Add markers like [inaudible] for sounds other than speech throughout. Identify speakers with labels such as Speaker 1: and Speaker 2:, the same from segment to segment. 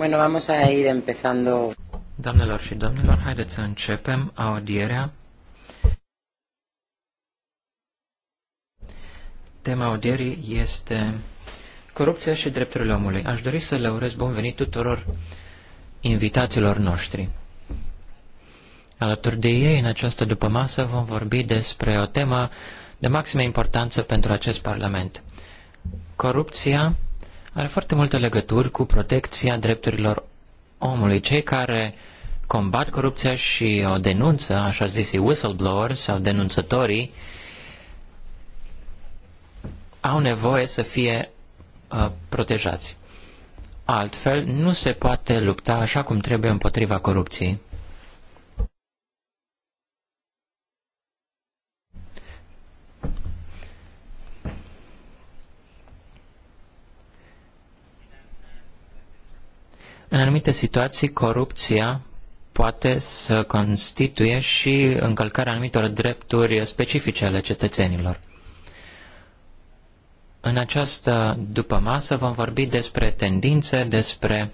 Speaker 1: Bueno, vamos a ir empezando.
Speaker 2: Doamnelor și domnilor, haideți să începem audierea. Tema audierii este corupția și drepturile omului. Aș dori să le urez bun venit tuturor invitaților noștri. Alături de ei, în această dupămasă, vom vorbi despre o temă de maximă importanță pentru acest Parlament. Corupția are foarte multe legături cu protecția drepturilor omului. Cei care combat corupția și o denunță, așa zis, whistleblowers sau denunțătorii, au nevoie să fie uh, protejați. Altfel, nu se poate lupta așa cum trebuie împotriva corupției. În anumite situații, corupția poate să constituie și încălcarea anumitor drepturi specifice ale cetățenilor. În această după masă vom vorbi despre tendințe, despre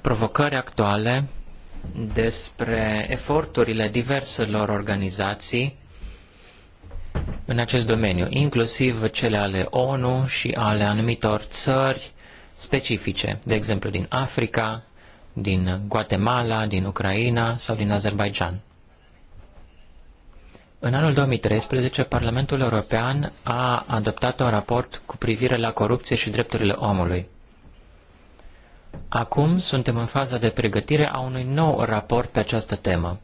Speaker 2: provocări actuale, despre eforturile diverselor organizații în acest domeniu, inclusiv cele ale ONU și ale anumitor țări specifice, de exemplu din Africa, din Guatemala, din Ucraina sau din Azerbaijan. În anul 2013, Parlamentul European a adoptat un raport cu privire la corupție și drepturile omului. Acum suntem în faza de pregătire a unui nou raport pe această temă.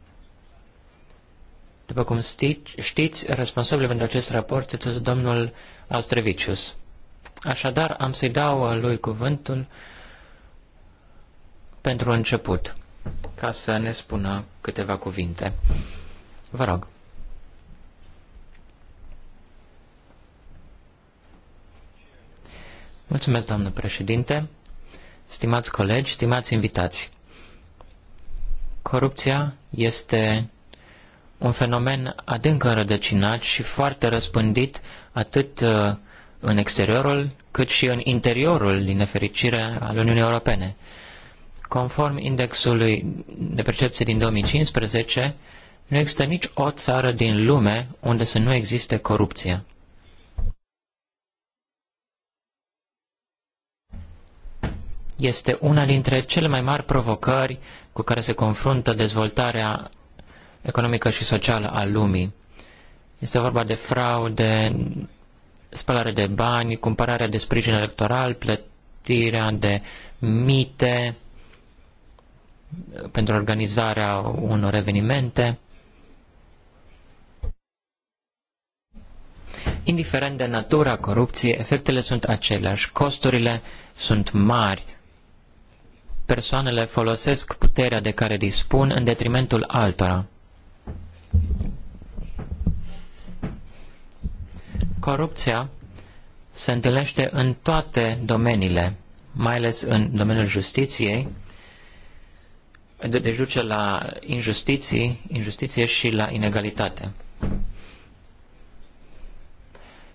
Speaker 2: După cum știți, responsabil pentru acest raport este domnul Austrevicius. Așadar, am să-i dau uh, lui cuvântul pentru început, ca să ne spună câteva cuvinte. Vă rog. Mulțumesc, doamnă președinte, stimați colegi, stimați invitați. Corupția este un fenomen adânc înrădăcinat și foarte răspândit atât uh, în exteriorul cât și în interiorul, din nefericire, al Uniunii Europene. Conform indexului de percepție din 2015, nu există nici o țară din lume unde să nu existe corupție. Este una dintre cele mai mari provocări cu care se confruntă dezvoltarea economică și socială a lumii. Este vorba de fraude, spălare de bani, cumpărarea de sprijin electoral, plătirea de mite pentru organizarea unor evenimente. Indiferent de natura corupției, efectele sunt aceleași, costurile sunt mari. Persoanele folosesc puterea de care dispun în detrimentul altora. Corupția se întâlnește în toate domeniile, mai ales în domeniul justiției, deci duce la injustiții, injustiție și la inegalitate.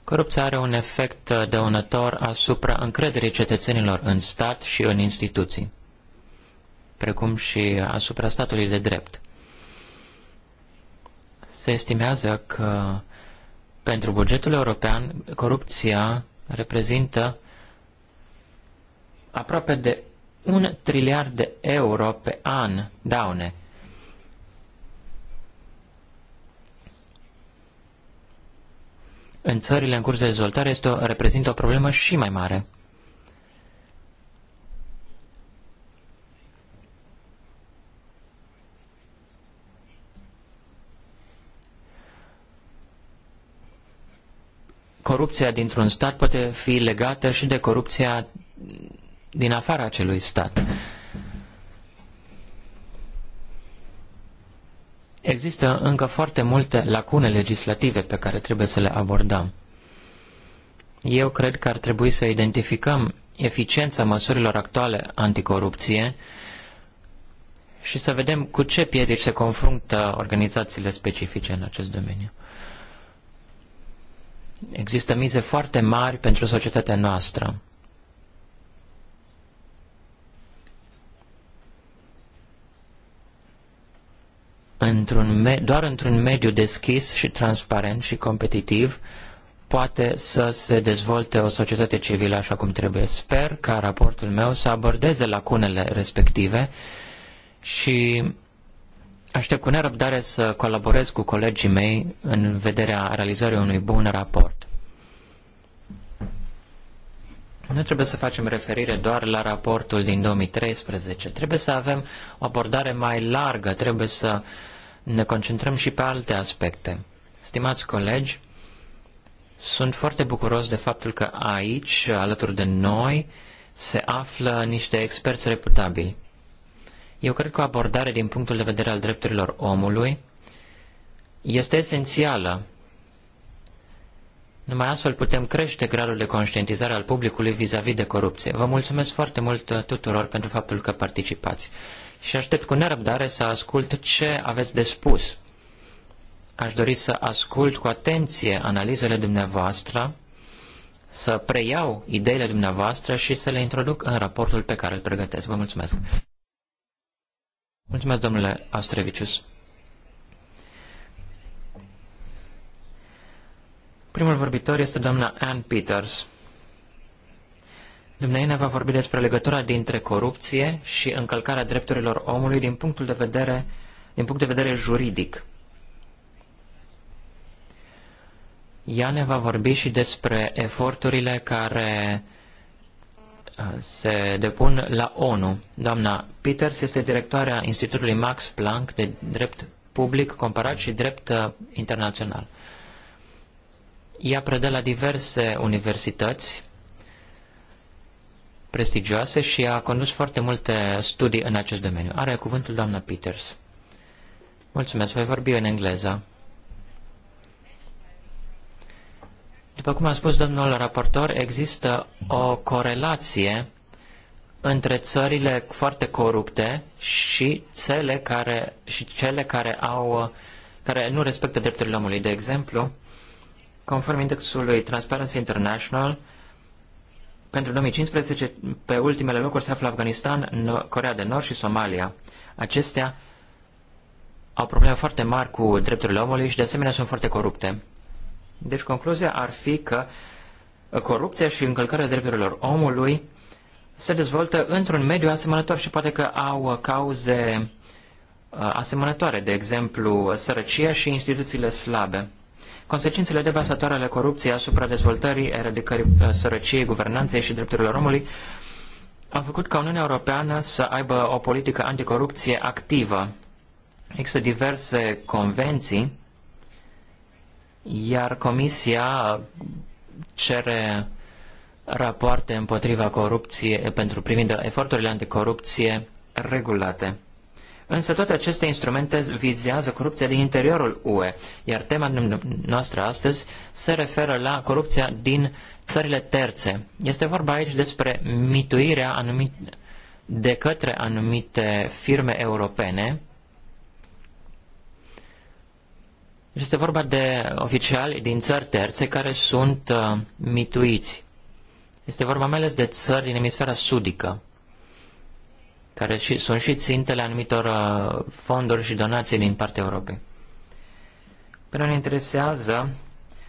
Speaker 2: Corupția are un efect dăunător asupra încrederii cetățenilor în stat și în instituții, precum și asupra statului de drept. Se estimează că pentru bugetul european, corupția reprezintă aproape de un triliard de euro pe an daune. În țările în curs de dezvoltare este o, reprezintă o problemă și mai mare. corupția dintr-un stat poate fi legată și de corupția din afara acelui stat. Există încă foarte multe lacune legislative pe care trebuie să le abordăm. Eu cred că ar trebui să identificăm eficiența măsurilor actuale anticorupție și să vedem cu ce piedici se confruntă organizațiile specifice în acest domeniu. Există mize foarte mari pentru societatea noastră. într-un doar într-un mediu deschis și transparent și competitiv poate să se dezvolte o societate civilă așa cum trebuie. Sper ca raportul meu să abordeze lacunele respective și aștept cu nerăbdare să colaborez cu colegii mei în vederea realizării unui bun raport. Nu trebuie să facem referire doar la raportul din 2013. Trebuie să avem o abordare mai largă, trebuie să ne concentrăm și pe alte aspecte. Stimați colegi, sunt foarte bucuros de faptul că aici, alături de noi, se află niște experți reputabili. Eu cred că o abordare din punctul de vedere al drepturilor omului este esențială numai astfel putem crește gradul de conștientizare al publicului vis-a-vis -vis de corupție. Vă mulțumesc foarte mult uh, tuturor pentru faptul că participați și aștept cu nerăbdare să ascult ce aveți de spus. Aș dori să ascult cu atenție analizele dumneavoastră, să preiau ideile dumneavoastră și să le introduc în raportul pe care îl pregătesc. Vă mulțumesc! Mulțumesc, domnule Astrevicius! Primul vorbitor este doamna Ann Peters. Dumneavoastră va vorbi despre legătura dintre corupție și încălcarea drepturilor omului din punctul de vedere, din punct de vedere juridic. Ea ne va vorbi și despre eforturile care uh, se depun la ONU. Doamna Peters este directoarea Institutului Max Planck de Drept Public Comparat și Drept uh, Internațional. Ea predă la diverse universități prestigioase și a condus foarte multe studii în acest domeniu. Are cuvântul doamna Peters. Mulțumesc, voi vorbi în engleză. După cum a spus domnul raportor, există o corelație între țările foarte corupte și, cele care, și cele care, au, care nu respectă drepturile omului. De exemplu, Conform indexului Transparency International, pentru 2015, pe ultimele locuri se află Afganistan, Corea de Nord și Somalia. Acestea au probleme foarte mari cu drepturile omului și de asemenea sunt foarte corupte. Deci concluzia ar fi că corupția și încălcarea drepturilor omului se dezvoltă într-un mediu asemănător și poate că au cauze uh, asemănătoare, de exemplu sărăcia și instituțiile slabe. Consecințele devastatoare ale corupției asupra dezvoltării, eradicării uh, sărăciei, guvernanței și drepturilor omului au făcut ca Uniunea Europeană să aibă o politică anticorupție activă. Există diverse convenții, iar Comisia cere rapoarte împotriva corupției pentru privind eforturile anticorupție regulate. Însă toate aceste instrumente vizează corupția din interiorul UE, iar tema noastră astăzi se referă la corupția din țările terțe. Este vorba aici despre mituirea anumit, de către anumite firme europene. Este vorba de oficiali din țări terțe care sunt uh, mituiți. Este vorba mai ales de țări din emisfera sudică care și, sunt și țintele anumitor uh, fonduri și donații din partea Europei. Pe ne interesează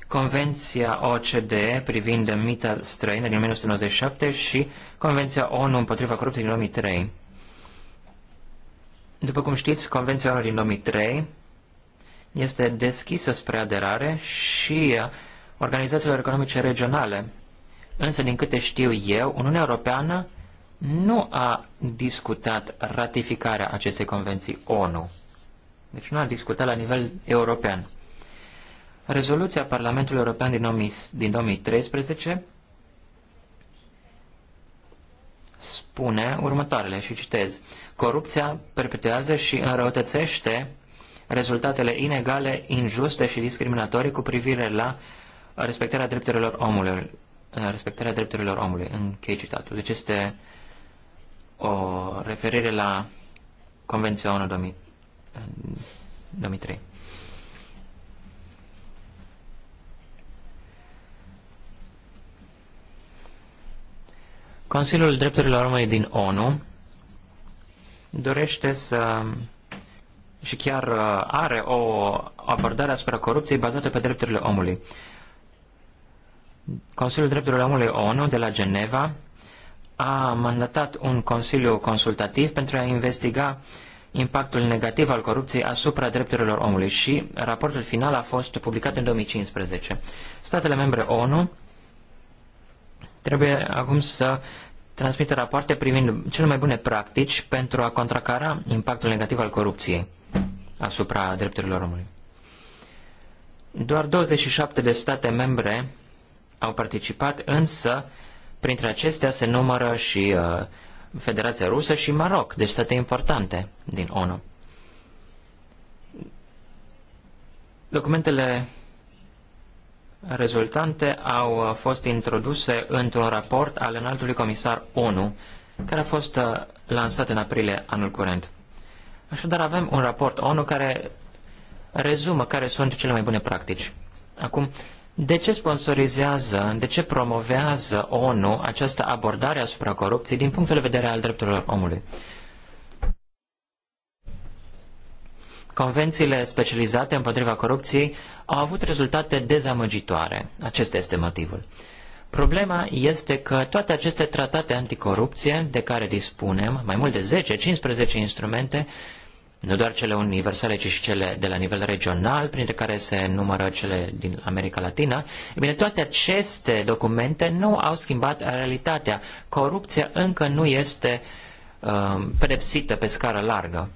Speaker 2: Convenția OCDE privind mita străină din 1997 și Convenția ONU împotriva corupției din 2003. După cum știți, Convenția ONU din 2003 este deschisă spre aderare și organizațiilor economice regionale. Însă, din câte știu eu, Uniunea Europeană nu a discutat ratificarea acestei convenții ONU. Deci nu a discutat la nivel european. Rezoluția Parlamentului European din, 2013 spune următoarele și citez. Corupția perpetuează și înrăutățește rezultatele inegale, injuste și discriminatorii cu privire la respectarea drepturilor omului. Respectarea drepturilor omului. Închei citatul. Deci este uh, o referire la Convenția 1 2003. Consiliul Drepturilor Omului din ONU dorește să și chiar uh, are o abordare asupra corupției bazată pe drepturile omului. Consiliul Drepturilor Omului ONU de la Geneva a mandatat un consiliu consultativ pentru a investiga impactul negativ al corupției asupra drepturilor omului și raportul final a fost publicat în 2015. Statele membre ONU trebuie acum să transmită rapoarte privind cele mai bune practici pentru a contracara impactul negativ al corupției asupra drepturilor omului. Doar 27 de state membre au participat, însă Printre acestea se numără și uh, Federația Rusă și Maroc, deci state importante din ONU. Documentele rezultante au uh, fost introduse într-un raport al înaltului comisar ONU, care a fost uh, lansat în aprilie anul curent. Așadar, avem un raport ONU care rezumă care sunt cele mai bune practici. Acum, de ce sponsorizează, de ce promovează ONU această abordare asupra corupției din punctul de vedere al drepturilor omului? Convențiile specializate împotriva corupției au avut rezultate dezamăgitoare. Acesta este motivul. Problema este că toate aceste tratate anticorupție de care dispunem, mai mult de 10-15 instrumente, nu doar cele universale, ci și cele de la nivel regional, printre care se numără cele din America Latina, e bine, toate aceste documente nu au schimbat realitatea. Corupția încă nu este um, pedepsită pe scară largă.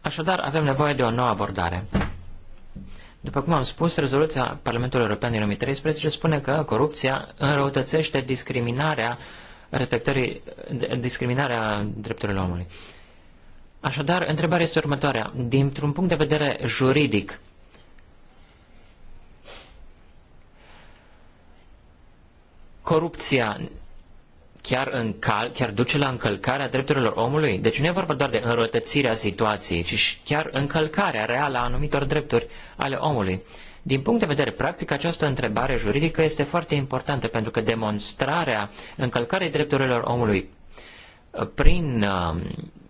Speaker 2: Așadar, avem nevoie de o nouă abordare. După cum am spus, rezoluția Parlamentului European din 2013 spune că corupția înrăutățește discriminarea uh, respectării, discriminarea drepturilor omului. Așadar, întrebarea este următoarea. Dintr-un punct de vedere juridic, corupția chiar, cal, chiar duce la încălcarea drepturilor omului? Deci nu e vorba doar de înrătățirea situației, ci chiar încălcarea reală a anumitor drepturi ale omului. Din punct de vedere practic, această întrebare juridică este foarte importantă pentru că demonstrarea încălcării drepturilor omului uh, prin um,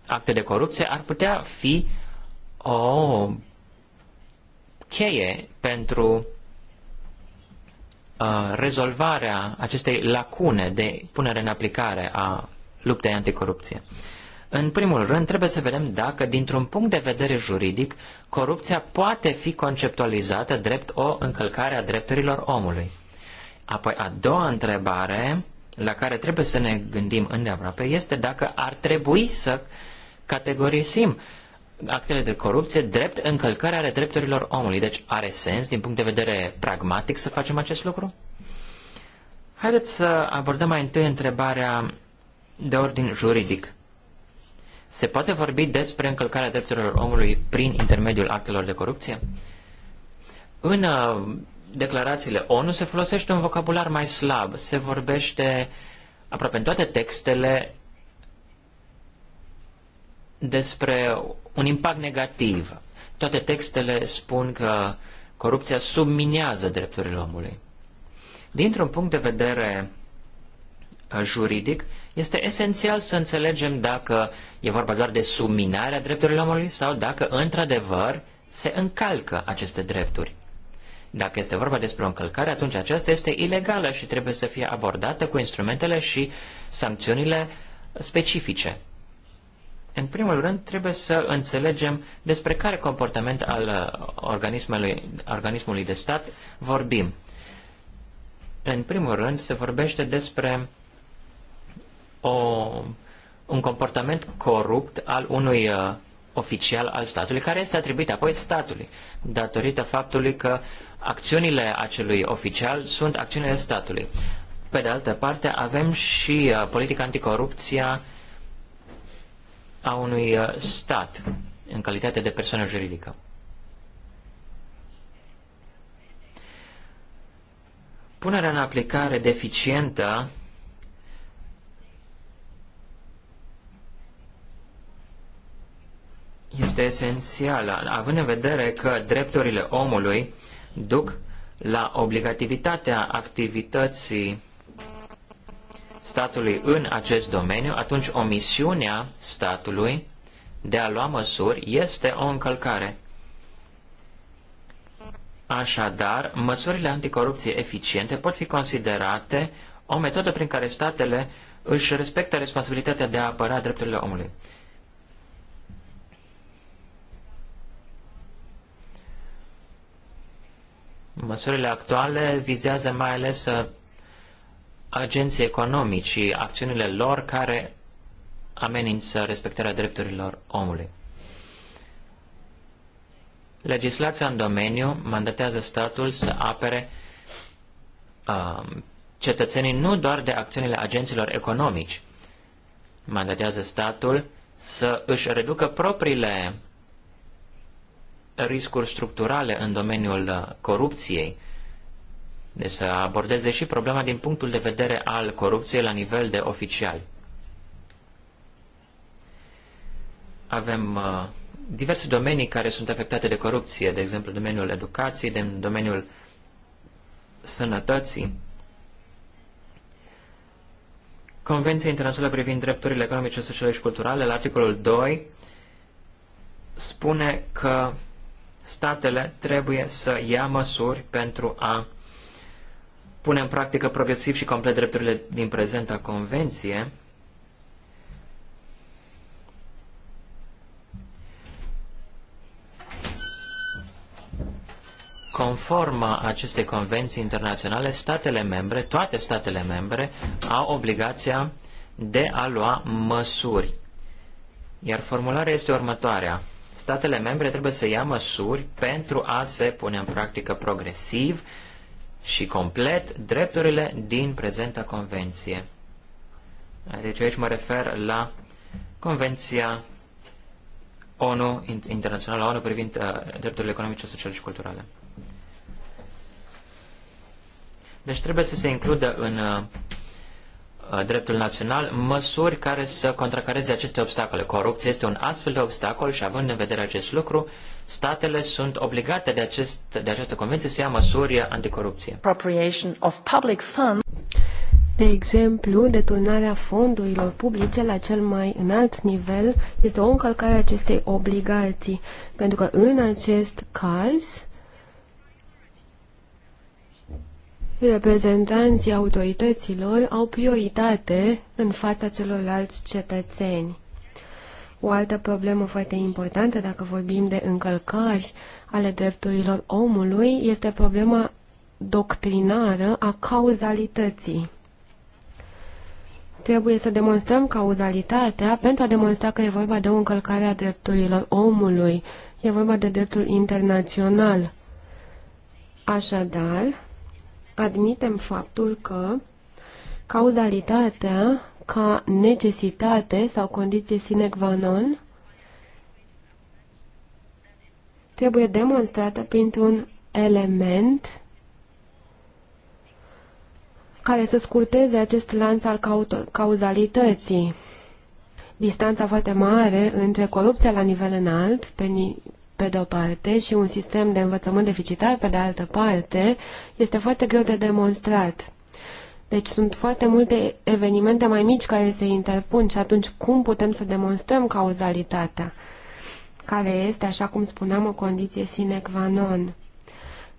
Speaker 2: acte de corupție ar putea fi o cheie pentru uh, rezolvarea acestei lacune de punere în aplicare a luptei anticorupție. În primul rând, trebuie să vedem dacă, dintr-un punct de vedere juridic, corupția poate fi conceptualizată drept o încălcare a drepturilor omului. Apoi, a doua întrebare la care trebuie să ne gândim îndeaproape este dacă ar trebui să categorisim actele de corupție drept încălcare ale drepturilor omului. Deci are sens din punct de vedere pragmatic să facem acest lucru? Haideți să abordăm mai întâi întrebarea de ordin juridic. Se poate vorbi despre încălcarea drepturilor omului prin intermediul actelor de corupție? În uh, declarațiile ONU se folosește un vocabular mai slab. Se vorbește aproape în toate textele despre un impact negativ. Toate textele spun că corupția subminează drepturile omului. Dintr-un punct de vedere uh, juridic, este esențial să înțelegem dacă e vorba doar de subminarea drepturilor omului sau dacă, într-adevăr, se încalcă aceste drepturi. Dacă este vorba despre o încălcare, atunci aceasta este ilegală și trebuie să fie abordată cu instrumentele și sancțiunile specifice. În primul rând, trebuie să înțelegem despre care comportament al uh, organismului, organismului de stat vorbim. În primul rând, se vorbește despre o, un comportament corupt al unui uh, oficial al statului, care este atribuit apoi statului, datorită faptului că acțiunile acelui oficial sunt acțiunile statului. Pe de altă parte, avem și uh, politica anticorupția a unui uh, stat în calitate de persoană juridică. Punerea în aplicare deficientă este esențială, având în vedere că drepturile omului duc la obligativitatea activității statului în acest domeniu, atunci omisiunea statului de a lua măsuri este o încălcare. Așadar, măsurile anticorupție eficiente pot fi considerate o metodă prin care statele își respectă responsabilitatea de a apăra drepturile omului. Măsurile actuale vizează mai ales uh, agenții economici și acțiunile lor care amenință respectarea drepturilor omului. Legislația în domeniu mandatează statul să apere uh, cetățenii nu doar de acțiunile agenților economici, mandatează statul să își reducă propriile riscuri structurale în domeniul uh, corupției, de deci să abordeze și problema din punctul de vedere al corupției la nivel de oficiali. Avem uh, diverse domenii care sunt afectate de corupție, de exemplu domeniul educației, de domeniul sănătății. Convenția Internațională privind drepturile economice, sociale și culturale, la articolul 2, spune că statele trebuie să ia măsuri pentru a pune în practică progresiv și complet drepturile din prezenta convenție, Conform acestei convenții internaționale, statele membre, toate statele membre, au obligația de a lua măsuri. Iar formularea este următoarea statele membre trebuie să ia măsuri pentru a se pune în practică progresiv și complet drepturile din prezenta convenție. Deci aici mă refer la Convenția ONU, internațională ONU privind uh, drepturile economice, sociale și culturale. Deci trebuie să se includă în uh, Uh, dreptul național măsuri care să contracareze aceste obstacole. Corupția este un astfel de obstacol și având în vedere acest lucru, statele sunt obligate de, acest, de această convenție să ia măsuri anticorupție.
Speaker 3: De exemplu, deturnarea fondurilor publice la cel mai înalt nivel este o încălcare a acestei obligații, pentru că în acest caz reprezentanții autorităților au prioritate în fața celorlalți cetățeni. O altă problemă foarte importantă, dacă vorbim de încălcări ale drepturilor omului, este problema doctrinară a cauzalității. Trebuie să demonstrăm cauzalitatea pentru a demonstra că e vorba de o încălcare a drepturilor omului. E vorba de dreptul internațional. Așadar, admitem faptul că cauzalitatea ca necesitate sau condiție sine qua non trebuie demonstrată printr-un element care să scurteze acest lanț al cauzalității. Distanța foarte mare între corupția la nivel înalt, pe de-o parte, și un sistem de învățământ deficitar, pe de altă parte, este foarte greu de demonstrat. Deci sunt foarte multe evenimente mai mici care se interpun și atunci cum putem să demonstrăm cauzalitatea, care este, așa cum spuneam, o condiție sine qua non.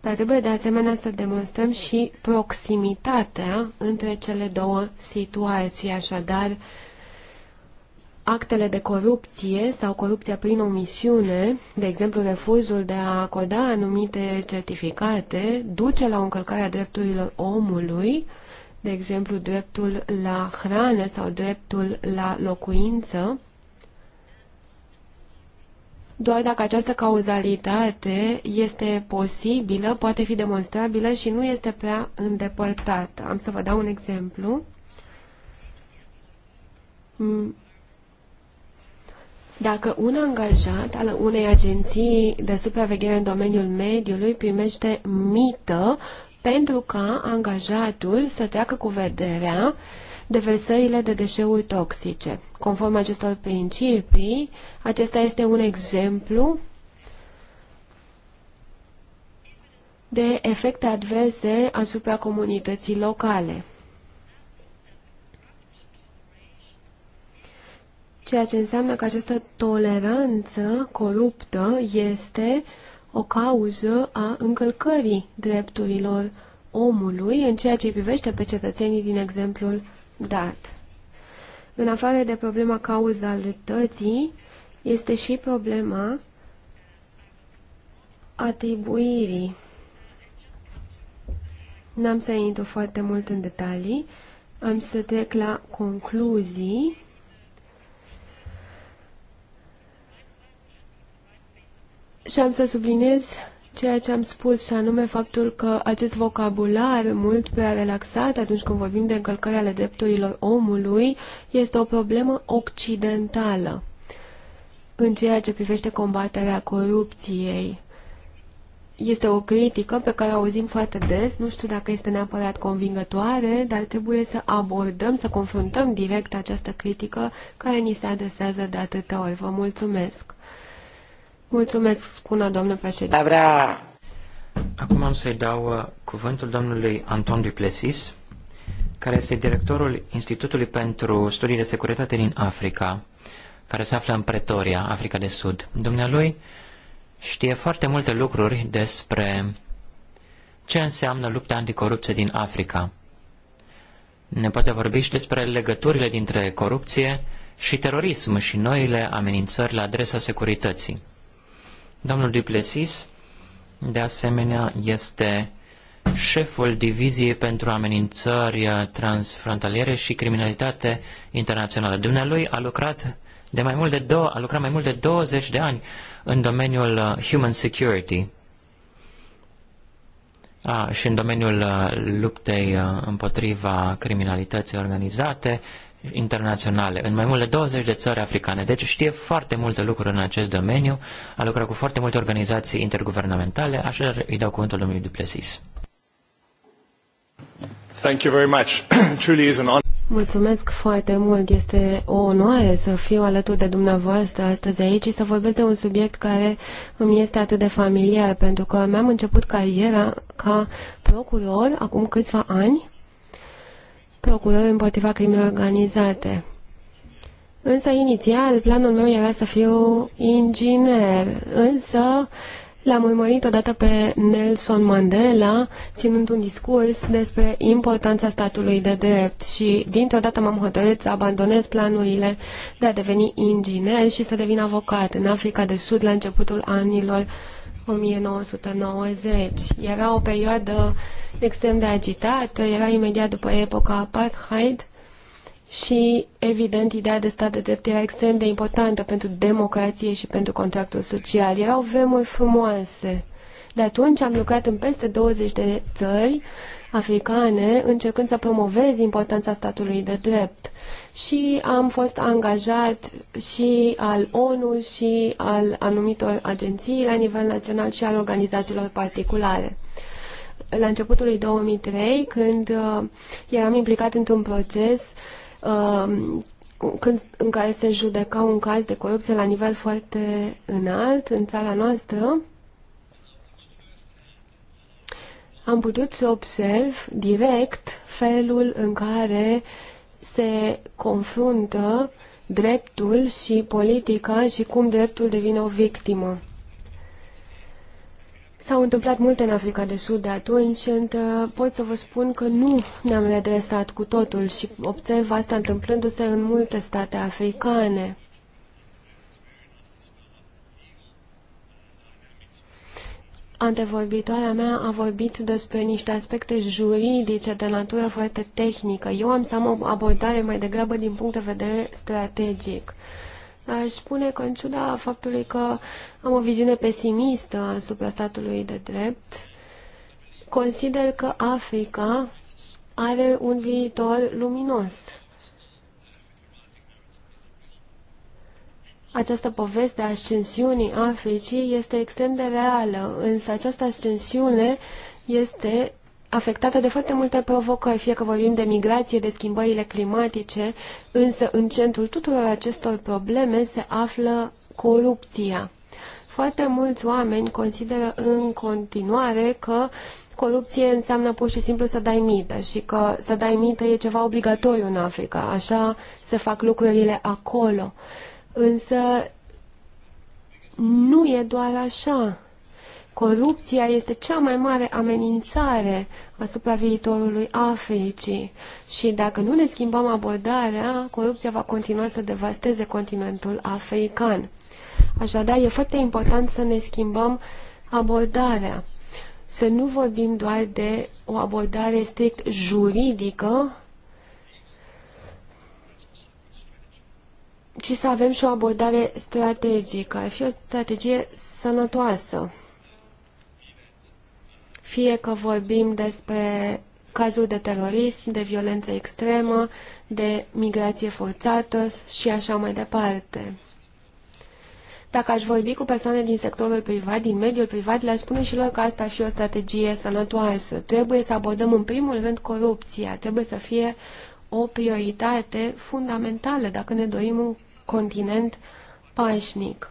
Speaker 3: Dar trebuie de asemenea să demonstrăm și proximitatea între cele două situații, așadar actele de corupție sau corupția prin omisiune, de exemplu refuzul de a acorda anumite certificate, duce la o încălcare a drepturilor omului, de exemplu dreptul la hrană sau dreptul la locuință, doar dacă această cauzalitate este posibilă, poate fi demonstrabilă și nu este prea îndepărtată. Am să vă dau un exemplu dacă un angajat al unei agenții de supraveghere în domeniul mediului primește mită pentru ca angajatul să treacă cu vederea deversările de deșeuri toxice. Conform acestor principii, acesta este un exemplu de efecte adverse asupra comunității locale. ceea ce înseamnă că această toleranță coruptă este o cauză a încălcării drepturilor omului în ceea ce privește pe cetățenii din exemplul dat. În afară de problema cauzalității, este și problema atribuirii. N-am să intru foarte mult în detalii, am să trec la concluzii. Și am să subliniez ceea ce am spus și anume faptul că acest vocabular mult prea relaxat atunci când vorbim de încălcări ale drepturilor omului este o problemă occidentală în ceea ce privește combaterea corupției. Este o critică pe care o auzim foarte des, nu știu dacă este neapărat convingătoare, dar trebuie să abordăm, să confruntăm direct această critică care ni se adresează de atâtea ori. Vă mulțumesc! Mulțumesc, spună domnul președinte. Avra.
Speaker 2: Acum am să-i dau uh, cuvântul domnului Anton Duplessis, care este directorul Institutului pentru Studii de Securitate din Africa, care se află în Pretoria, Africa de Sud. Dumnealui știe foarte multe lucruri despre ce înseamnă lupta anticorupție din Africa. Ne poate vorbi și despre legăturile dintre corupție și terorism și noile amenințări la adresa securității. Domnul Duplesis, de asemenea, este șeful Diviziei pentru Amenințări uh, Transfrontaliere și Criminalitate Internațională. Dumnealui a lucrat de mai mult de două, a lucrat mai mult de 20 de ani în domeniul uh, human security a, și în domeniul uh, luptei împotriva criminalității organizate internaționale în mai mult de 20 de țări africane, deci știe foarte multe lucruri în acest domeniu, a lucrat cu foarte multe organizații interguvernamentale, așa îi dau cuvântul domnului Duplessis.
Speaker 4: Thank you very much. [clears throat] Truly is an honor.
Speaker 3: Mulțumesc foarte mult. Este o onoare să fiu alături de dumneavoastră astăzi aici și să vorbesc de un subiect care îmi este atât de familiar, pentru că mi-am început cariera ca procuror acum câțiva ani procurori împotriva crimei organizate. Însă, inițial, planul meu era să fiu inginer, însă l-am urmărit odată pe Nelson Mandela, ținând un discurs despre importanța statului de drept și dintr-o dată m-am hotărât să abandonez planurile de a deveni inginer și să devin avocat în Africa de Sud la începutul anilor 1990. Era o perioadă extrem de agitată, era imediat după epoca apartheid și, evident, ideea de stat de drept era extrem de importantă pentru democrație și pentru contractul social. Erau vremuri frumoase. De atunci am lucrat în peste 20 de țări africane, încercând să promovez importanța statului de drept. Și am fost angajat și al ONU și al anumitor agenții la nivel național și al organizațiilor particulare la începutul lui 2003, când uh, eram implicat într-un proces uh, când, în care se judeca un caz de corupție la nivel foarte înalt în țara noastră. am putut să observ direct felul în care se confruntă dreptul și politica și cum dreptul devine o victimă. S-au întâmplat multe în Africa de Sud de atunci, însă pot să vă spun că nu ne-am redresat cu totul și observ asta întâmplându-se în multe state africane. Antevorbitoarea mea a vorbit despre niște aspecte juridice de natură foarte tehnică. Eu am să am o abordare mai degrabă din punct de vedere strategic. Aș spune că în ciuda faptului că am o viziune pesimistă asupra statului de drept, consider că Africa are un viitor luminos Această poveste a ascensiunii Africii este extrem de reală, însă această ascensiune este afectată de foarte multe provocări, fie că vorbim de migrație, de schimbările climatice, însă în centrul tuturor acestor probleme se află corupția. Foarte mulți oameni consideră în continuare că corupție înseamnă pur și simplu să dai mită și că să dai mită e ceva obligatoriu în Africa. Așa se fac lucrurile acolo. Însă nu e doar așa. Corupția este cea mai mare amenințare asupra viitorului Africii și dacă nu ne schimbăm abordarea, corupția va continua să devasteze continentul african. Așadar, e foarte important să ne schimbăm abordarea, să nu vorbim doar de o abordare strict juridică, ci să avem și o abordare strategică. Ar fi o strategie sănătoasă. Fie că vorbim despre cazuri de terorism, de violență extremă, de migrație forțată și așa mai departe. Dacă aș vorbi cu persoane din sectorul privat, din mediul privat, le-aș spune și lor că asta ar fi o strategie sănătoasă. Trebuie să abordăm în primul rând corupția, trebuie să fie o prioritate fundamentală dacă ne dorim un continent pașnic.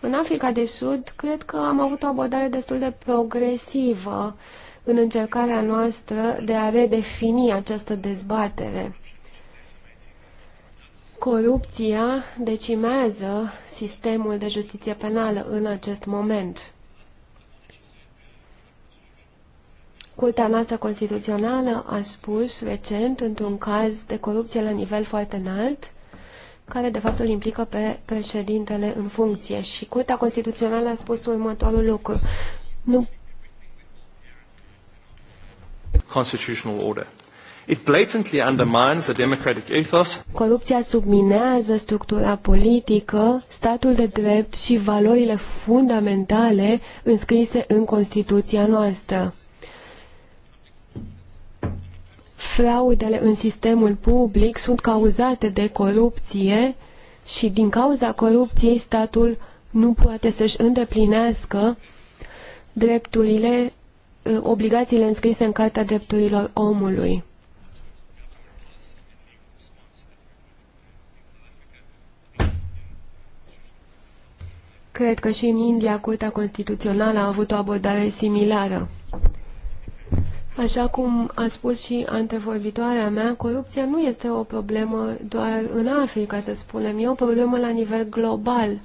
Speaker 3: În Africa de Sud, cred că am avut o abordare destul de progresivă în încercarea noastră de a redefini această dezbatere. Corupția decimează sistemul de justiție penală în acest moment. Curtea noastră constituțională a spus recent, într-un caz de corupție la nivel foarte înalt, care de fapt îl implică pe președintele în funcție. Și Curtea Constituțională a spus următorul lucru. Nu.
Speaker 2: Constitutional order. It blatantly undermines the democratic ethos.
Speaker 3: Corupția subminează structura politică, statul de drept și valorile fundamentale înscrise în Constituția noastră fraudele în sistemul public sunt cauzate de corupție și din cauza corupției statul nu poate să-și îndeplinească drepturile, ă, obligațiile înscrise în Carta Drepturilor Omului. Cred că și în India Curtea Constituțională a avut o abordare similară. Așa cum a spus și antevorbitoarea mea, corupția nu este o problemă doar în Africa, să spunem, e o problemă la nivel global,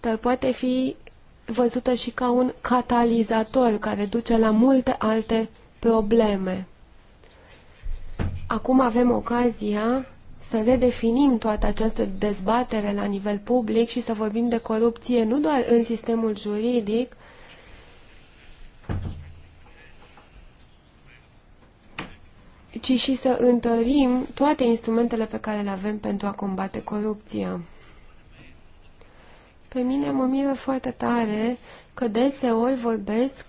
Speaker 3: dar poate fi văzută și ca un catalizator care duce la multe alte probleme. Acum avem ocazia să redefinim toată această dezbatere la nivel public și să vorbim de corupție nu doar în sistemul juridic, ci și să întărim toate instrumentele pe care le avem pentru a combate corupția. Pe mine mă miră foarte tare că deseori vorbesc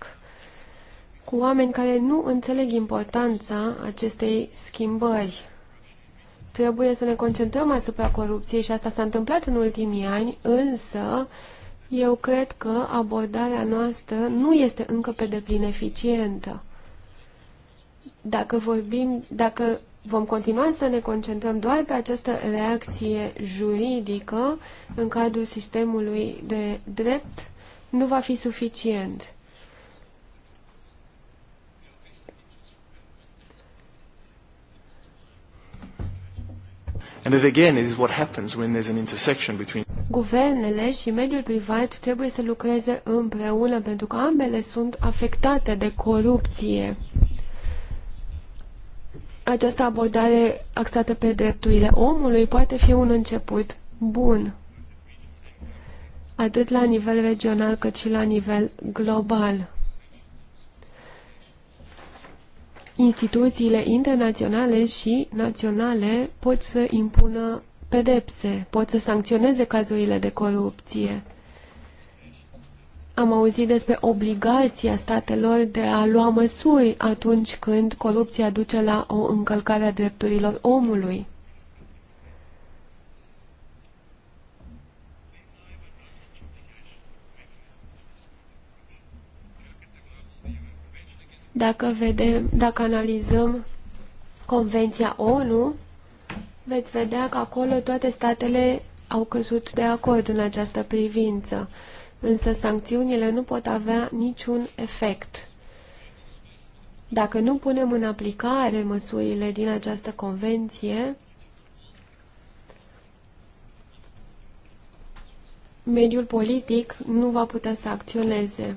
Speaker 3: cu oameni care nu înțeleg importanța acestei schimbări. Trebuie să ne concentrăm asupra corupției și asta s-a întâmplat în ultimii ani, însă eu cred că abordarea noastră nu este încă pe deplin eficientă. Dacă vorbim, dacă vom continua să ne concentrăm doar pe această reacție juridică în cadrul sistemului de drept, nu va fi suficient.
Speaker 2: And
Speaker 5: it again is what happens when there's an intersection between
Speaker 3: Guvernele și mediul privat trebuie să lucreze împreună pentru că ambele sunt afectate de corupție această abordare axată pe drepturile omului poate fi un început bun, atât la nivel regional cât și la nivel global. Instituțiile internaționale și naționale pot să impună pedepse, pot să sancționeze cazurile de corupție. Am auzit despre obligația statelor de a lua măsuri atunci când corupția duce la o încălcare a drepturilor omului. Dacă vedem, dacă analizăm Convenția ONU, veți vedea că acolo toate statele au căzut de acord în această privință însă sancțiunile nu pot avea niciun efect. Dacă nu punem în aplicare măsurile din această convenție, mediul politic nu va putea să acționeze.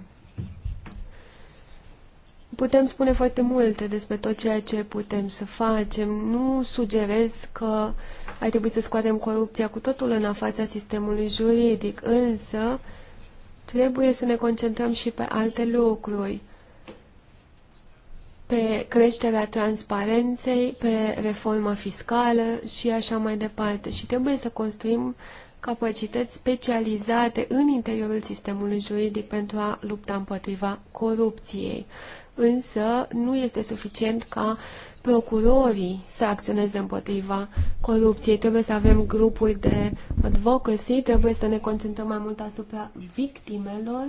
Speaker 3: Putem spune foarte multe despre tot ceea ce putem să facem. Nu sugerez că ar trebui să scoatem corupția cu totul în fața sistemului juridic, însă trebuie să ne concentrăm și pe alte lucruri, pe creșterea transparenței, pe reforma fiscală și așa mai departe. Și trebuie să construim capacități specializate în interiorul sistemului juridic pentru a lupta împotriva corupției însă nu este suficient ca procurorii să acționeze împotriva corupției. Trebuie să avem grupuri de advocacy, trebuie să ne concentrăm mai mult asupra victimelor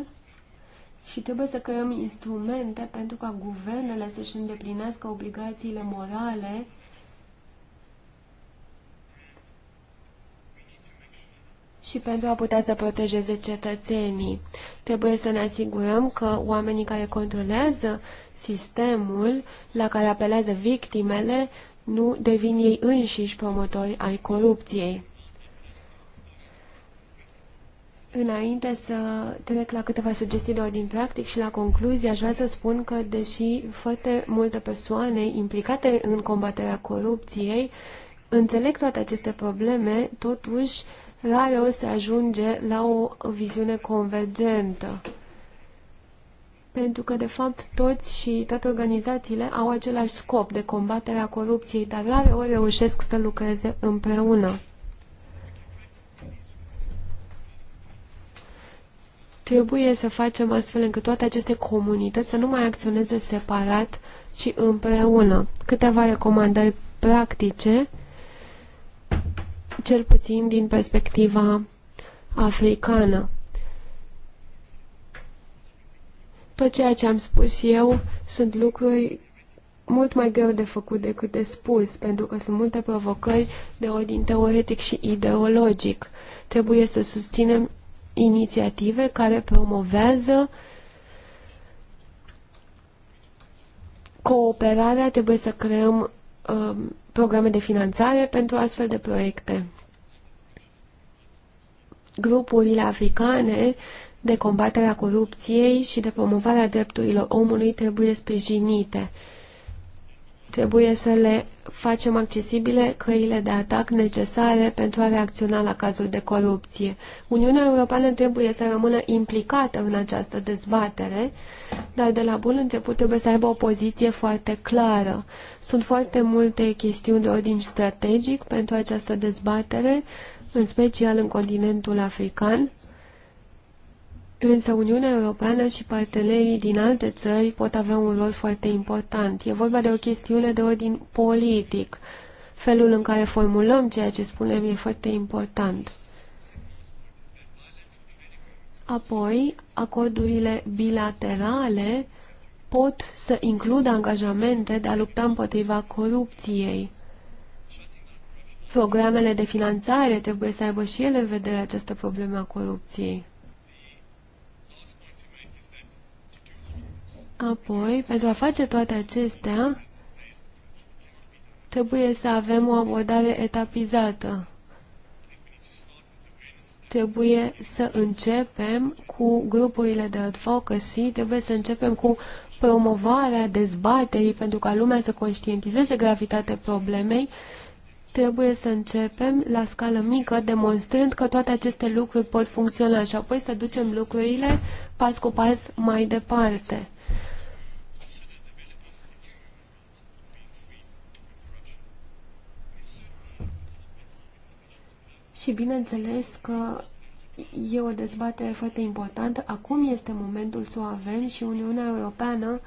Speaker 3: și trebuie să creăm instrumente pentru ca guvernele să-și îndeplinească obligațiile morale și pentru a putea să protejeze cetățenii. Trebuie să ne asigurăm că oamenii care controlează sistemul la care apelează victimele nu devin ei înșiși promotori ai corupției. Înainte să trec la câteva sugestii de ordin practic și la concluzie, aș vrea să spun că, deși foarte multe persoane implicate în combaterea corupției înțeleg toate aceste probleme, totuși uh, rare se ajunge la o viziune convergentă. Pentru că, de fapt, toți și toate organizațiile au același scop de combatere a corupției, dar rare ori reușesc să lucreze împreună. Trebuie să facem astfel încât toate aceste comunități să nu mai acționeze separat, ci împreună. Câteva recomandări practice cel puțin din perspectiva africană. Tot ceea ce am spus eu sunt lucruri mult mai greu de făcut decât de spus, pentru că sunt multe provocări de ordin teoretic și ideologic. Trebuie să susținem inițiative care promovează cooperarea, trebuie să creăm um, programe de finanțare pentru astfel de proiecte. Grupurile africane de combatere a corupției și de promovarea drepturilor omului trebuie sprijinite. Uh, Trebuie să le facem accesibile căile de atac necesare pentru a reacționa la cazul de corupție. Uniunea Europeană trebuie să rămână implicată în această dezbatere, dar de la bun început trebuie să aibă o poziție foarte clară. Sunt foarte multe chestiuni de ordin strategic pentru această dezbatere, în special în continentul african, Însă Uniunea Europeană și partenerii din alte țări pot avea un rol foarte important. E vorba de o chestiune de ordin politic. Felul în care formulăm ceea ce spunem e foarte important. Apoi, acordurile bilaterale pot să includă angajamente de a lupta împotriva corupției. Programele de finanțare trebuie să aibă și ele în vedere această problemă a corupției. Apoi, pentru a face toate acestea, trebuie să avem o abordare etapizată. Trebuie să începem cu grupurile de advocacy, trebuie să începem cu promovarea dezbaterii pentru ca lumea să conștientizeze gravitatea problemei, trebuie să începem la scală mică, demonstrând că toate aceste lucruri pot funcționa și apoi să ducem lucrurile pas cu pas mai departe. și bineînțeles că e o dezbatere foarte importantă. Acum este momentul să o avem și Uniunea Europeană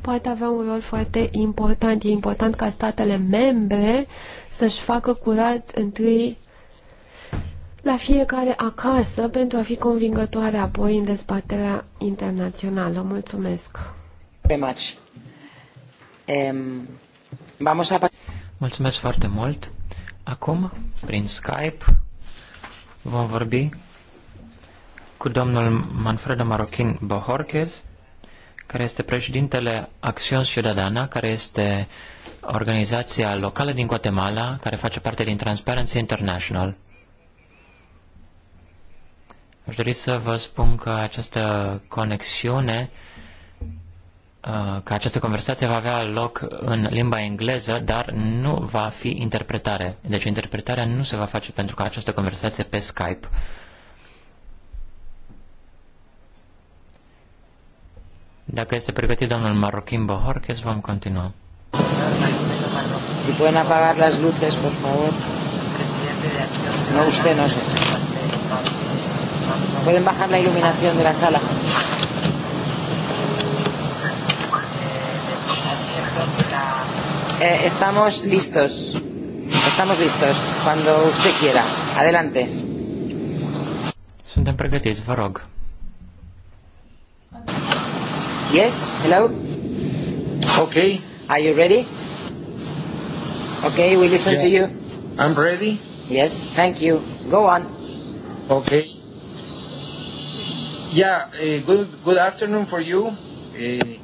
Speaker 3: poate avea un rol foarte important. E important ca statele membre să-și facă curat întâi la fiecare acasă pentru a fi convingătoare apoi în dezbaterea internațională. Mulțumesc!
Speaker 2: Mulțumesc foarte mult! Acum, prin Skype, Vom vorbi cu domnul Manfredo Marochin Bohorquez, care este președintele Acțiun Ciudadana, care este organizația locală din Guatemala, care face parte din Transparency International. Aș dori să vă spun că această conexiune Uh, că această conversație va avea loc în limba engleză, dar nu va fi interpretare. Deci interpretarea nu se va face pentru că această conversație pe Skype. Dacă este pregătit domnul Marroquin Bohorquez, vom continua.
Speaker 1: Si pueden apagar las luces, por favor. No, usted no sé. Pueden bajar la iluminación de la sala. eh, estamos listos. Estamos listos. Cuando usted quiera. Adelante.
Speaker 2: Suntem pregătiți, vă rog.
Speaker 1: Yes, hello. Okay. Are you ready?
Speaker 4: Okay, we listen yeah. to you. I'm ready. Yes, thank you. Go on. Okay. Yeah, uh, good good afternoon for you. Uh,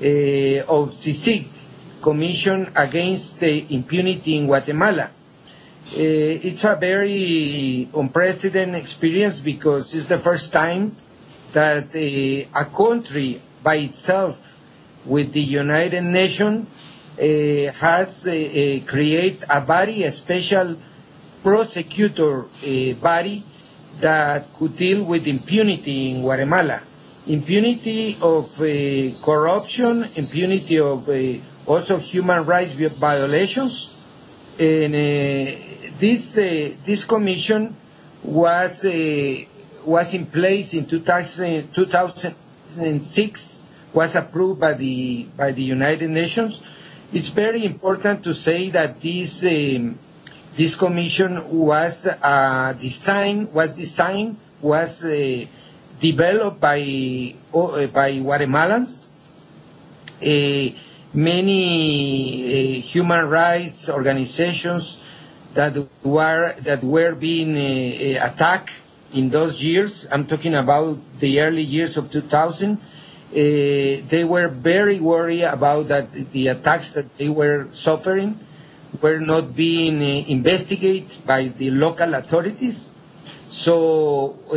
Speaker 4: uh, of CICIG, Commission Against the Impunity in Guatemala. Uh, it's a very unprecedented experience because it's the first time that uh, a country by itself with the United Nations uh, has uh, uh, created a body, a special prosecutor uh, body that could deal with impunity in Guatemala impunity of uh, corruption, impunity of uh, also human rights violations. And uh, this uh, this commission was uh, was in place in 2006, was approved by the by the United Nations. It's very important to say that this um, this commission was uh, designed was designed was. Uh, developed by, uh, by Guatemalans. Uh, many uh, human rights organizations that were, that were being uh, attacked in those years. I'm talking about the early years of 2000. Uh, they were very worried about that the attacks that they were suffering were not being uh, investigated by the local authorities. So uh,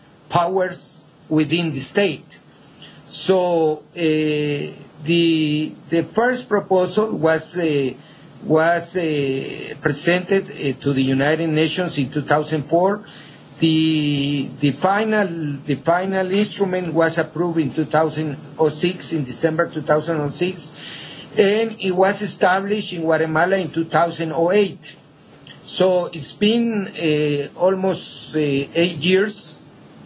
Speaker 4: powers within the state. So uh, the the first proposal was uh, was uh, presented uh, to the United Nations in 2004. The the final the final instrument was approved in 2006 in December 2006, and it was established in Guatemala in 2008. So it's been uh, almost uh, eight years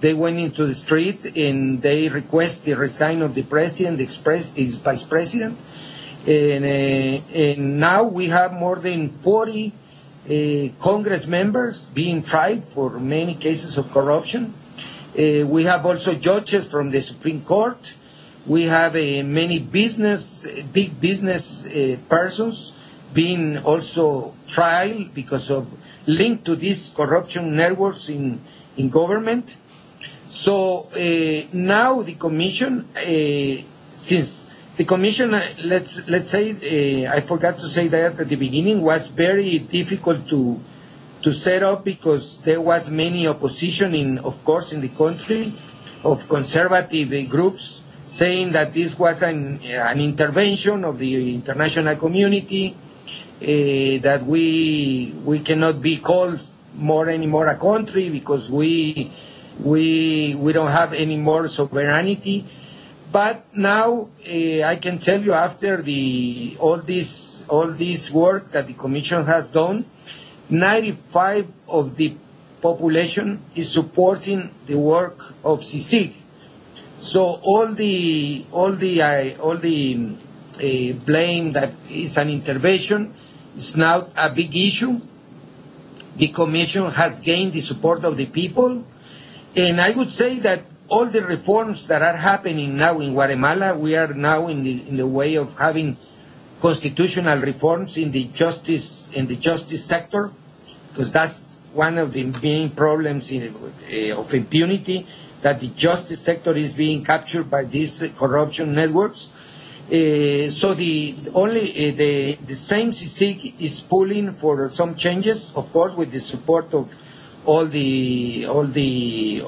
Speaker 4: They went into the street and they request the resign of the president, the express, his vice president. And, uh, and now we have more than 40 uh, Congress members being tried for many cases of corruption. Uh, we have also judges from the Supreme Court. We have uh, many business, big business uh, persons being also tried because of linked to these corruption networks in, in government. So uh, now the commission, uh, since the commission, uh, let's let's say, uh, I forgot to say that at the beginning, was very difficult to to set up because there was many opposition in, of course, in the country, of conservative uh, groups saying that this was an an intervention of the international community, uh, that we we cannot be called more anymore a country because we We, we don't have any more sovereignty. But now uh, I can tell you after the, all, this, all this work that the Commission has done, 95 of the population is supporting the work of CICIG. So all the, all the, uh, all the uh, blame that is an intervention is now a big issue. The Commission has gained the support of the people And I would say that all the reforms that are happening now in Guatemala, we are now in the, in the way of having constitutional reforms in the justice in the justice sector, because that's one of the main problems in, uh, of impunity that the justice sector is being captured by these uh, corruption networks. Uh, so the only uh, the the same CSIC is pulling for some changes, of course, with the support of all the all the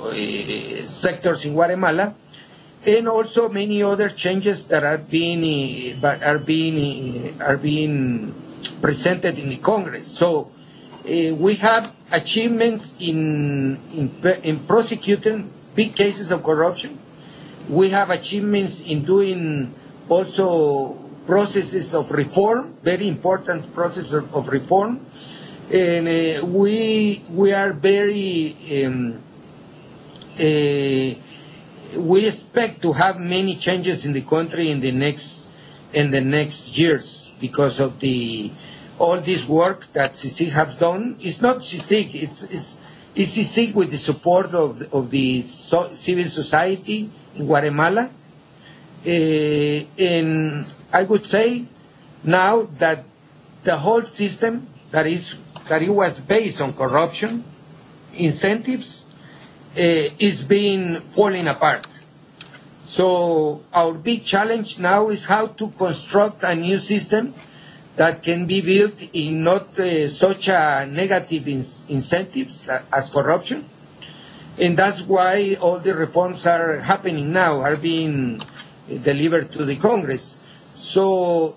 Speaker 4: uh, sectors in Guatemala, and also many other changes that are being uh, are being uh, are being presented in the Congress. So uh, we have achievements in, in in prosecuting big cases of corruption. We have achievements in doing also processes of reform, very important processes of, of reform. Uh, and uh, we we are very um, uh, we expect to have many changes in the country in the next in the next years because of the all this work that CICIG have done. It's not CICIG, it's, it's, it's CICIG with the support of, of the so, civil society in Guatemala. Uh, and I would say now that the whole system that is that it was based on corruption, incentives, uh, is being falling apart. So our big challenge now is how to construct a new system that can be built in not uh, such a negative in- incentives as corruption. And that's why all the reforms are happening now, are being delivered to the Congress. So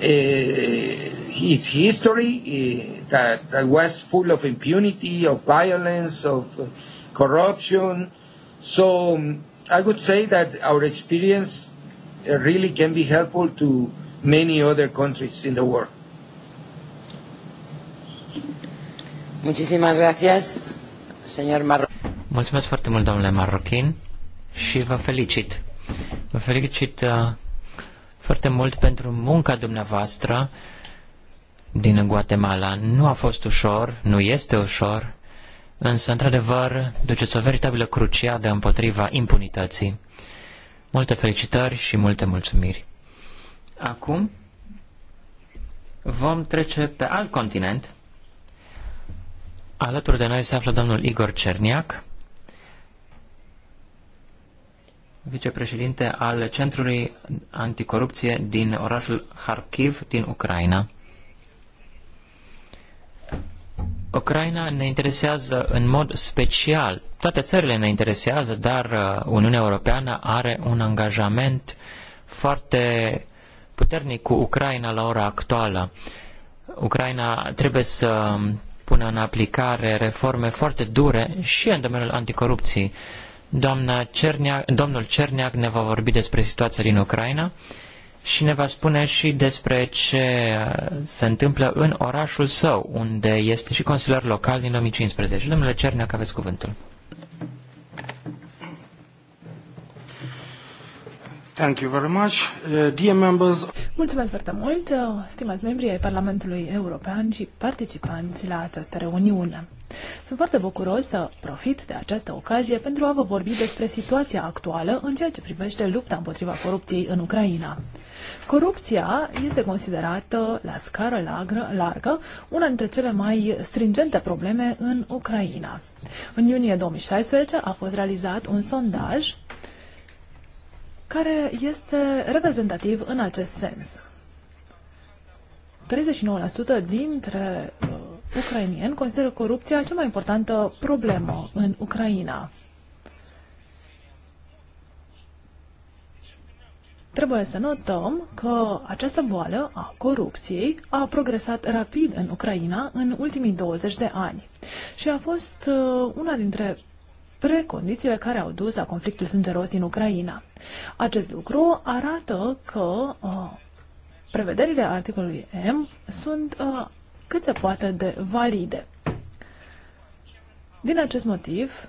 Speaker 4: uh, its history uh, that, that was full of impunity, of violence, of uh, corruption. So um, I would say that our experience uh, really can be helpful to many other countries in the world. Muchísimas
Speaker 1: gracias, señor Marro.
Speaker 2: Mulțumesc foarte mult, domnule Marocin. și vă felicit. Vă felicit uh, foarte mult pentru munca dumneavoastră din Guatemala. Nu a fost ușor, nu este ușor, însă, într-adevăr, duceți o veritabilă cruciadă împotriva impunității. Multe felicitări și multe mulțumiri. Acum vom trece pe alt continent. Alături de noi se află domnul Igor Cerniac, vicepreședinte al Centrului Anticorupție din orașul Kharkiv din Ucraina. Ucraina ne interesează în mod special. Toate țările ne interesează, dar uh, Uniunea Europeană are un angajament foarte puternic cu Ucraina la ora actuală. Ucraina trebuie să pună în aplicare reforme foarte dure și în domeniul anticorupției. Doamna Cerniac, domnul Cerniac ne va vorbi despre situația din Ucraina și ne va spune și despre ce uh, se întâmplă în orașul său, unde este și consilier local din 2015. Domnule Cerniac, aveți cuvântul.
Speaker 4: Thank you very much. Uh, dear members...
Speaker 5: Mulțumesc foarte mult, uh, stimați membri ai Parlamentului European și participanți la această reuniune. Sunt foarte bucuros să profit de această ocazie pentru a vă vorbi despre situația actuală în ceea ce privește lupta împotriva corupției în Ucraina. Corupția este considerată la scară largă, largă una dintre cele mai stringente probleme în Ucraina. În iunie 2016 a fost realizat un sondaj care este reprezentativ în acest sens. 39% dintre uh, ucrainieni consideră corupția cea mai importantă problemă în Ucraina. Trebuie să notăm că această boală a corupției a progresat rapid în Ucraina în ultimii 20 de ani și a fost uh, una dintre precondițiile care au dus la conflictul sângeros din Ucraina. Acest lucru arată că uh, prevederile articolului M sunt uh, cât se poate de valide. Din acest motiv,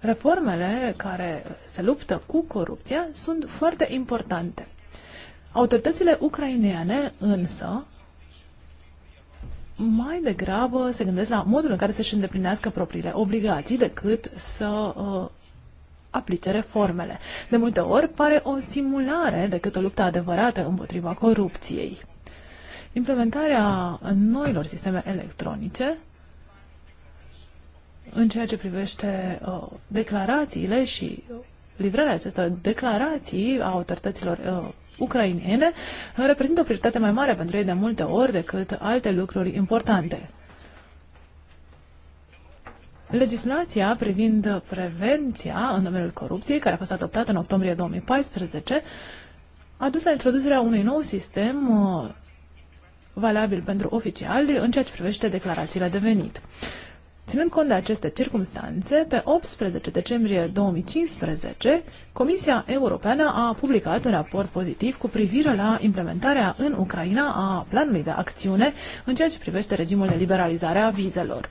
Speaker 5: reformele care se luptă cu corupția sunt foarte importante. Autoritățile ucraineane însă mai degrabă se gândesc la modul în care să-și îndeplinească propriile obligații decât să uh, aplice reformele. De multe ori pare o simulare decât o luptă adevărată împotriva corupției. Implementarea noilor sisteme electronice în ceea ce privește uh, declarațiile și livrarea acestor declarații a autorităților uh, ucrainiene uh, reprezintă o prioritate mai mare pentru ei de multe ori decât alte lucruri importante. Legislația privind prevenția în domeniul corupției, care a fost adoptată în octombrie 2014, a dus la introducerea unui nou sistem uh, valabil pentru oficiali în ceea ce privește declarațiile de venit. Ținând cont de aceste circumstanțe, pe 18 decembrie 2015, Comisia Europeană a publicat un raport pozitiv cu privire la implementarea în Ucraina a planului de acțiune în ceea ce privește regimul de liberalizare a vizelor.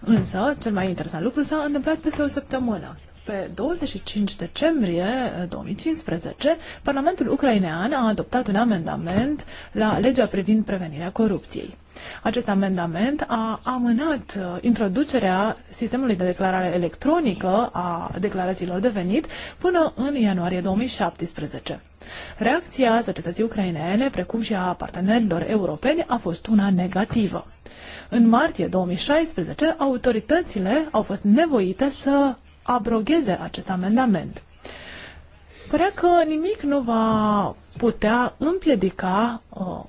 Speaker 5: Însă, cel mai interesant lucru s-a întâmplat peste o săptămână. Pe 25 decembrie 2015, eh, Parlamentul ucrainean a adoptat un amendament la legea privind prevenirea corupției. Acest amendament a amânat eh, introducerea sistemului de declarare electronică a declarațiilor de venit până în ianuarie 2017. Reacția societății ucrainene, precum și a partenerilor europeni, a fost una negativă. În martie 2016, autoritățile au fost nevoite să abrogheze acest amendament. Părea că nimic nu va putea împiedica uh,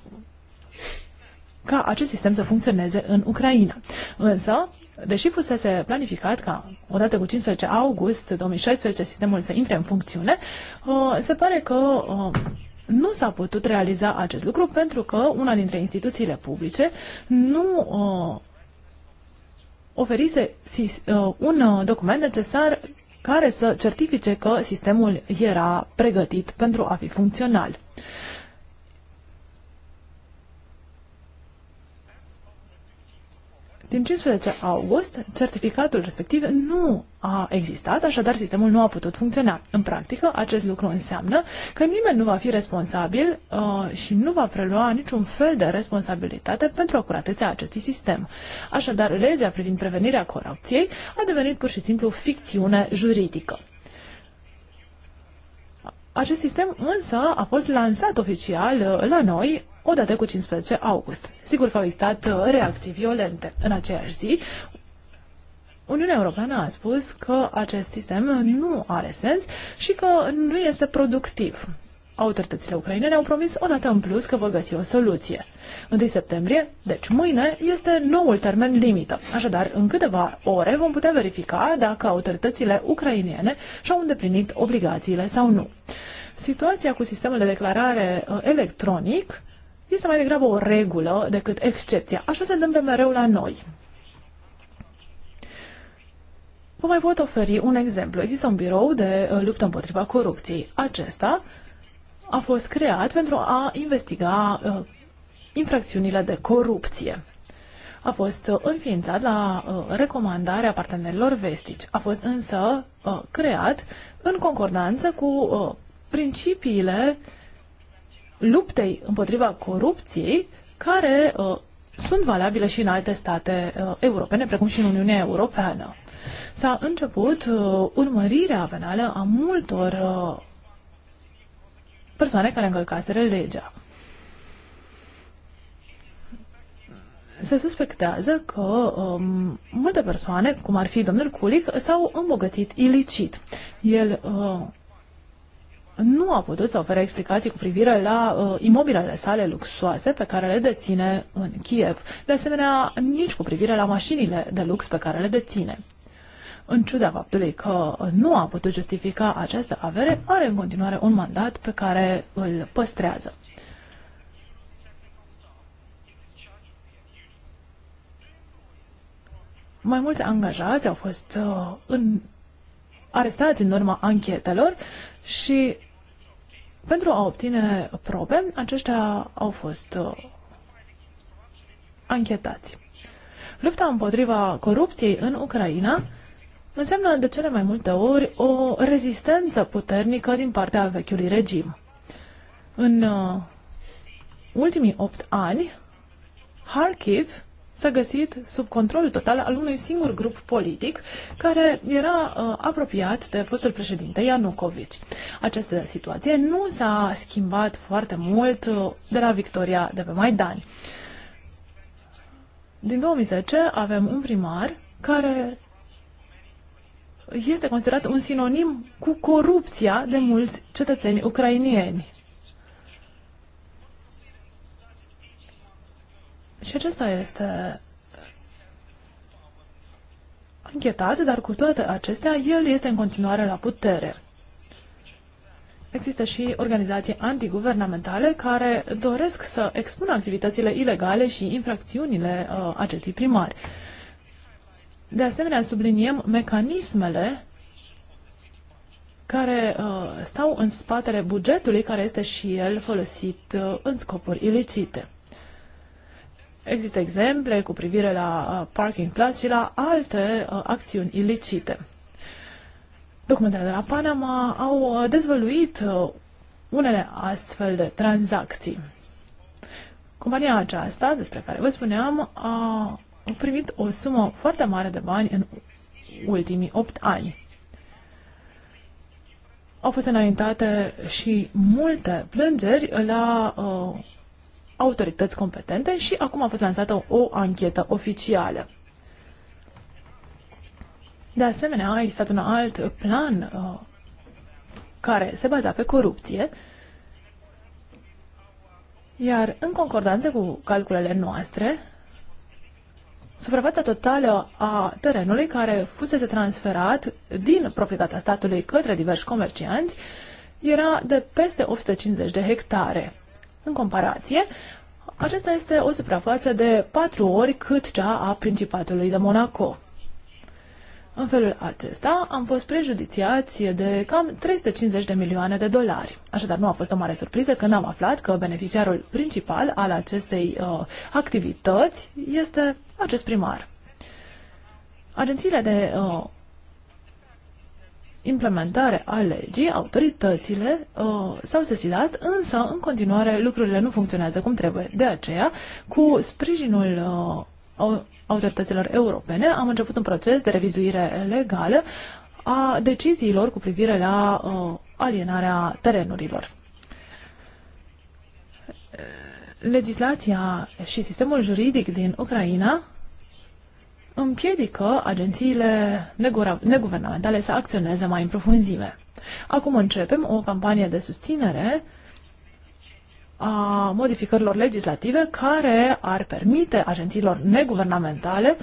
Speaker 5: ca acest sistem să funcționeze în Ucraina. Însă, deși fusese planificat ca odată cu 15 august 2016 sistemul să intre în funcțiune, uh, se pare că uh, nu s-a putut realiza acest lucru pentru că una dintre instituțiile publice nu oferise uh, un uh, document necesar care să certifice că sistemul era pregătit pentru a fi funcțional. Din 15 august, certificatul respectiv nu a existat, așadar sistemul nu a putut funcționa. În practică, acest lucru înseamnă că nimeni nu va fi responsabil uh, și nu va prelua niciun fel de responsabilitate pentru acuratețea acestui sistem. Așadar, legea privind prevenirea corupției a devenit pur și simplu ficțiune juridică. Acest sistem însă a fost lansat oficial uh, la noi odată cu 15 august. Sigur că au existat uh, reacții violente. În aceeași zi, Uniunea Europeană a spus că acest sistem nu are sens și că nu este productiv. Autoritățile ucrainene au promis odată în plus că vor găsi o soluție. 1 septembrie, deci mâine, este noul termen limită. Așadar, în câteva ore vom putea verifica dacă autoritățile ucrainene și-au îndeplinit obligațiile sau nu. Situația cu sistemul de declarare uh, electronic este mai degrabă o regulă decât excepția. Așa se întâmplă mereu la noi. Vă mai pot oferi un exemplu. Există un birou de uh, luptă împotriva corupției. Acesta a fost creat pentru a investiga uh, infracțiunile de corupție. A fost uh, înființat la uh, recomandarea partenerilor vestici. A fost însă uh, creat în concordanță cu uh, principiile luptei împotriva corupției care uh, sunt valabile și în alte state uh, europene, precum și în Uniunea Europeană. S-a început uh, urmărirea penală a multor uh, persoane care încălcaseră legea. se suspectează că um, multe persoane, cum ar fi domnul Culic, s-au îmbogățit ilicit. El uh, nu a putut să ofere explicații cu privire la uh, imobilele sale luxoase pe care le deține în Kiev, de asemenea nici cu privire la mașinile de lux pe care le deține. În ciuda faptului că nu a putut justifica această avere, are în continuare un mandat pe care îl păstrează. Mai mulți angajați au fost uh, în, arestați în urma anchetelor și pentru a obține probe, aceștia au fost uh, anchetați. Lupta împotriva corupției în Ucraina înseamnă de cele mai multe ori o rezistență puternică din partea vechiului regim. În uh, ultimii opt ani, Kharkiv s-a găsit sub control total al unui singur grup politic care era uh, apropiat de fostul președinte Ianucovici. Această situație nu s-a schimbat foarte mult uh, de la victoria de pe Maidan. Din 2010 avem un primar care este considerat un sinonim cu corupția de mulți cetățeni ucrainieni. Și acesta este închetat, dar cu toate acestea, el este în continuare la putere. Există și organizații antiguvernamentale care doresc să expună activitățile ilegale și infracțiunile uh, acestui primar. De asemenea, subliniem mecanismele care uh, stau în spatele bugetului, care este și el folosit uh, în scopuri ilicite. Există exemple cu privire la uh, Parking Plus și la alte uh, acțiuni ilicite. Documentele de la Panama au uh, dezvăluit uh, unele astfel de tranzacții. Compania aceasta, despre care vă spuneam, a primit o sumă foarte mare de bani în ultimii 8 ani. Au fost înaintate și multe plângeri la uh, autorități competente și acum a fost lansată o anchetă oficială. De asemenea, a existat un alt plan uh, care se baza pe corupție, iar în concordanță cu calculele noastre, suprafața totală a terenului care fusese transferat din proprietatea statului către diversi comercianți era de peste 850 de hectare. În comparație, aceasta este o suprafață de patru ori cât cea a Principatului de Monaco. În felul acesta am fost prejudiciați de cam 350 de milioane de dolari. Așadar, nu a fost o mare surpriză când am aflat că beneficiarul principal al acestei uh, activități este acest primar. Agențiile de uh, implementare a legii, autoritățile uh, s-au sesizat, însă în continuare lucrurile nu funcționează cum trebuie. De aceea, cu sprijinul uh, autorităților europene, am început un proces de revizuire legală a deciziilor cu privire la uh, alienarea terenurilor. Legislația și sistemul juridic din Ucraina împiedică agențiile neguvernamentale să acționeze mai în profunzime. Acum începem o campanie de susținere a modificărilor legislative care ar permite agențiilor neguvernamentale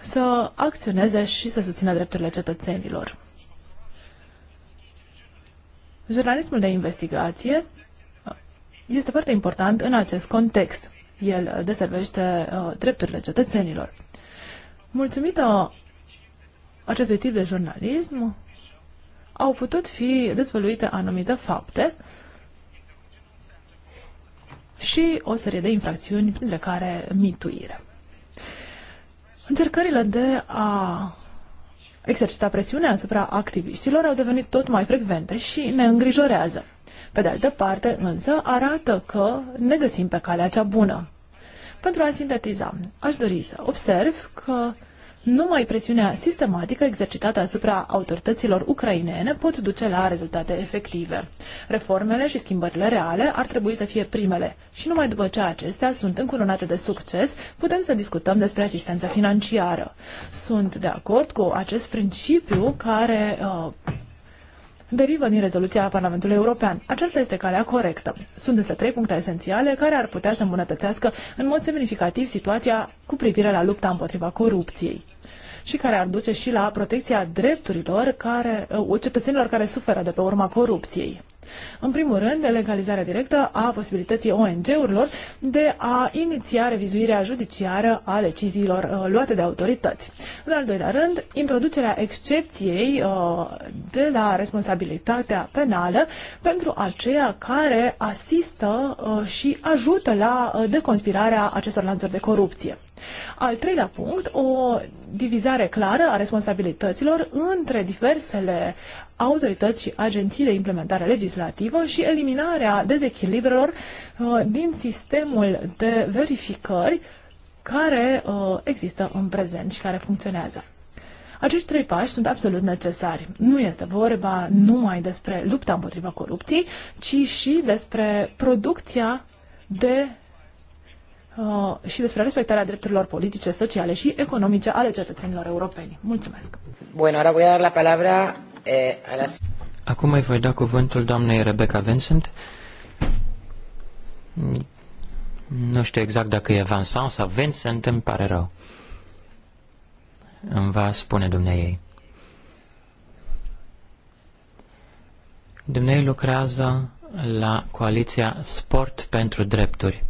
Speaker 5: să acționeze și să susțină drepturile cetățenilor. Jurnalismul de investigație este foarte important în acest context. El deservește uh, drepturile cetățenilor. Mulțumită acestui tip de jurnalism, au putut fi dezvăluite anumite fapte și o serie de infracțiuni, printre care mituire. Încercările de a exercita presiunea asupra activiștilor au devenit tot mai frecvente și ne îngrijorează. Pe de altă parte, însă, arată că ne găsim pe calea cea bună. Pentru a sintetiza, aș dori să observ că numai presiunea sistematică exercitată asupra autorităților ucrainene pot duce la rezultate efective. Reformele și schimbările reale ar trebui să fie primele și numai după ce acestea sunt încununate de succes, putem să discutăm despre asistența financiară. Sunt de acord cu acest principiu care uh, derivă din rezoluția Parlamentului European. Aceasta este calea corectă. Sunt însă trei puncte esențiale care ar putea să îmbunătățească în mod semnificativ situația cu privire la lupta împotriva corupției și care ar duce și la protecția drepturilor care, uh, cetățenilor care suferă de pe urma corupției. În primul rând, legalizarea directă a posibilității ONG-urilor de a iniția revizuirea judiciară a deciziilor uh, luate de autorități. În al doilea rând, introducerea excepției uh, de la responsabilitatea penală pentru aceia care asistă uh, și ajută la uh, deconspirarea acestor lanțuri de corupție. Al treilea punct, o divizare clară a responsabilităților între diversele autorități și agenții de implementare legislativă și eliminarea dezechilibrelor uh, din sistemul de verificări care uh, există în prezent și care funcționează. Acești trei pași sunt absolut necesari. Nu este vorba numai despre lupta împotriva corupției, ci și despre producția de Uh, și despre respectarea drepturilor politice, sociale și economice ale cetățenilor europeni.
Speaker 1: Mulțumesc! Bueno, ahora voy a dar la palabra eh, a las...
Speaker 2: Acum îi voi da cuvântul doamnei Rebecca Vincent. Nu știu exact dacă e Vincent sau Vincent, îmi pare rău. Îmi va spune dumneai ei. Dumnezeu lucrează la coaliția Sport pentru Drepturi.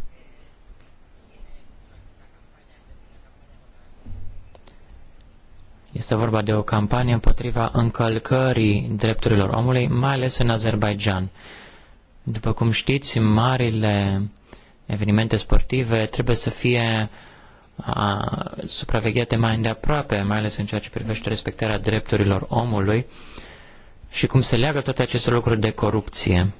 Speaker 2: Este vorba de o campanie împotriva încălcării drepturilor omului, mai ales în Azerbaijan. După cum știți, marile evenimente sportive trebuie să fie a, supravegheate mai îndeaproape, mai ales în ceea ce privește respectarea drepturilor omului și cum se leagă toate aceste lucruri de corupție.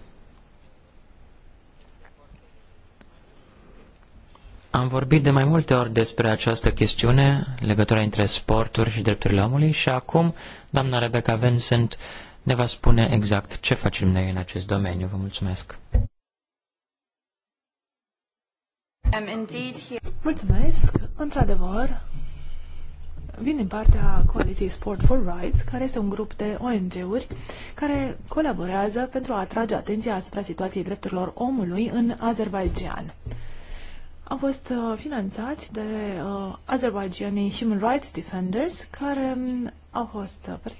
Speaker 2: Am vorbit de mai multe ori despre această chestiune, legătura între sporturi și drepturile omului și acum doamna Rebecca Vincent ne va spune exact ce facem noi în acest domeniu. Vă mulțumesc!
Speaker 5: Mulțumesc! Într-adevăr, vin din partea coaliției Sport for Rights, care este un grup de ONG-uri care colaborează pentru a atrage atenția asupra situației drepturilor omului în Azerbaijan au fost uh, finanțați de uh, Azerbaijani Human Rights Defenders, care um, au fost uh,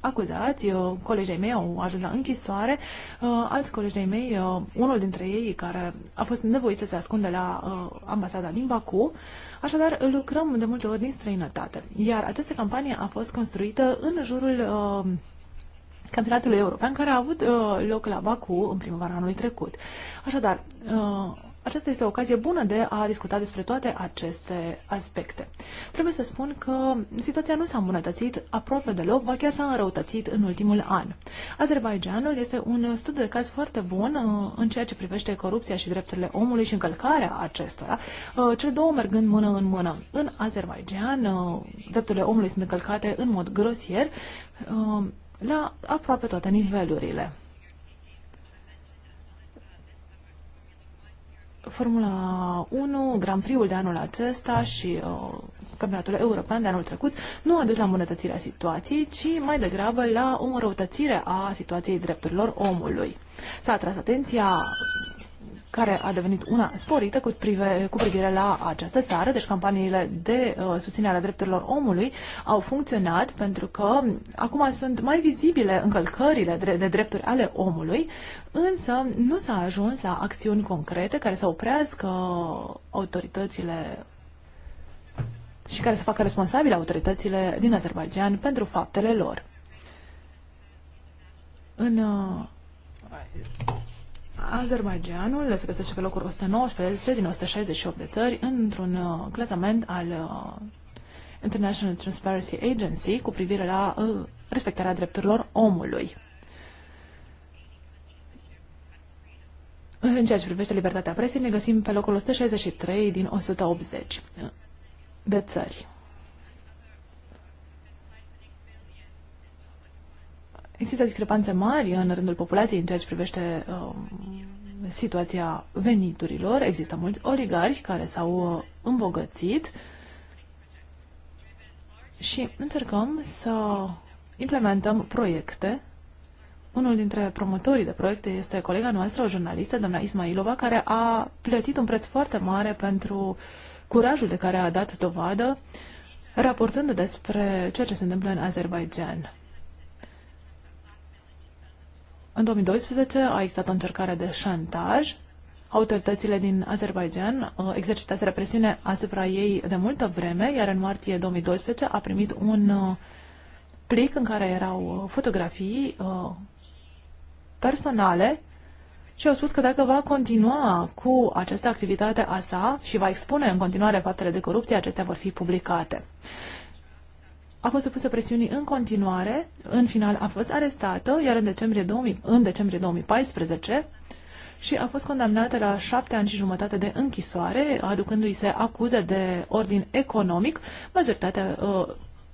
Speaker 5: acuzați, eu, uh, colegii mei au ajuns la închisoare, uh, alți colegii mei, uh, unul dintre ei care a fost nevoit să se ascunde la uh, ambasada din Baku, așadar lucrăm de multe ori din străinătate. Iar această campanie a fost construită în jurul campionatului european care a avut loc la Baku în primăvara anului trecut. Așadar, aceasta este o ocazie bună de a discuta despre toate aceste aspecte. Trebuie să spun că situația nu s-a îmbunătățit aproape deloc, ba chiar s-a înrăutățit în ultimul an. Azerbaijanul este un studiu de caz foarte bun uh, în ceea ce privește corupția și drepturile omului și încălcarea acestora, uh, cele două mergând mână în mână. În Azerbaijan, uh, drepturile omului sunt încălcate în mod grosier la aproape toate nivelurile. Formula 1, Grand Prix-ul de anul acesta și uh, campionatul european de anul trecut nu a dus la îmbunătățirea situației, ci mai degrabă la o înrăutățire a situației drepturilor omului. S-a atras atenția care a devenit una sporită cu, prive, cu privire la această țară. Deci campaniile de uh, susținere a drepturilor omului au funcționat pentru că acum sunt mai vizibile încălcările de, de drepturi ale omului, însă nu s-a ajuns la acțiuni concrete care să oprească autoritățile și care să facă responsabile autoritățile din Azerbaijan pentru faptele lor. În uh, Azerbaijanul se găsește pe locul 119 din 168 de țări într-un uh, clasament al uh, International Transparency Agency cu privire la uh, respectarea drepturilor omului. În ceea ce privește libertatea presiei, ne găsim pe locul 163 din 180 de țări. Există discrepanțe mari în rândul populației în ceea ce privește um, situația veniturilor. Există mulți oligari care s-au uh, îmbogățit și încercăm să implementăm proiecte. Unul dintre promotorii de proiecte este colega noastră, o jurnalistă, doamna Ismailova, care a plătit un preț foarte mare pentru curajul de care a dat dovadă, raportând despre ceea ce se întâmplă în Azerbaijan. În 2012 a existat o încercare de șantaj. Autoritățile din Azerbaijan uh, exercitaseră presiune asupra ei de multă vreme, iar în martie 2012 a primit un uh, plic în care erau uh, fotografii personale și au spus că dacă va continua cu această activitate a sa și va expune în continuare faptele de corupție, acestea vor fi publicate a fost supusă presiunii în continuare, în final a fost arestată, iar în decembrie, 2000, în decembrie 2014 și a fost condamnată la șapte ani și jumătate de închisoare, aducându-i se acuze de ordin economic, majoritatea uh,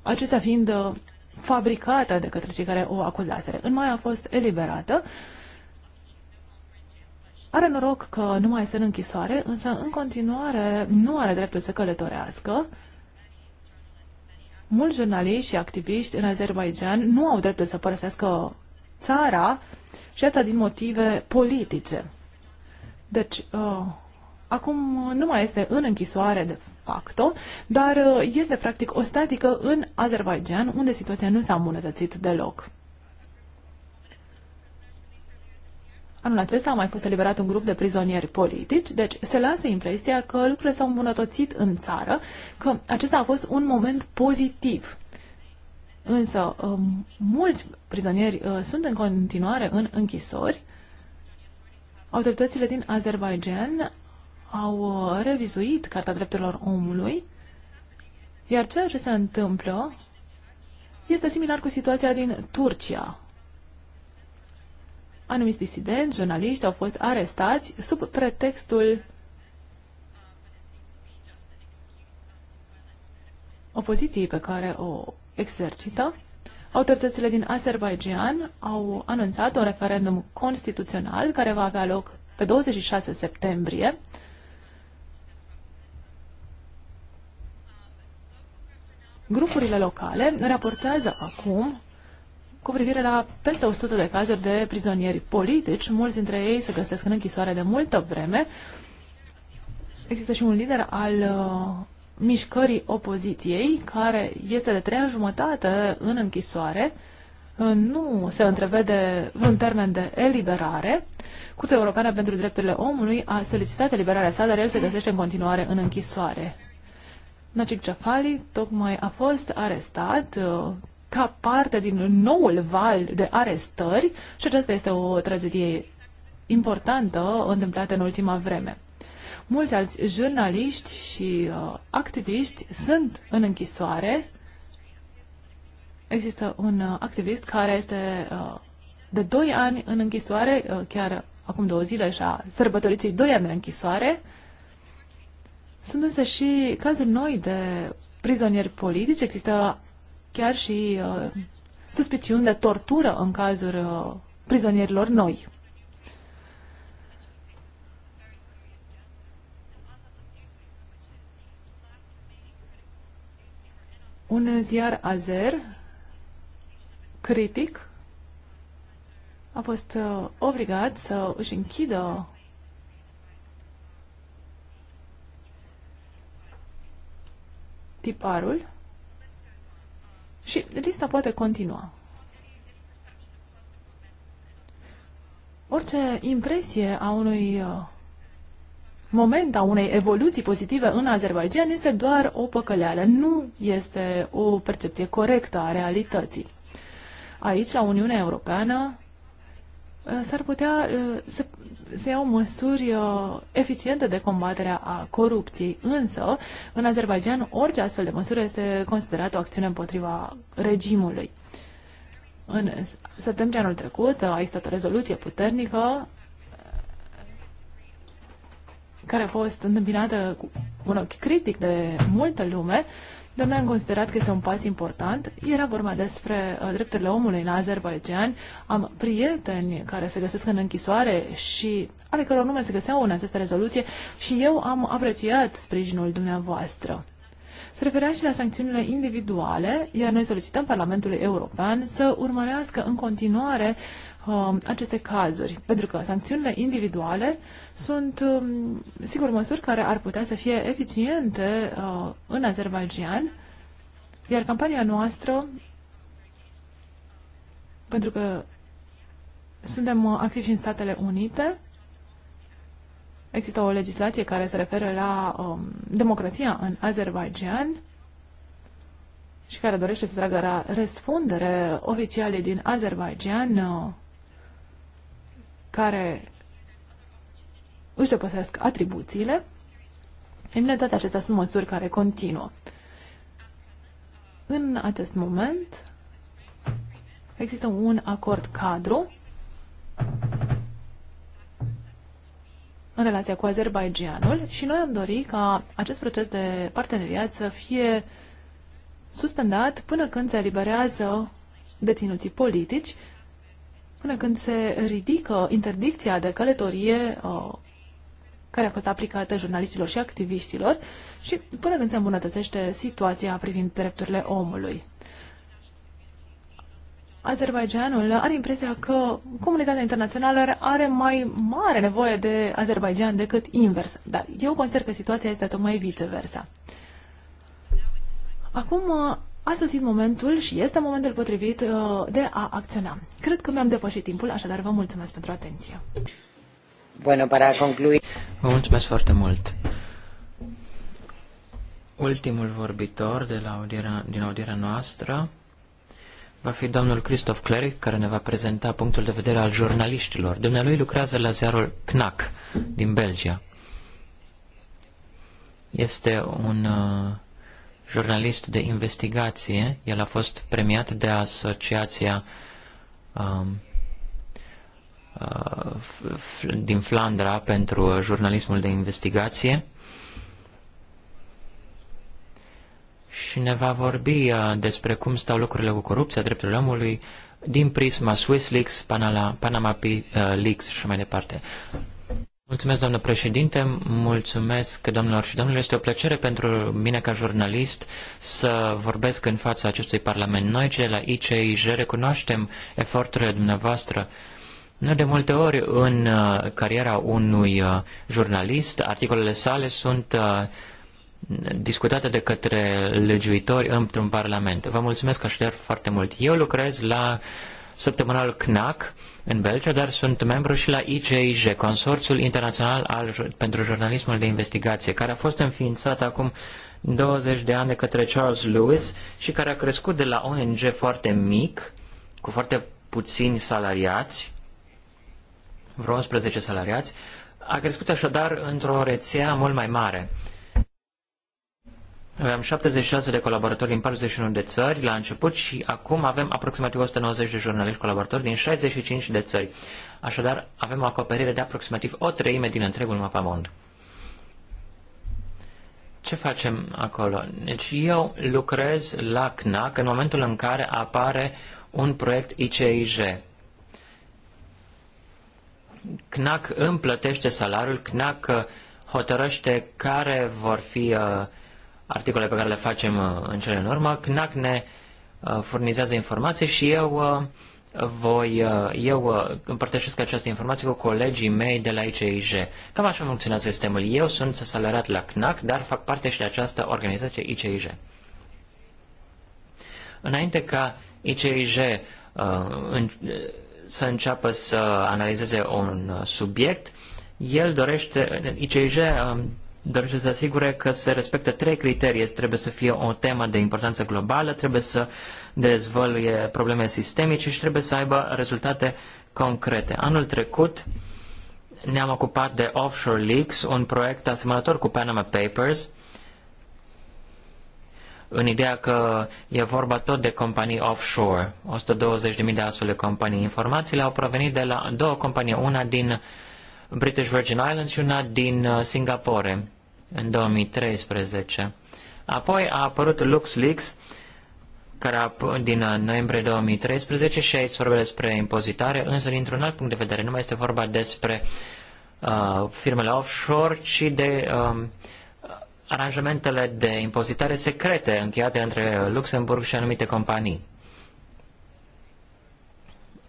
Speaker 5: acestea fiind uh, fabricată de către cei care o acuzaseră. În mai a fost eliberată. Are noroc că nu mai este în închisoare, însă în continuare nu are dreptul să călătorească mulți jurnaliști și activiști în Azerbaijan nu au dreptul să părăsească țara și asta din motive politice. Deci, uh, acum nu mai este în închisoare de facto, dar uh, este practic o statică în Azerbaijan, unde situația nu s-a îmbunătățit deloc. Anul acesta a mai fost eliberat un grup de prizonieri politici, deci se lasă impresia că lucrurile s-au îmbunătățit în țară, că acesta a fost un moment pozitiv. Însă, um, mulți prizonieri uh, sunt în continuare în închisori. Autoritățile din Azerbaijan au uh, revizuit Carta Drepturilor Omului, iar ceea ce se întâmplă este similar cu situația din Turcia, anumiți disidenți, jurnaliști au fost arestați sub pretextul opoziției pe care o exercită. Autoritățile din Azerbaijan au anunțat un referendum constituțional care va avea loc pe 26 septembrie. Grupurile locale raportează acum cu privire la peste 100 de cazuri de prizonieri politici. Mulți dintre ei se găsesc în închisoare de multă vreme. Există și un lider al uh, mișcării opoziției, care este de trei ani jumătate în închisoare. Uh, nu se întrevede vreun termen de eliberare. Curtea Europeană pentru Drepturile Omului a solicitat eliberarea sa, dar el se găsește în continuare în închisoare. Najib Cefali tocmai a fost arestat, uh, ca parte din noul val de arestări și aceasta este o tragedie importantă întâmplată în ultima vreme. Mulți alți jurnaliști și uh, activiști sunt în închisoare. Există un uh, activist care este uh, de 2 ani în închisoare, uh, chiar acum două zile și-a sărbătorit cei 2 ani în închisoare. Sunt însă și cazuri noi de prizonieri politici, există chiar și uh, suspiciuni de tortură în cazul uh, prizonierilor noi. Un ziar azer critic a fost uh, obligat să își închidă tiparul și lista poate continua. Orice impresie a unui uh, moment, a unei evoluții pozitive în Azerbaijan este doar o păcăleală, nu este o percepție corectă a realității. Aici, la Uniunea Europeană, uh, s-ar putea, uh, se iau măsuri uh, eficiente de combatere a corupției, însă în Azerbaijan orice astfel de măsură este considerată o acțiune împotriva regimului. În septembrie anul trecut uh, a existat o rezoluție puternică care a fost întâmpinată cu un ochi critic de multă lume, uh, dar noi am considerat că este un pas important. Era vorba despre uh, drepturile omului în Azerbaijan. Am prieteni care se găsesc în închisoare și ale căror nume se găseau în această rezoluție și eu am apreciat sprijinul dumneavoastră. Se referea și la sancțiunile individuale, iar noi solicităm Parlamentului European să urmărească în continuare uh, Um, aceste cazuri, pentru că sancțiunile individuale sunt, um, sigur, măsuri care ar putea să fie eficiente uh, în Azerbaijan, iar campania noastră, pentru că suntem uh, activi și în Statele Unite, există o legislație care se referă la um, democrația în Azerbaijan și care dorește să tragă la răspundere oficiale din Azerbaijan uh, care își depăsesc atribuțiile, e bine, toate acestea sunt măsuri care continuă. În acest moment există un acord cadru în relația cu Azerbaijanul și noi am dorit ca acest proces de parteneriat să fie suspendat până când se eliberează deținuții politici până când se ridică interdicția de călătorie uh, care a fost aplicată jurnaliștilor și activiștilor și până când se îmbunătățește situația privind drepturile omului. Azerbaijanul are impresia că comunitatea internațională are mai mare nevoie de Azerbaijan decât invers, dar eu consider că situația este tocmai viceversa. Acum a sosit momentul și este momentul potrivit uh, de a acționa. Cred că mi-am depășit timpul, așadar vă mulțumesc pentru atenție.
Speaker 1: Bueno, para concluir... Vă mulțumesc foarte mult.
Speaker 2: Ultimul vorbitor de la audiera, din audierea noastră va fi domnul Cristof Cleric, care ne va prezenta punctul de vedere al jurnaliștilor. Dumnealui lucrează la ziarul CNAC din Belgia. Este un uh, jurnalist de investigație. El a fost premiat de Asociația um, uh, din Flandra pentru jurnalismul de investigație și ne va vorbi uh, despre cum stau lucrurile cu corupția, drepturile omului, din prisma SwissLeaks, Panama, Panama uh, Leaks și mai departe. Mulțumesc, doamnă președinte, mulțumesc, domnilor și domnilor. Este o plăcere pentru mine ca jurnalist să vorbesc în fața acestui Parlament. Noi, cei la ICIJ, recunoaștem eforturile dumneavoastră. Nu de multe ori în uh, cariera unui uh, jurnalist, articolele sale sunt uh, discutate de către legiuitori într-un parlament. Vă mulțumesc așadar foarte mult. Eu lucrez la săptămânal CNAC în Belgia, dar sunt membru și la IJJ, Consorțiul Internațional al, pentru Jurnalismul de Investigație, care a fost înființat acum 20 de ani de către Charles Lewis și care a crescut de la ONG foarte mic, cu foarte puțini salariați, vreo 11 salariați, a crescut așadar într-o rețea mult mai mare. Aveam 76 de colaboratori din 41 de țări la început și acum avem aproximativ 190 de jurnaliști colaboratori din 65 de țări. Așadar, avem o acoperire de aproximativ o treime din întregul mapamond. Ce facem acolo? Deci eu lucrez la CNAC în momentul în care apare un proiect ICIJ. CNAC îmi plătește salariul, CNAC hotărăște care vor fi uh, articole pe care le facem uh, în cele în urmă. CNAC ne uh, furnizează informații și eu uh, voi, eu împărtășesc această informație cu colegii mei de la ICIJ. Cam așa funcționează sistemul. Eu sunt salariat la CNAC, dar fac parte și de această organizație ICIJ. Înainte ca ICIJ uh, în, să înceapă să analizeze un subiect, el dorește, ICIJ dar să se asigure că se respectă trei criterii. Trebuie să fie o temă de importanță globală, trebuie să dezvăluie probleme sistemice și trebuie să aibă rezultate concrete. Anul trecut ne-am ocupat de Offshore Leaks, un proiect asemănător cu Panama Papers, în ideea că e vorba tot de companii offshore. 120.000 de astfel de companii. Informațiile au provenit de la două companii, una din uh, British Virgin Islands și una din uh, Singapore în 2013. Apoi a apărut LuxLeaks, care a, din uh, noiembrie 2013 și aici se vorbește despre impozitare, însă dintr-un alt punct de vedere. Nu mai este vorba despre uh, firmele offshore, ci de uh, aranjamentele de impozitare secrete încheiate între Luxemburg și anumite companii.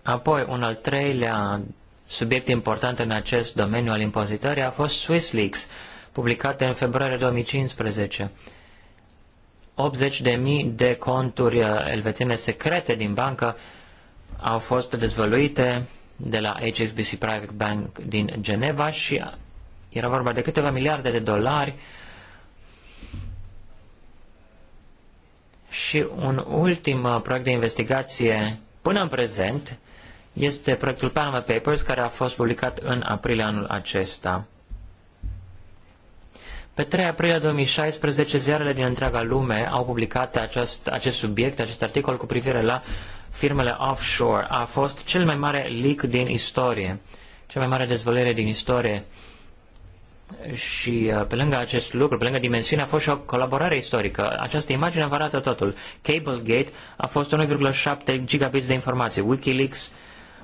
Speaker 2: Apoi, un al treilea subiect important în acest domeniu al impozitării a fost SwissLeaks, publicate în februarie 2015. 80.000 de conturi uh, elvețiene secrete din bancă au fost dezvăluite de la HSBC Private Bank din Geneva și era vorba de câteva miliarde de dolari și un ultim uh, proiect de investigație până în prezent este proiectul Panama Papers, care a fost publicat în aprilie anul acesta. Pe 3 aprilie 2016, ziarele din întreaga lume au publicat acest, acest subiect, acest articol cu privire la firmele offshore. A fost cel mai mare leak din istorie, cea mai mare dezvăluire din istorie. Și uh, pe lângă acest lucru, pe lângă dimensiune, a fost și o colaborare istorică. Această imagine vă arată totul. Cablegate a fost 1,7 gigabits de informații. Wikileaks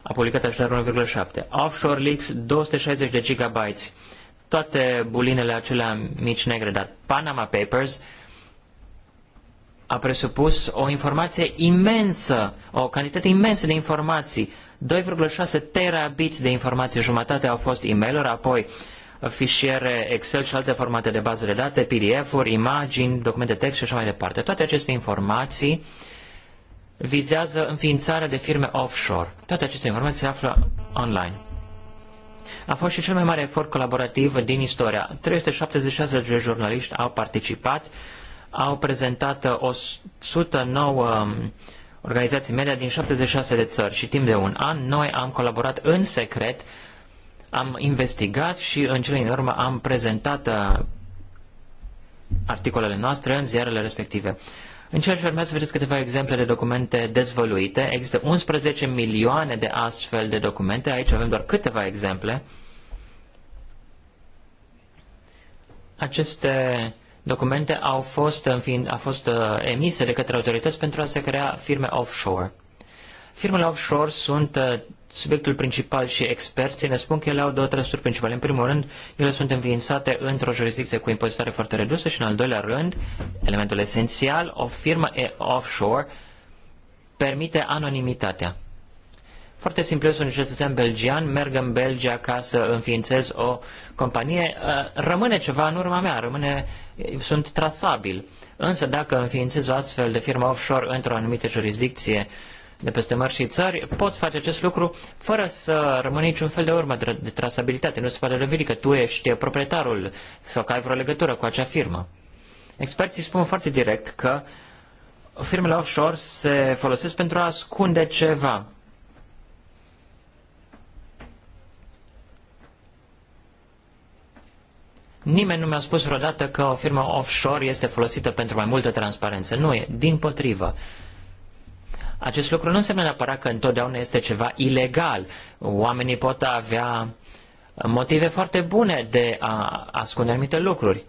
Speaker 2: a publicat așa 1,7. Offshore leaks 260 de gigabytes. Toate bulinele acelea mici negre, dar Panama Papers a presupus o informație imensă, o cantitate imensă de informații. 2,6 terabits de informații, jumătate au fost e mail apoi fișiere Excel și alte formate de bază de date, PDF-uri, imagini, documente text și așa mai departe. Toate aceste informații uh, vizează înființarea de firme offshore. Toate aceste informații se află online. A fost și cel mai mare efort colaborativ din istoria. 376 de jurnaliști au participat, au prezentat 109 uh, um, organizații media din 76 de țări și timp de un an noi am colaborat în secret, am investigat și în cele din urmă am prezentat uh, articolele noastre în ziarele respective. În ceea ce urmează vedeți câteva exemple de documente dezvăluite. Există 11 milioane de astfel de documente. Aici avem doar câteva exemple. Aceste documente au fost, înfiind, au fost uh, emise de către autorități pentru a se crea firme offshore. Firmele offshore sunt uh, subiectul principal și experții ne spun că ele au două trăsuri principale. În primul rând, ele sunt înființate într-o jurisdicție cu impozitare foarte redusă și, în al doilea rând, elementul esențial, o firmă e offshore permite anonimitatea. Foarte simplu, eu sunt cetățean belgian, merg în Belgia ca să înființez o companie, uh, rămâne ceva în urma mea, rămâne, sunt trasabil. Însă dacă înființez o astfel de firmă offshore într-o anumită jurisdicție, uh, de peste mări și țări, poți face acest lucru fără să rămâne niciun fel de urmă de trasabilitate. Nu se poate dovedi că tu ești proprietarul sau că ai vreo legătură cu acea firmă. Experții spun foarte direct că firmele offshore se folosesc pentru a ascunde ceva. Nimeni nu mi-a spus vreodată că o firmă offshore este folosită pentru mai multă transparență. Nu e, din potrivă. Acest lucru nu înseamnă neapărat că întotdeauna este ceva ilegal. Oamenii pot avea motive foarte bune de a ascunde anumite lucruri.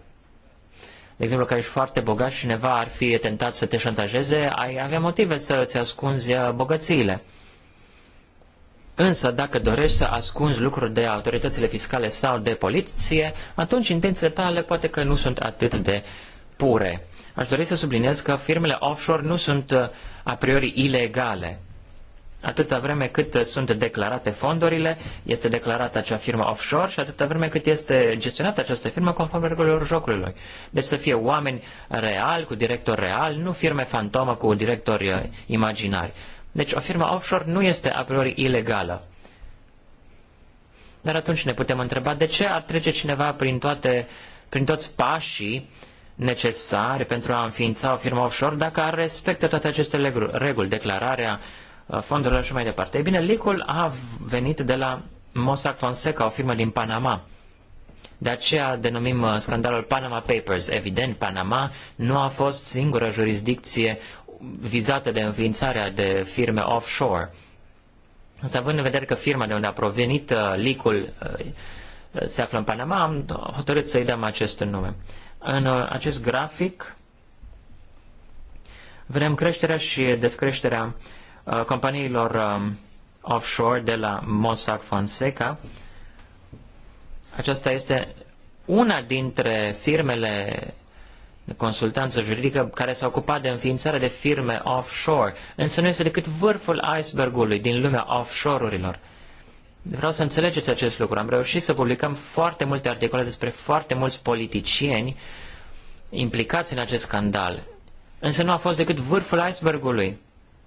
Speaker 2: De exemplu, că ești foarte bogat și cineva ar fi tentat să te șantajeze, ai avea motive să îți ascunzi uh, bogățiile. Însă, dacă dorești să ascunzi lucruri de autoritățile fiscale sau de poliție, atunci intențiile tale poate că nu sunt atât de pure. Aș dori să subliniez că firmele offshore nu sunt uh, a priori ilegale. Atâta vreme cât uh, sunt declarate fondurile, este declarată acea firmă offshore și atâta vreme cât este gestionată această firmă conform regulilor jocului. Deci să fie oameni reali, cu director real, nu firme fantomă cu directori uh, imaginari. Deci o firmă offshore nu este a priori ilegală. Dar atunci ne putem întreba de ce ar trece cineva prin, toate, prin toți pașii uh, necesare pentru a înființa o firmă offshore dacă ar respectă toate aceste reguli, declararea uh, fondurilor și mai departe. Ei bine, licul a venit de la Mossack Fonseca, o firmă din Panama. De aceea denumim uh, scandalul Panama Papers. Evident, Panama nu a fost singura jurisdicție vizată de înființarea de firme offshore. Însă, având în vedere că firma de unde a provenit uh, licul se află în Panama, am hotărât să-i dăm acest nume. În uh, acest grafic vedem creșterea și descreșterea uh, companiilor um, offshore de la Mossack Fonseca. Aceasta este una dintre firmele de consultanță juridică care s-a ocupat de înființarea de firme offshore, însă nu este decât vârful icebergului din lumea offshore-urilor. Vreau să înțelegeți acest lucru. Am reușit să publicăm foarte multe articole despre foarte mulți politicieni implicați în acest scandal. Însă nu a fost decât vârful icebergului.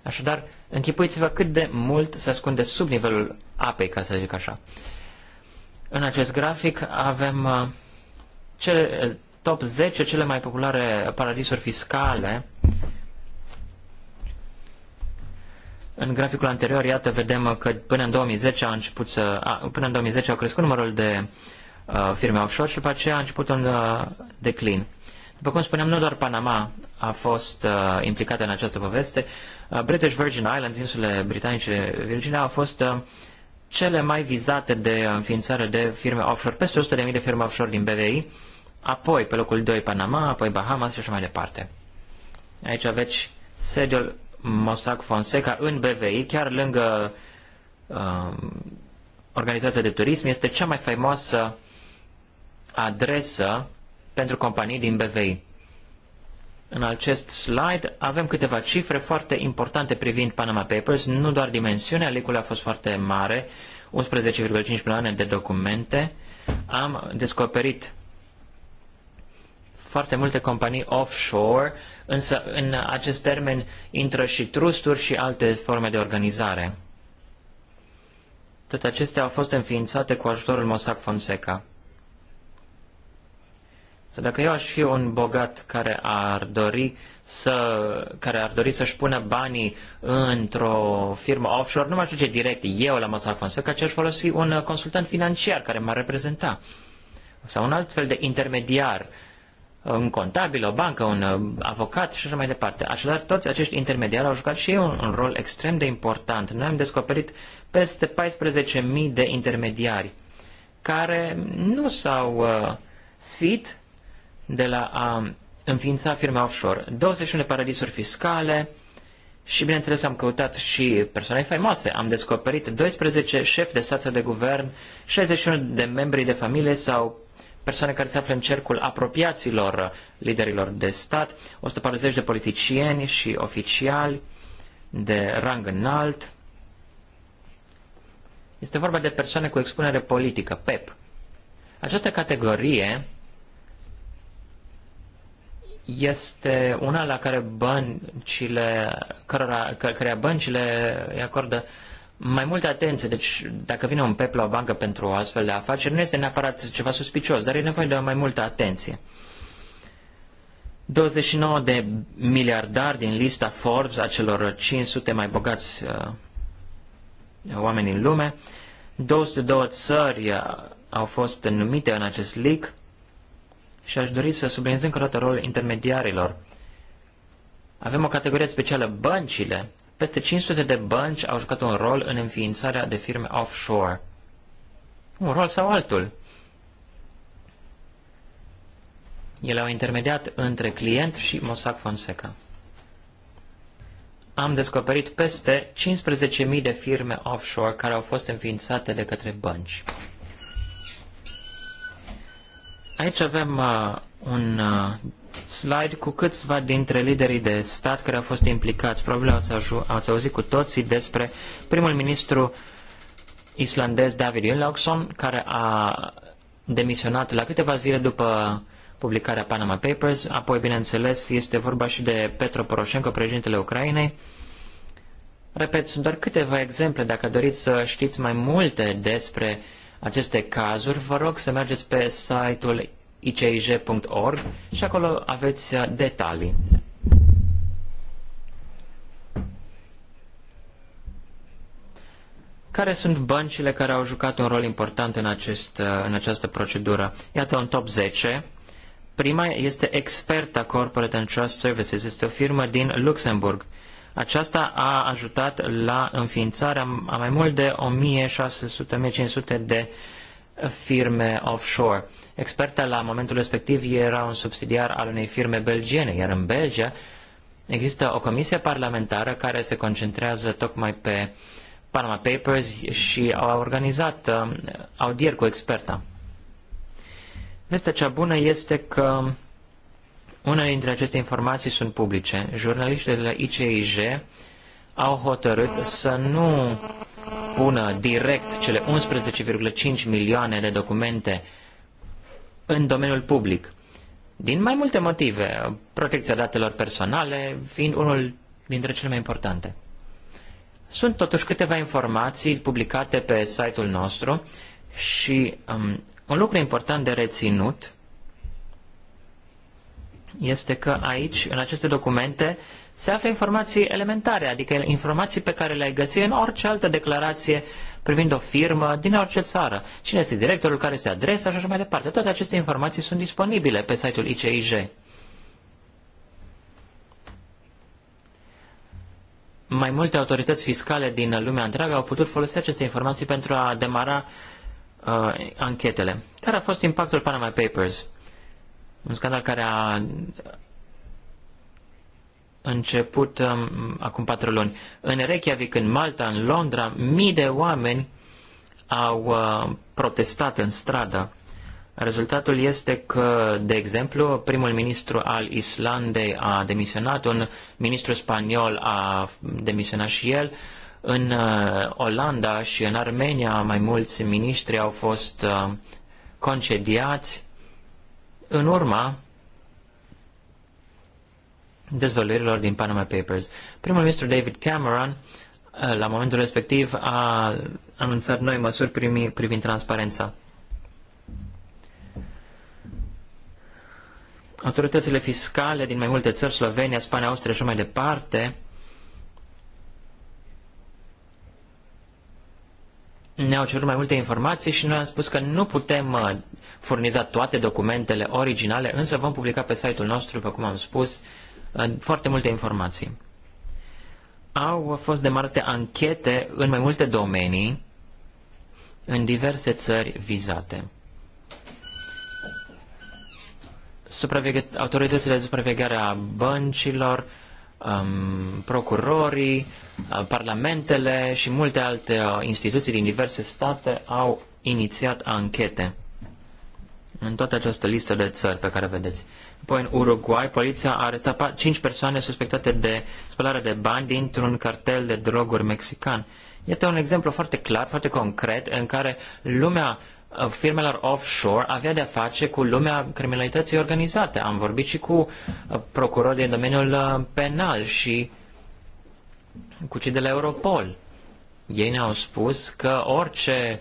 Speaker 2: Așadar, închipuiți-vă cât de mult se ascunde sub nivelul apei, ca să zic așa. În acest grafic avem uh, cele, top 10 cele mai populare paradisuri fiscale în graficul anterior, iată, vedem că până în 2010 a început să, a, până în 2010 au crescut numărul de uh, firme offshore și după aceea a început un uh, declin. După cum spuneam, nu doar Panama a fost uh, implicată în această poveste. Uh, British Virgin Islands, insulele britanice Virginia, au fost uh, cele mai vizate de înființare de firme offshore, peste 100.000 de firme offshore din BVI, apoi pe locul 2 Panama, apoi Bahamas și așa mai departe. Aici aveți sediul Mossack Fonseca în BVI, chiar lângă uh, organizația de turism, este cea mai faimoasă adresă pentru companii din BVI. În acest slide avem câteva cifre foarte importante privind Panama Papers, nu doar dimensiunea, licul a fost foarte mare, 11,5 milioane de documente. Am descoperit foarte multe companii offshore însă în acest termen intră și trusturi și alte forme de organizare. Toate acestea au fost înființate cu ajutorul Mossack Fonseca. Să dacă eu aș fi un bogat care ar dori să, care ar dori să-și pună banii într-o firmă offshore, nu m-aș duce direct eu la Mossack Fonseca, ci aș folosi un consultant financiar care m-ar reprezenta. Sau un alt fel de intermediar un contabil, o bancă, un uh, avocat și așa mai departe. Așadar, toți acești intermediari au jucat și ei un, un rol extrem de important. Noi am descoperit peste 14.000 de intermediari care nu s-au uh, sfit de la a înființa firme offshore. 21 de paradisuri fiscale și, bineînțeles, am căutat și persoane faimoase. Am descoperit 12 șefi de stat de guvern, 61 de membri de familie sau persoane care se află în cercul apropiaților liderilor de stat, 140 de politicieni și oficiali de rang înalt. Este vorba de persoane cu expunere politică, PEP. Această categorie este una la care băncile, cărora, căreia băncile îi acordă mai multă atenție. Deci, dacă vine un PEP la o bancă pentru o astfel de afaceri, nu este neapărat ceva suspicios, dar e nevoie de mai multă atenție. 29 de miliardari din lista Forbes, a celor 500 mai bogați uh, oameni în lume, 202 țări uh, au fost numite în acest leak și aș dori să subliniez încă o dată rolul intermediarilor. Avem o categorie specială, băncile, peste 500 de bănci au jucat un rol în înființarea de firme offshore. Un rol sau altul. Ele au intermediat între client și Mossack Fonseca. Am descoperit peste 15.000 de firme offshore care au fost înființate de către bănci. Aici avem uh, un uh, slide cu câțiva dintre liderii de stat care au fost implicați. Probabil ați, ați auzit cu toții despre primul ministru islandez David Unlaugson, care a demisionat la câteva zile după publicarea Panama Papers, apoi, bineînțeles, este vorba și de Petro Poroshenko, președintele Ucrainei. Repet, sunt doar câteva exemple. Dacă doriți să știți mai multe despre aceste cazuri, vă rog să mergeți pe site-ul icij.org și acolo aveți uh, detalii. Care sunt băncile care au jucat un rol important în, acest, uh, în această procedură? Iată un top 10. Prima este Experta Corporate and Trust Services. Este o firmă din Luxemburg. Aceasta a ajutat la înființarea a mai mult de 1600-1500 de firme offshore. Experta la momentul respectiv era un subsidiar al unei firme belgiene, iar în Belgia există o comisie parlamentară care se concentrează tocmai pe Panama Papers și au organizat uh, audieri cu experta. Vestea cea bună este că unele dintre aceste informații sunt publice. Jurnaliștii de la ICIJ au hotărât să nu pună direct cele 11,5 milioane de documente în domeniul public. Din mai multe motive, protecția datelor personale fiind unul dintre cele mai importante. Sunt totuși câteva informații publicate pe site-ul nostru și um, un lucru important de reținut este că aici, în aceste documente, uh, se află informații elementare, adică informații pe care le-ai găsi în orice altă declarație privind o firmă din orice țară. Cine este directorul, care este adresa și așa mai departe. Toate aceste informații sunt disponibile pe site-ul ICIJ. Mai multe autorități fiscale din lumea întreagă au putut folosi aceste informații pentru a demara uh, anchetele. Care a fost impactul Panama Papers? Un scandal care a început um, acum patru luni. În Reykjavik, în Malta, în Londra, mii de oameni au uh, protestat în stradă. Rezultatul este că, de exemplu, primul ministru al Islandei a demisionat, un ministru spaniol a demisionat și el, în uh, Olanda și în Armenia mai mulți miniștri au fost uh, concediați în urma dezvăluirilor din Panama Papers. Primul ministru David Cameron, uh, la momentul respectiv, a anunțat noi măsuri primi, privind transparența. Autoritățile fiscale din mai multe țări, Slovenia, Spania, Austria și mai departe, ne-au cerut mai multe informații și noi am spus că nu putem uh, furniza toate documentele originale, însă vom publica pe site-ul nostru, pe cum am spus, uh, foarte multe informații. Au fost demarate anchete în mai multe domenii în diverse țări vizate. autoritățile de supraveghere a băncilor, um, procurorii, uh, parlamentele și multe alte uh, instituții din diverse state au inițiat anchete în toată această listă de țări pe care vedeți. Apoi în Uruguay, poliția a arestat cinci persoane suspectate de spălare de bani dintr-un cartel de droguri mexican. Iată un exemplu foarte clar, foarte concret, în care lumea uh, firmelor offshore avea de-a face cu lumea criminalității organizate. Am vorbit și cu uh, procurori din domeniul uh, penal și cu cei de la Europol. Ei ne-au spus că orice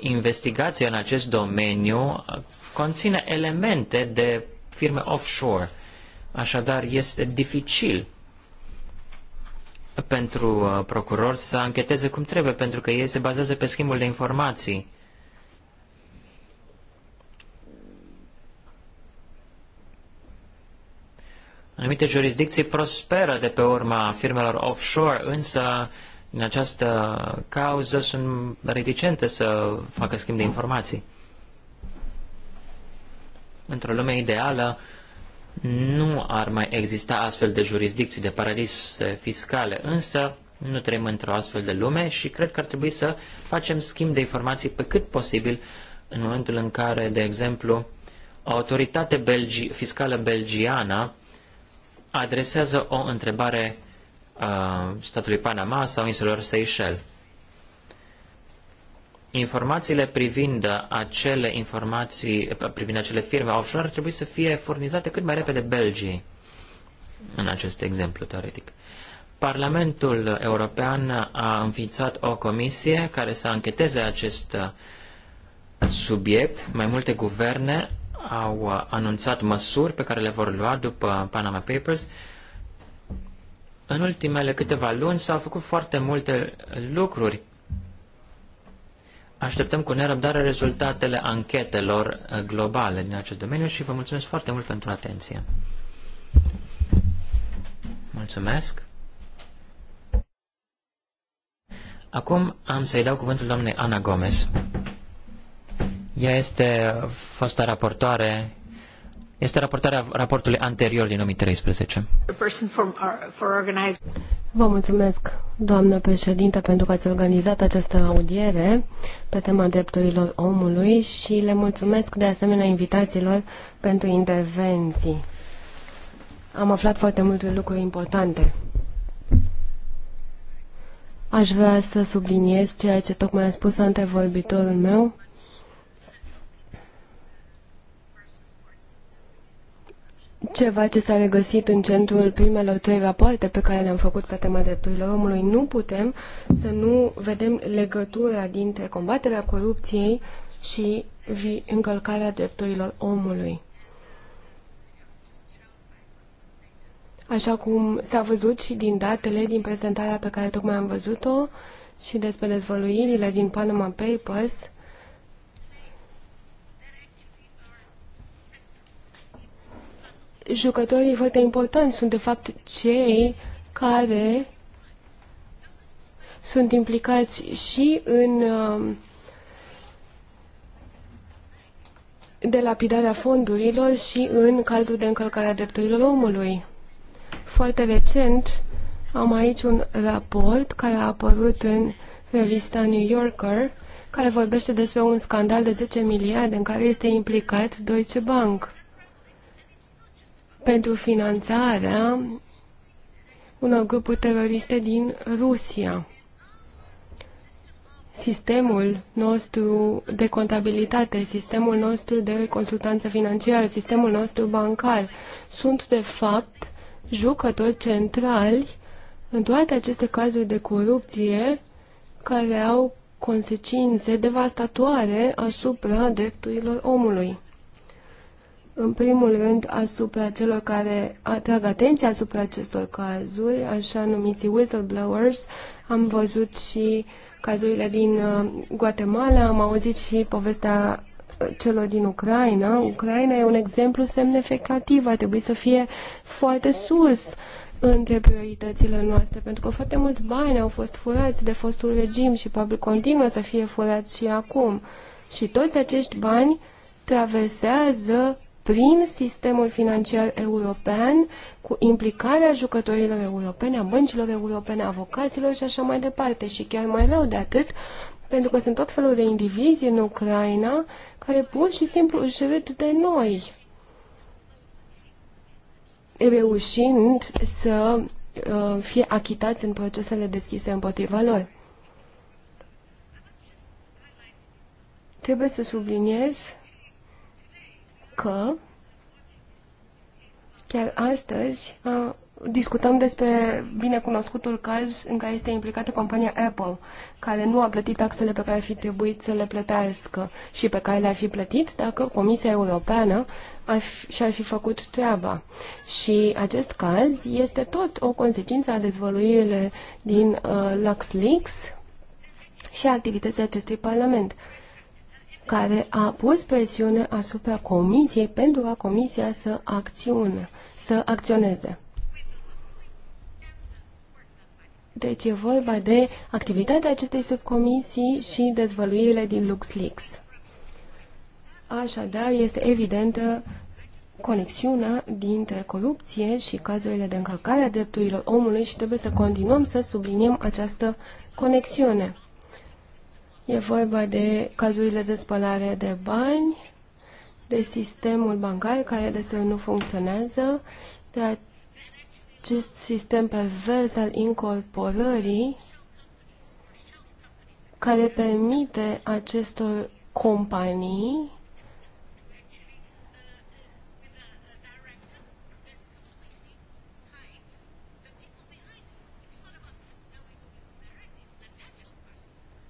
Speaker 2: investigație în acest domeniu conține elemente de firme offshore. Așadar, este dificil pentru uh, procuror să ancheteze cum trebuie, pentru că ei se bazează pe schimbul de informații. Anumite jurisdicții prosperă de pe urma firmelor offshore, însă în această cauză sunt reticente să facă schimb de informații. Într-o lume ideală nu ar mai exista astfel de jurisdicții, de paradise fiscale, însă nu trăim într-o astfel de lume și cred că ar trebui să facem schimb de informații pe cât posibil în momentul în care, de exemplu, o autoritate belgi- fiscală belgiană adresează o întrebare uh, statului Panama sau insulor Seychelles informațiile privind acele informații, privind acele firme offshore ar trebui să fie furnizate cât mai repede Belgiei, în acest exemplu teoretic. Parlamentul European a înființat o comisie care să ancheteze acest subiect. Mai multe guverne au anunțat măsuri pe care le vor lua după Panama Papers. În ultimele câteva luni s-au făcut foarte multe lucruri Așteptăm cu nerăbdare rezultatele anchetelor uh, globale din acest domeniu și vă mulțumesc foarte mult pentru atenție. Mulțumesc. Acum am să-i dau cuvântul doamnei Ana Gomez. Ea este fosta raportoare este raportarea raportului anterior din 2013.
Speaker 3: Uh, Vă mulțumesc, doamnă președinte, pentru că ați organizat această audiere pe tema drepturilor omului și le mulțumesc de asemenea invitațiilor pentru intervenții. Am aflat foarte multe lucruri importante. Aș vrea să subliniez ceea ce tocmai a spus antevorbitorul meu, ceva ce s-a regăsit în centrul primelor trei rapoarte pe care le-am făcut pe tema drepturilor omului. Nu putem să nu vedem legătura dintre combaterea corupției și încălcarea drepturilor omului. Așa cum s-a văzut și din datele din prezentarea pe care tocmai am văzut-o și despre dezvăluirile din Panama Papers, jucătorii foarte importanti sunt de fapt cei care sunt implicați și în um, de lapidarea fondurilor și în cazul de încălcare a drepturilor omului. Foarte recent am aici un raport care a apărut în revista New Yorker care vorbește despre un scandal de 10 miliarde în care este implicat Deutsche Bank pentru finanțarea unor grupuri teroriste din Rusia. Sistemul nostru de contabilitate, sistemul nostru de consultanță financiară, sistemul nostru bancar sunt, de fapt, jucători centrali în toate aceste cazuri de corupție care au consecințe devastatoare asupra drepturilor omului în primul rând asupra celor care atrag atenția asupra acestor cazuri, așa numiți whistleblowers. Am văzut și cazurile din uh, Guatemala, am auzit și povestea uh, celor din Ucraina. Ucraina e un exemplu semnificativ, a trebuit să fie foarte sus între prioritățile noastre, pentru că foarte mulți bani au fost furați de fostul regim și probabil continuă să fie furați și acum. Și toți acești bani traversează prin sistemul financiar european, cu implicarea jucătorilor europene, a băncilor europene, a avocaților și așa mai departe. Și chiar mai rău de atât, pentru că sunt tot felul de indivizi în Ucraina care pur și simplu își râd de noi, reușind să uh, fie achitați în procesele deschise împotriva lor. Trebuie să subliniez că chiar astăzi discutăm despre binecunoscutul caz în care este implicată compania Apple, care nu a plătit taxele pe care ar fi trebuit să le plătească și pe care le-ar fi plătit dacă Comisia Europeană ar fi, și-ar fi făcut treaba. Și acest caz este tot o consecință a dezvăluirile din uh, LuxLeaks și activității acestui Parlament. Uh, care a pus presiune asupra Comisiei pentru a Comisia să acțiune, să acționeze. Deci e vorba de activitatea acestei subcomisii și dezvăluirile din LuxLeaks. Așadar, este evidentă conexiunea dintre corupție și cazurile de încălcare a drepturilor omului și trebuie să continuăm să subliniem această conexiune. E vorba de cazurile de spălare de bani, de sistemul bancar care deseori nu funcționează, de acest sistem pervers al incorporării care permite acestor companii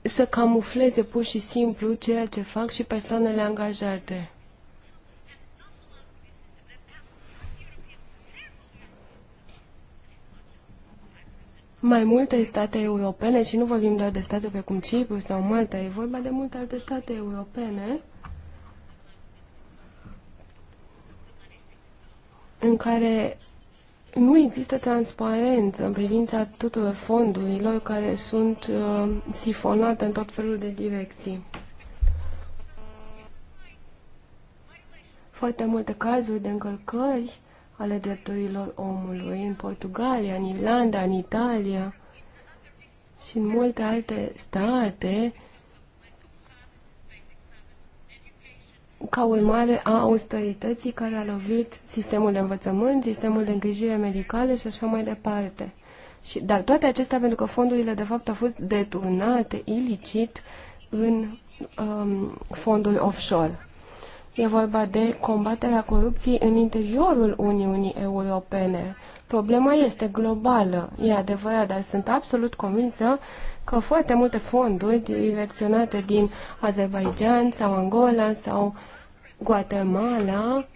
Speaker 3: să camufleze pur și simplu ceea ce fac și persoanele angajate. Mai multe state europene, și nu vorbim doar de state cum Cipru sau Malta, e vorba de multe alte state europene, în care nu există transparență în privința tuturor fondurilor care sunt uh, sifonate în tot felul de direcții. Foarte multe cazuri de încălcări ale drepturilor omului în Portugalia, în Irlanda, în Italia și în multe alte state ca urmare a austerității care a lovit sistemul de învățământ, sistemul de îngrijire medicală și așa mai departe. Și, dar toate acestea pentru că fondurile de fapt au fost deturnate ilicit în um, fonduri offshore. E vorba de combaterea corupției în interiorul Uniunii Europene. Problema este globală, e adevărat, dar sunt absolut convinsă că foarte multe fonduri direcționate din Azerbaijan sau Angola sau Guatemala,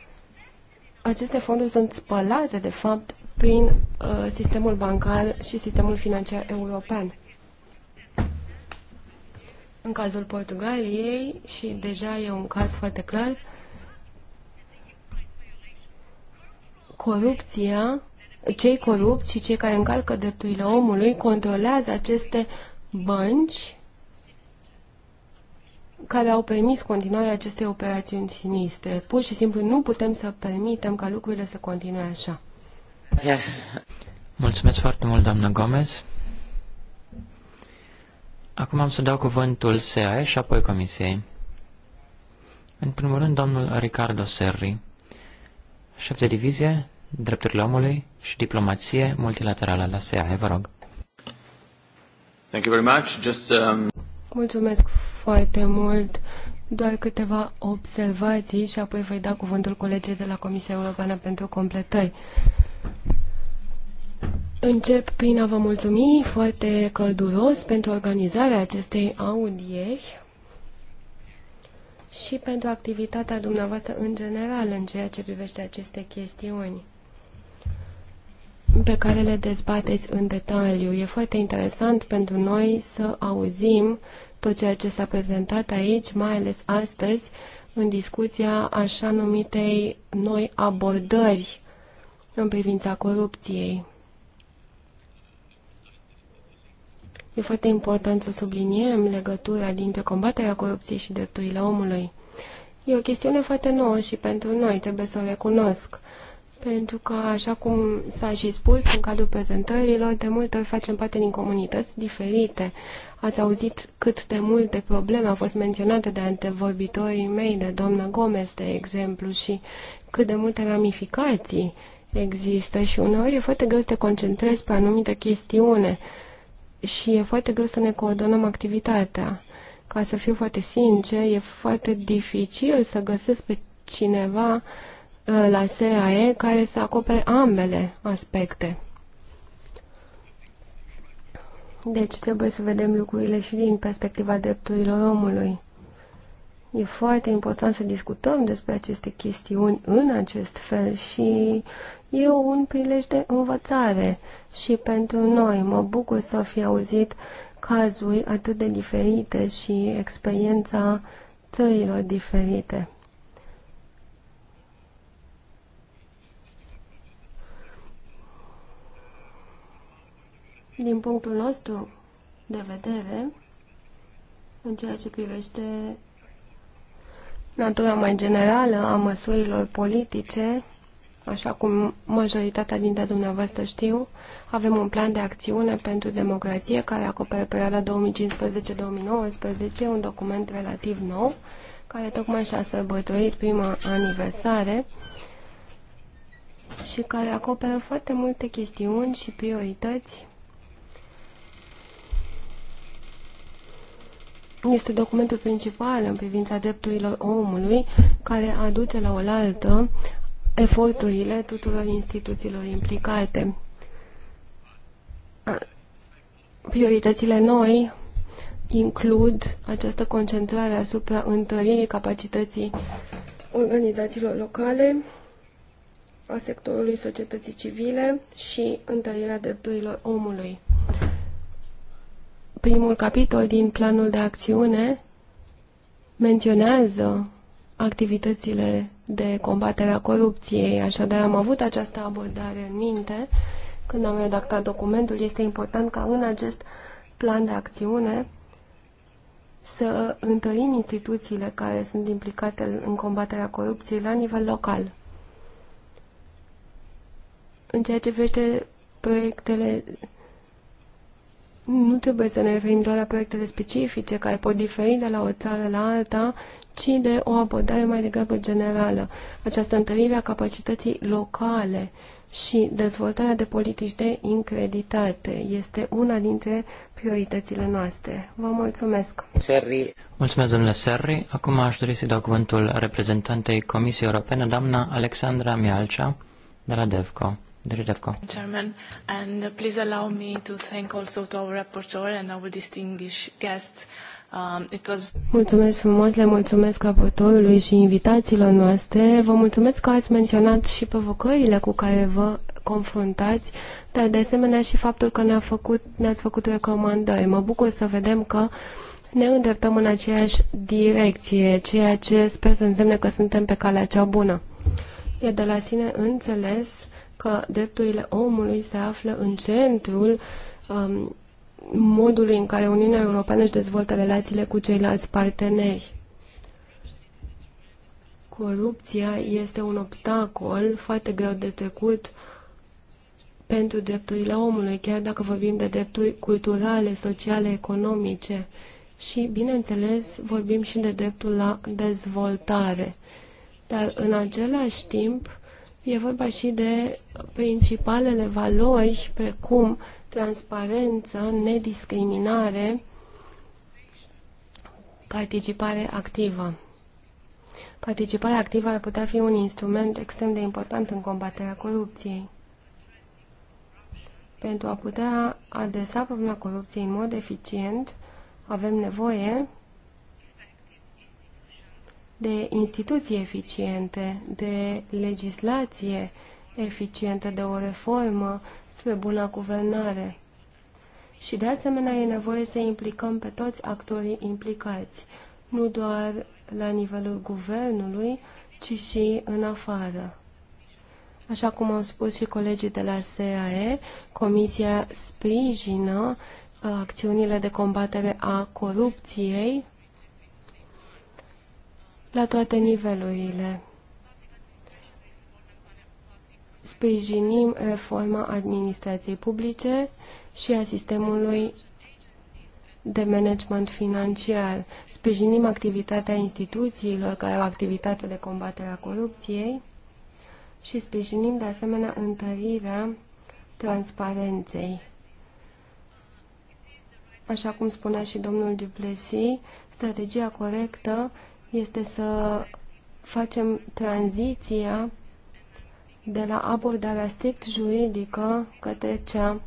Speaker 3: aceste fonduri sunt spălate, de fapt, prin uh, sistemul bancar și sistemul financiar european. În cazul Portugaliei, și deja e un caz foarte clar, corupția, cei corupți și cei care încalcă drepturile omului controlează aceste bănci care au permis continuarea acestei operațiuni sinistre. Pur și simplu nu putem să permitem ca lucrurile să continue așa.
Speaker 2: Yes. Mulțumesc foarte mult, doamnă Gomez. Acum am să dau cuvântul SEAE și apoi Comisiei. În primul rând, domnul Ricardo Serri, șef de divizie, drepturile omului și diplomație multilaterală la SEAE. Vă rog.
Speaker 5: Thank you very much. Just, um...
Speaker 3: Mulțumesc foarte mult. Doar câteva observații și apoi voi da cuvântul colegii de la Comisia Europeană pentru completări. Încep prin a vă mulțumi foarte călduros pentru organizarea acestei audieri și pentru activitatea dumneavoastră în general în ceea ce privește aceste chestiuni pe care le dezbateți în detaliu. E foarte interesant pentru noi să auzim tot ceea ce s-a prezentat aici, mai ales astăzi, în discuția așa numitei noi abordări în privința corupției. E foarte important să subliniem legătura dintre combaterea corupției și drepturile omului. E o chestiune foarte nouă și pentru noi, trebuie să o recunosc pentru că, așa cum s-a și spus în cadrul prezentărilor, de multe ori facem parte din comunități diferite. Ați auzit cât de multe probleme au fost menționate de antevorbitorii mei, de doamna Gomez, de exemplu, și cât de multe ramificații există și uneori e foarte greu să te concentrezi pe anumite chestiune și e foarte greu să ne coordonăm activitatea. Ca să fiu foarte sincer, e foarte dificil să găsesc pe cineva uh, Uh, la SAE care să acopere ambele aspecte. Deci trebuie să vedem lucrurile și din perspectiva drepturilor omului. E foarte important să discutăm despre aceste chestiuni în acest fel și e un prilej de învățare și pentru noi. Mă bucur să fi auzit cazuri atât de diferite și experiența țărilor diferite. Din punctul nostru de vedere, în ceea ce privește natura mai generală a măsurilor politice, așa cum majoritatea dintre dumneavoastră știu, avem un plan de acțiune pentru democrație care acoperă perioada 2015-2019, un document relativ nou, care tocmai și-a sărbătorit prima aniversare și care acoperă foarte multe chestiuni și priorități este documentul principal în privința drepturilor omului care aduce la oaltă eforturile tuturor instituțiilor implicate. Prioritățile noi includ această concentrare asupra întăririi capacității organizațiilor locale, a sectorului societății civile și întărirea drepturilor omului primul capitol din planul de acțiune menționează activitățile de combatere a corupției, așadar am avut această abordare în minte când am redactat documentul. Este important ca în acest plan de acțiune să întărim instituțiile care sunt implicate în combaterea corupției la nivel local. În ceea ce vește proiectele nu trebuie să ne referim doar la proiectele specifice care pot diferi de la o țară la alta, ci de o abordare mai degrabă generală. Această întărire a capacității locale și dezvoltarea de politici de increditate este una dintre prioritățile noastre. Vă mulțumesc! Serri.
Speaker 2: Mulțumesc, domnule Serri. Acum aș dori să dau cuvântul reprezentantei Comisiei Europene, doamna Alexandra Mialcea, de la DEVCO. Dridevko.
Speaker 5: Chairman, and please allow me to thank also to our rapporteur and our distinguished guests. Um,
Speaker 3: mulțumesc frumos, le mulțumesc raportorului și invitațiilor noastre. Vă mulțumesc că ați menționat și provocările cu care vă confruntați, dar de asemenea și faptul că ne-ați făcut, ne făcut recomandări. Mă bucur să vedem că ne îndreptăm în aceeași direcție, ceea ce sper să însemne că suntem pe calea cea bună. E de la sine înțeles că drepturile omului se află în centrul um, modului în care Uniunea Europeană își dezvoltă relațiile cu ceilalți parteneri. Corupția este un obstacol foarte greu de trecut pentru drepturile omului, chiar dacă vorbim de drepturi culturale, sociale, economice și, bineînțeles, vorbim și de dreptul la dezvoltare. Dar, în același timp, E vorba și de principalele valori, precum transparență, nediscriminare, participare activă. Participarea activă ar putea fi un instrument extrem de important în combaterea corupției. Pentru a putea adresa problema corupției în mod eficient, avem nevoie de instituții eficiente, de legislație eficientă, de o reformă spre bună guvernare. Și de asemenea e nevoie să implicăm pe toți actorii implicați, nu doar la nivelul guvernului, ci și în afară. Așa cum au spus și colegii de la SAE, Comisia sprijină uh, acțiunile de combatere a corupției la toate nivelurile. Sprijinim reforma administrației publice și a sistemului de management financiar. Sprijinim activitatea instituțiilor care au activitate de combatere a corupției și sprijinim de asemenea întărirea transparenței. Așa cum spunea și domnul Duplessis, strategia corectă este să facem tranziția de la abordarea strict juridică către cea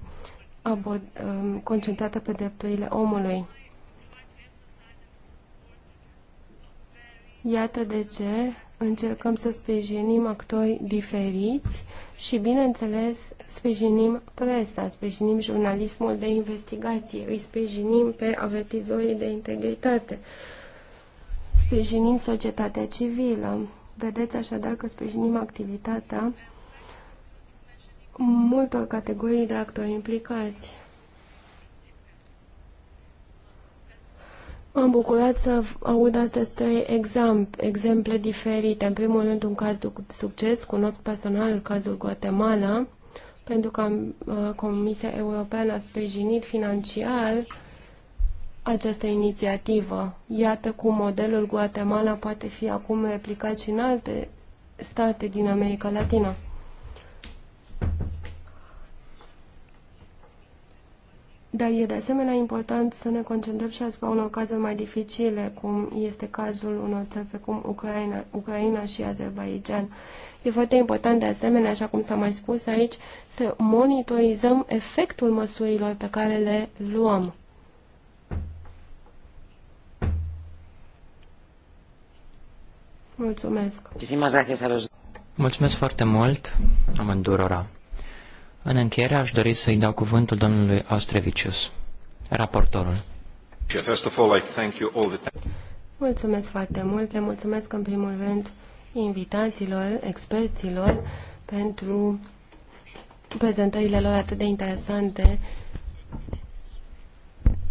Speaker 3: abord, um, concentrată pe drepturile omului. Iată de ce încercăm să sprijinim actori diferiți și, bineînțeles, sprijinim presa, sprijinim jurnalismul de investigație, îi sprijinim pe avertizorii de integritate. Sprijinim societatea civilă. Vedeți așadar că sprijinim activitatea multor categorii de actori implicați. M-am bucurat să aud astăzi trei exemple diferite. În primul rând, un caz de succes, cunosc personal cazul Guatemala, pentru că uh, Comisia Europeană a sprijinit financiar această inițiativă. Iată cum modelul Guatemala poate fi acum replicat și în alte state din America Latina. Dar e de asemenea important să ne concentrăm și asupra unor cazuri mai dificile, cum este cazul unor țări precum Ucraina, Ucraina și Azerbaijan. E foarte important de asemenea, așa cum s-a mai spus aici, să monitorizăm efectul măsurilor pe care le luăm.
Speaker 1: Mulțumesc.
Speaker 2: Mulțumesc foarte mult amândurora. În încheiere aș dori să-i dau cuvântul domnului Ostrevicius, raportorul.
Speaker 3: Mulțumesc foarte mult, le mulțumesc în primul rând invitațiilor, experților, pentru prezentările lor atât de interesante.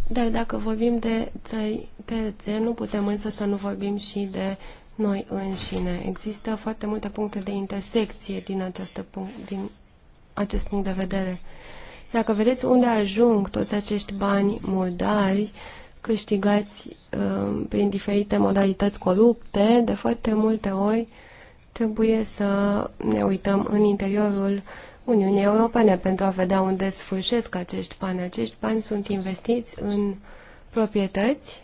Speaker 3: Dar dacă vorbim de țări terțe, nu putem însă să nu vorbim și de noi înșine. Există foarte multe puncte de intersecție din, această punct, din acest punct de vedere. Dacă vedeți unde ajung toți acești bani murdari, câștigați uh, prin diferite modalități corupte, de foarte multe ori trebuie să ne uităm în interiorul Uniunii Europene pentru a vedea unde sfârșesc acești bani. Acești bani sunt investiți în proprietăți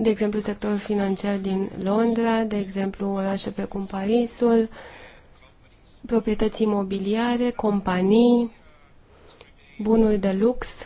Speaker 3: de exemplu sectorul financiar din Londra, de exemplu orașe precum Parisul, proprietăți imobiliare, companii, bunuri de lux.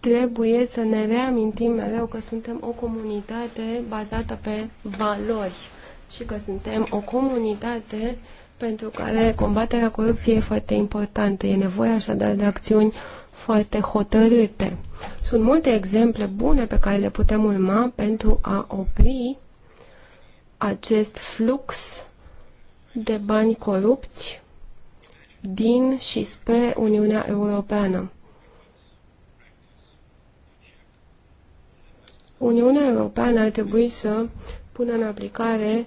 Speaker 3: Trebuie să ne reamintim mereu că suntem o comunitate bazată pe valori și că suntem o comunitate uh, pentru care combaterea corupției e foarte importantă. E nevoie așadar de acțiuni foarte hotărâte. Sunt multe exemple bune pe care le putem urma pentru a opri acest flux de bani corupți din și spre Uniunea Europeană. Uniunea Europeană ar trebui să pună în aplicare uh,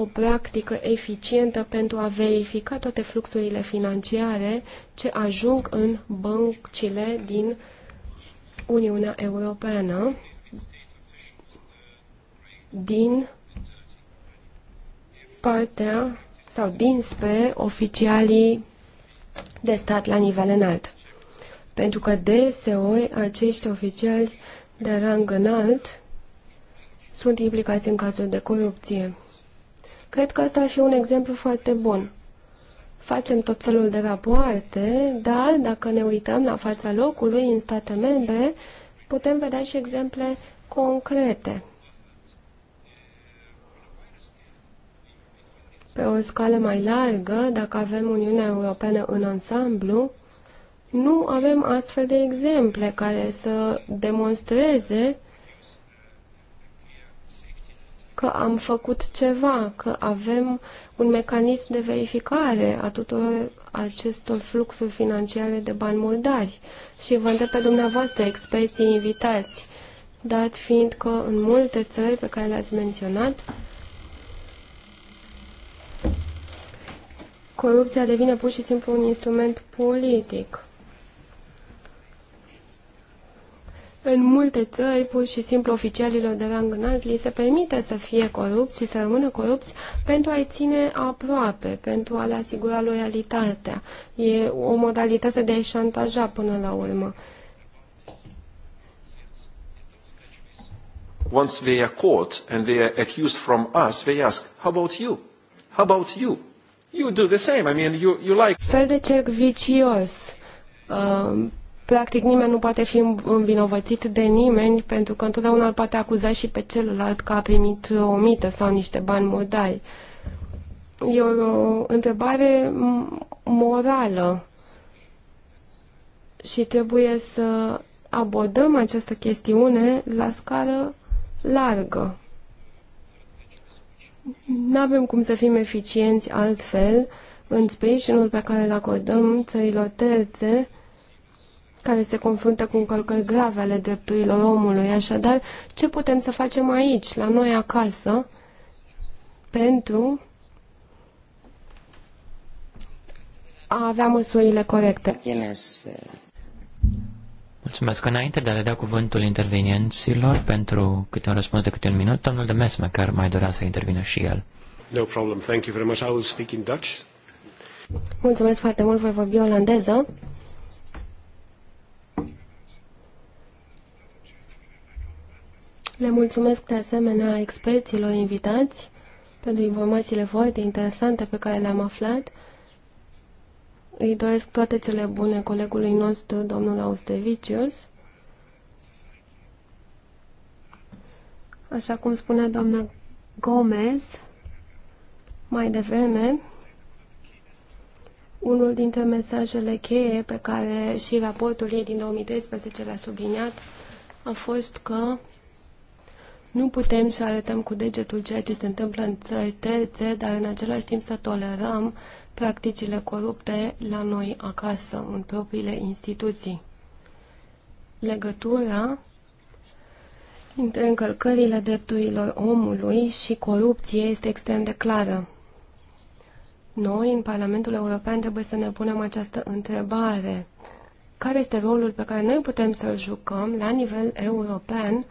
Speaker 3: o practică eficientă pentru a verifica toate fluxurile financiare ce ajung în băncile din Uniunea Europeană din partea sau dinspre oficialii de stat la nivel înalt. Pentru că deseori acești oficiali de rang înalt sunt implicați în cazuri de corupție. Cred că ăsta ar fi un exemplu foarte bun. Facem tot felul de rapoarte, dar dacă ne uităm la fața locului în state membre, putem vedea și exemple concrete. Pe o scală mai largă, dacă avem Uniunea Europeană în ansamblu, nu avem astfel de exemple care să demonstreze că am făcut ceva, că avem un mecanism de verificare a tuturor acestor fluxuri financiare de bani moldari. Și vă întreb pe dumneavoastră, experții invitați, dat fiind că în multe țări pe care le-ați menționat, corupția devine pur și simplu un instrument politic. În multe țări, pur și simplu, oficialilor de rang înalt li se permite să fie corupți și să rămână corupți pentru a-i ține aproape, pentru a le asigura loialitatea. E o modalitate de a-i șantaja până la urmă.
Speaker 5: Once they are caught and they are accused from us, they ask, how about you? How about you? You do the same. I mean, you, you like...
Speaker 3: Fel de cerc vicios. Uh, Practic nimeni nu poate fi învinovățit de nimeni pentru că întotdeauna îl poate acuza și pe celălalt că a primit uh, o mită sau niște bani modali. E o întrebare morală și trebuie să abordăm această chestiune la scară largă. Nu avem cum să fim eficienți altfel în sprijinul pe care îl acordăm țărilor terțe care se confruntă cu încălcări grave ale drepturilor omului. Așadar, ce putem să facem aici, la noi acasă, pentru a avea măsurile corecte?
Speaker 2: Mulțumesc. Înainte de a le da cuvântul intervenienților pentru câte un răspuns de câte un minut, domnul de Mesmecar mai dorea să intervină și el.
Speaker 3: No problem. Thank you very much. I will speak in Dutch. Mulțumesc foarte mult. Voi vorbi olandeză. Le mulțumesc de asemenea experților invitați pentru informațiile foarte interesante pe care le-am aflat. Îi doresc toate cele bune colegului nostru, domnul Austevicius. Așa cum spunea doamna Gomez mai devreme, unul dintre mesajele cheie pe care și raportul ei din 2013 l-a subliniat a fost că nu putem să arătăm cu degetul ceea ce se întâmplă în țări terțe, dar în același timp să tolerăm practicile corupte la noi acasă, în propriile instituții. Legătura între încălcările drepturilor omului și corupție este extrem de clară. Noi, în Parlamentul European, trebuie să ne punem această întrebare. Care este rolul pe care noi putem să-l jucăm la nivel european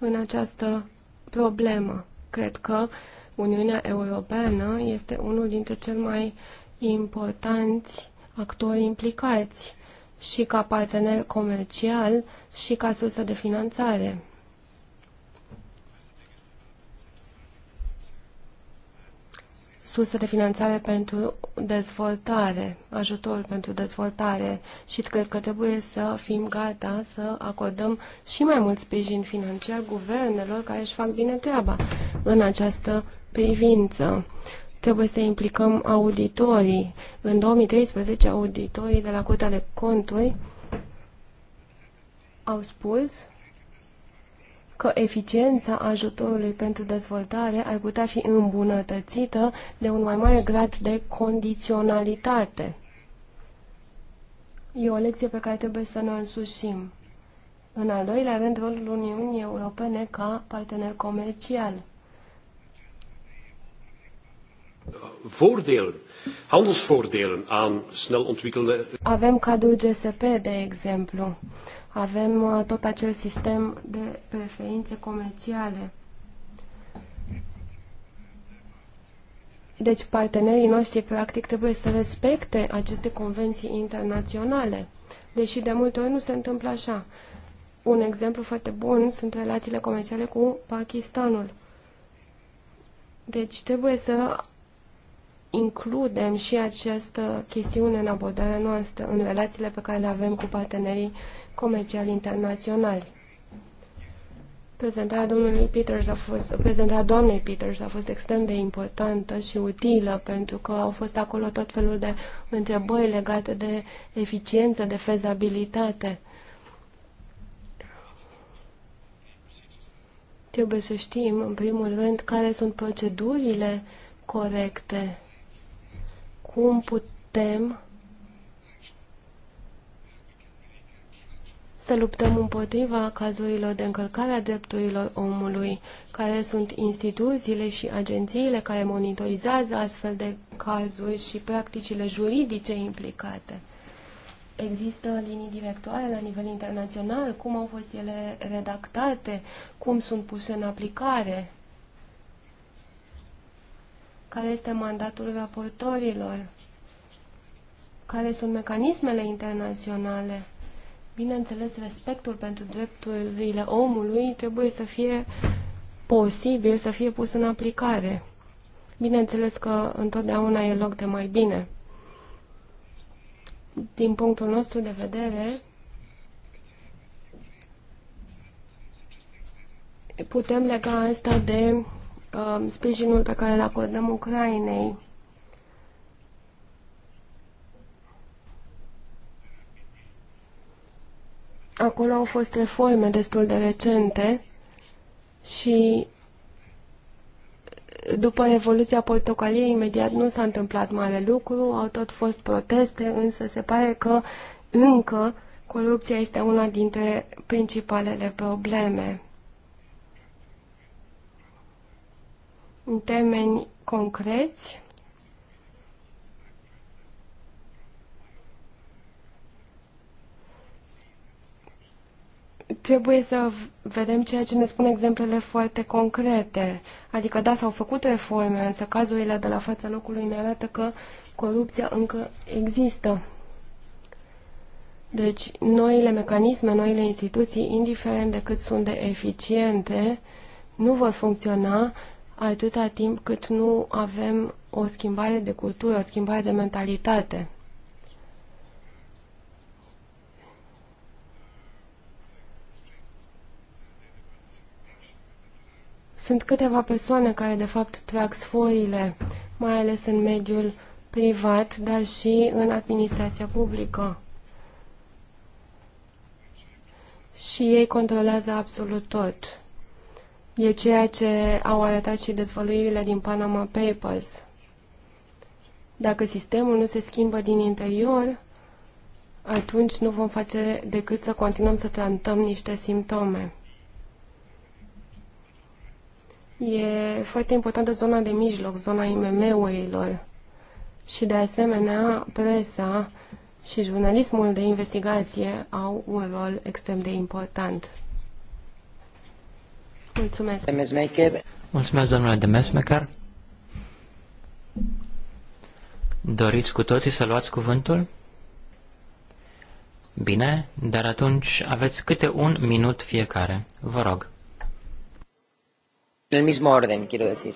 Speaker 3: în această problemă. Cred că Uniunea Europeană este unul dintre cel mai importanți actori implicați și ca partener comercial și ca sursă de finanțare. surse de finanțare pentru dezvoltare, ajutor pentru dezvoltare și cred că trebuie să fim gata să acordăm și mai mult sprijin financiar guvernelor care își fac bine treaba în această privință. Trebuie să implicăm auditorii. În 2013, auditorii de la Curtea de Conturi au spus că eficiența ajutorului pentru dezvoltare ar putea fi îmbunătățită de un mai mare grad de condiționalitate. E o lecție pe care trebuie să ne însușim. În al doilea rând, rolul Uniunii Europene ca partener comercial. Voordelen, handelsvoordelen aan snel ontwikkelde... Avem cadrul GSP, de exemplu avem uh, tot acel sistem de preferințe comerciale. Deci partenerii noștri practic trebuie să respecte aceste convenții internaționale, deși de multe ori nu se întâmplă așa. Un exemplu foarte bun sunt relațiile comerciale cu Pakistanul. Deci trebuie să includem și această chestiune în abordarea noastră, în relațiile pe care le avem cu partenerii comerciali internaționali. Prezentarea domnului Peters a fost, prezentarea doamnei Peters a fost extrem de importantă și utilă pentru că au fost acolo tot felul de întrebări legate de eficiență, de fezabilitate. Trebuie să știm, în primul rând, care sunt procedurile corecte cum putem să luptăm împotriva cazurilor de încălcare a drepturilor omului, care sunt instituțiile și agențiile care monitorizează astfel de cazuri și practicile juridice implicate. Există linii directoare la nivel internațional, cum au fost ele redactate, cum sunt puse în aplicare care este mandatul raportorilor, care sunt mecanismele internaționale. Bineînțeles, respectul pentru drepturile omului trebuie să fie posibil să fie pus în aplicare. Bineînțeles că întotdeauna e loc de mai bine. Din punctul nostru de vedere, putem lega asta de Um, sprijinul pe care îl acordăm Ucrainei. Acolo au fost reforme destul de recente și după Revoluția Portocalie imediat nu s-a întâmplat mare lucru, au tot fost proteste, însă se pare că încă corupția este una dintre principalele probleme. în temeni concreți. Trebuie să vedem ceea ce ne spun exemplele foarte concrete. Adică, da, s-au făcut reforme, însă cazurile de la fața locului ne arată că corupția încă există. Deci, noile mecanisme, noile instituții, indiferent de cât sunt de eficiente, nu vor funcționa atâta timp cât nu avem o schimbare de cultură, o schimbare de mentalitate. Sunt câteva persoane care, de fapt, trag sforile, mai ales în mediul privat, dar și în administrația publică. Și ei controlează absolut tot. E ceea ce au arătat și dezvăluirile din Panama Papers. Dacă sistemul nu se schimbă din interior, atunci nu vom face decât să continuăm să tratăm niște simptome. E foarte importantă zona de mijloc, zona IMM-urilor și de asemenea presa și jurnalismul de investigație au un rol extrem de important. Mulțumesc.
Speaker 2: Mulțumesc, domnule de Doriți cu toții să luați cuvântul? Bine, dar atunci aveți câte un minut fiecare. Vă rog.
Speaker 1: În mismo orden, quiero decir.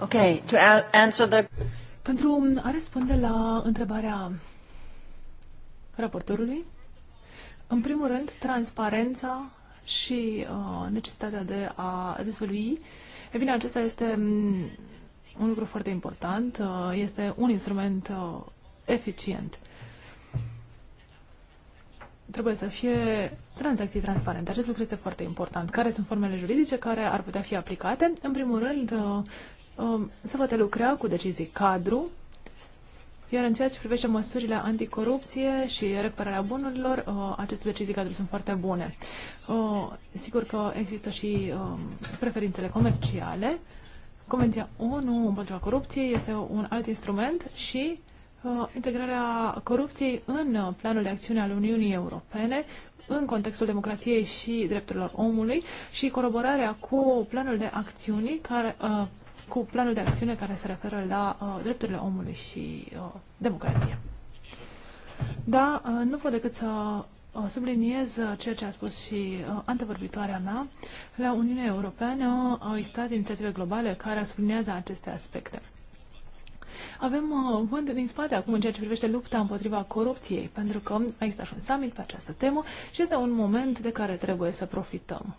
Speaker 3: Ok, to
Speaker 5: answer the... Pentru a răspunde la întrebarea raportorului, în primul rând, transparența și uh, necesitatea de a dezvălui, e bine, acesta este mm, un lucru foarte important, uh, este un instrument uh, eficient. Trebuie să fie tranzacții transparente. Acest lucru este foarte important. Care sunt formele juridice care ar putea fi aplicate? În primul rând, uh, um, se poate lucra cu decizii cadru iar în ceea ce privește măsurile anticorupție și repararea bunurilor, uh, aceste decizii cadru sunt foarte bune. Uh, sigur că există și um, preferințele comerciale. Convenția ONU împotriva corupției este un alt instrument și uh, integrarea corupției în planul de acțiune al Uniunii Europene în contextul democrației și drepturilor omului și coroborarea cu planul de acțiuni care, cu planul de acțiune care se referă la uh, drepturile omului și uh, democrație. Da, uh, nu pot decât să uh, subliniez uh, ceea ce a spus și uh, antevorbitoarea mea. La Uniunea Europeană au existat inițiative globale care subliniază aceste aspecte. Avem uh, vânt din spate acum în ceea ce privește lupta împotriva corupției, pentru că a existat și un summit pe această temă și este un moment de care trebuie să profităm.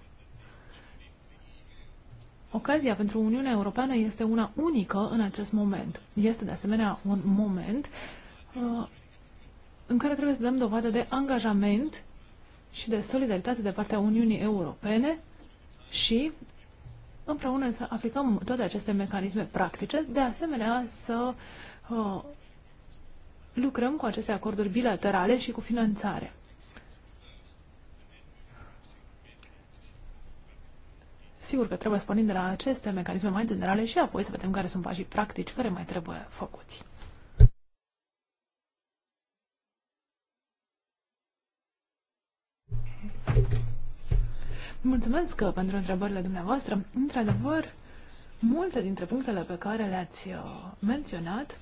Speaker 5: Ocazia pentru Uniunea Europeană este una unică în acest moment. Este de asemenea un moment uh, în care trebuie să dăm dovadă de angajament și de solidaritate de partea Uniunii Europene și împreună să aplicăm toate aceste mecanisme practice, de asemenea să uh, lucrăm cu aceste acorduri bilaterale și cu finanțare. Sigur că trebuie să pornim de la aceste mecanisme mai generale și apoi să vedem care sunt pașii practici care mai trebuie făcuți. Mulțumesc pentru întrebările dumneavoastră. Într-adevăr, multe dintre punctele pe care le-ați uh, menționat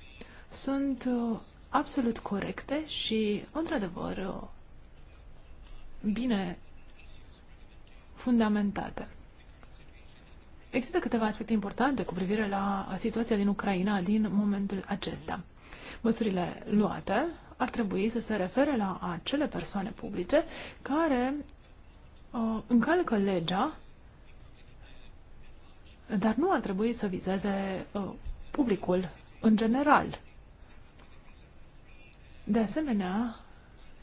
Speaker 5: sunt uh, absolut corecte și, într-adevăr, uh, bine fundamentate. Există câteva aspecte importante cu privire la situația din Ucraina din momentul acesta. Măsurile luate ar trebui să se refere la acele persoane publice care uh, încalcă legea, dar nu ar trebui să vizeze uh, publicul în general. De asemenea,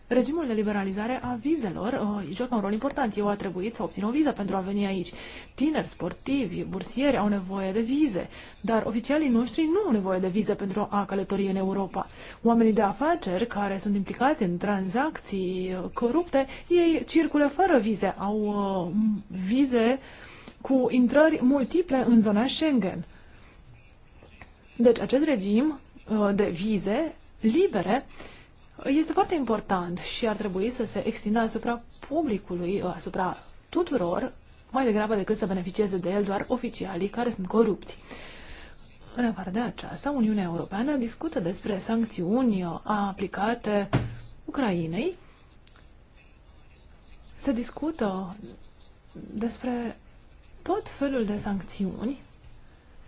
Speaker 5: regimul de liberalizare a vizelor uh, joacă un rol important. Eu a trebuit să obțin o viză pentru a veni aici. Tineri, sportivi, bursieri au nevoie de vize, dar oficialii noștri nu au nevoie de vize pentru a călători în Europa. Oamenii de afaceri care sunt implicați în tranzacții uh, corupte, ei circulă fără vize, au uh, vize cu intrări multiple în zona Schengen. Deci acest regim uh, de vize libere este foarte important și ar trebui să se extindă asupra publicului, uh, asupra tuturor, mai degrabă decât să beneficieze de el doar oficialii care sunt corupți. În afară de aceasta, Uniunea Europeană discută despre sancțiuni uh, aplicate Ucrainei. Se discută despre tot felul de sancțiuni,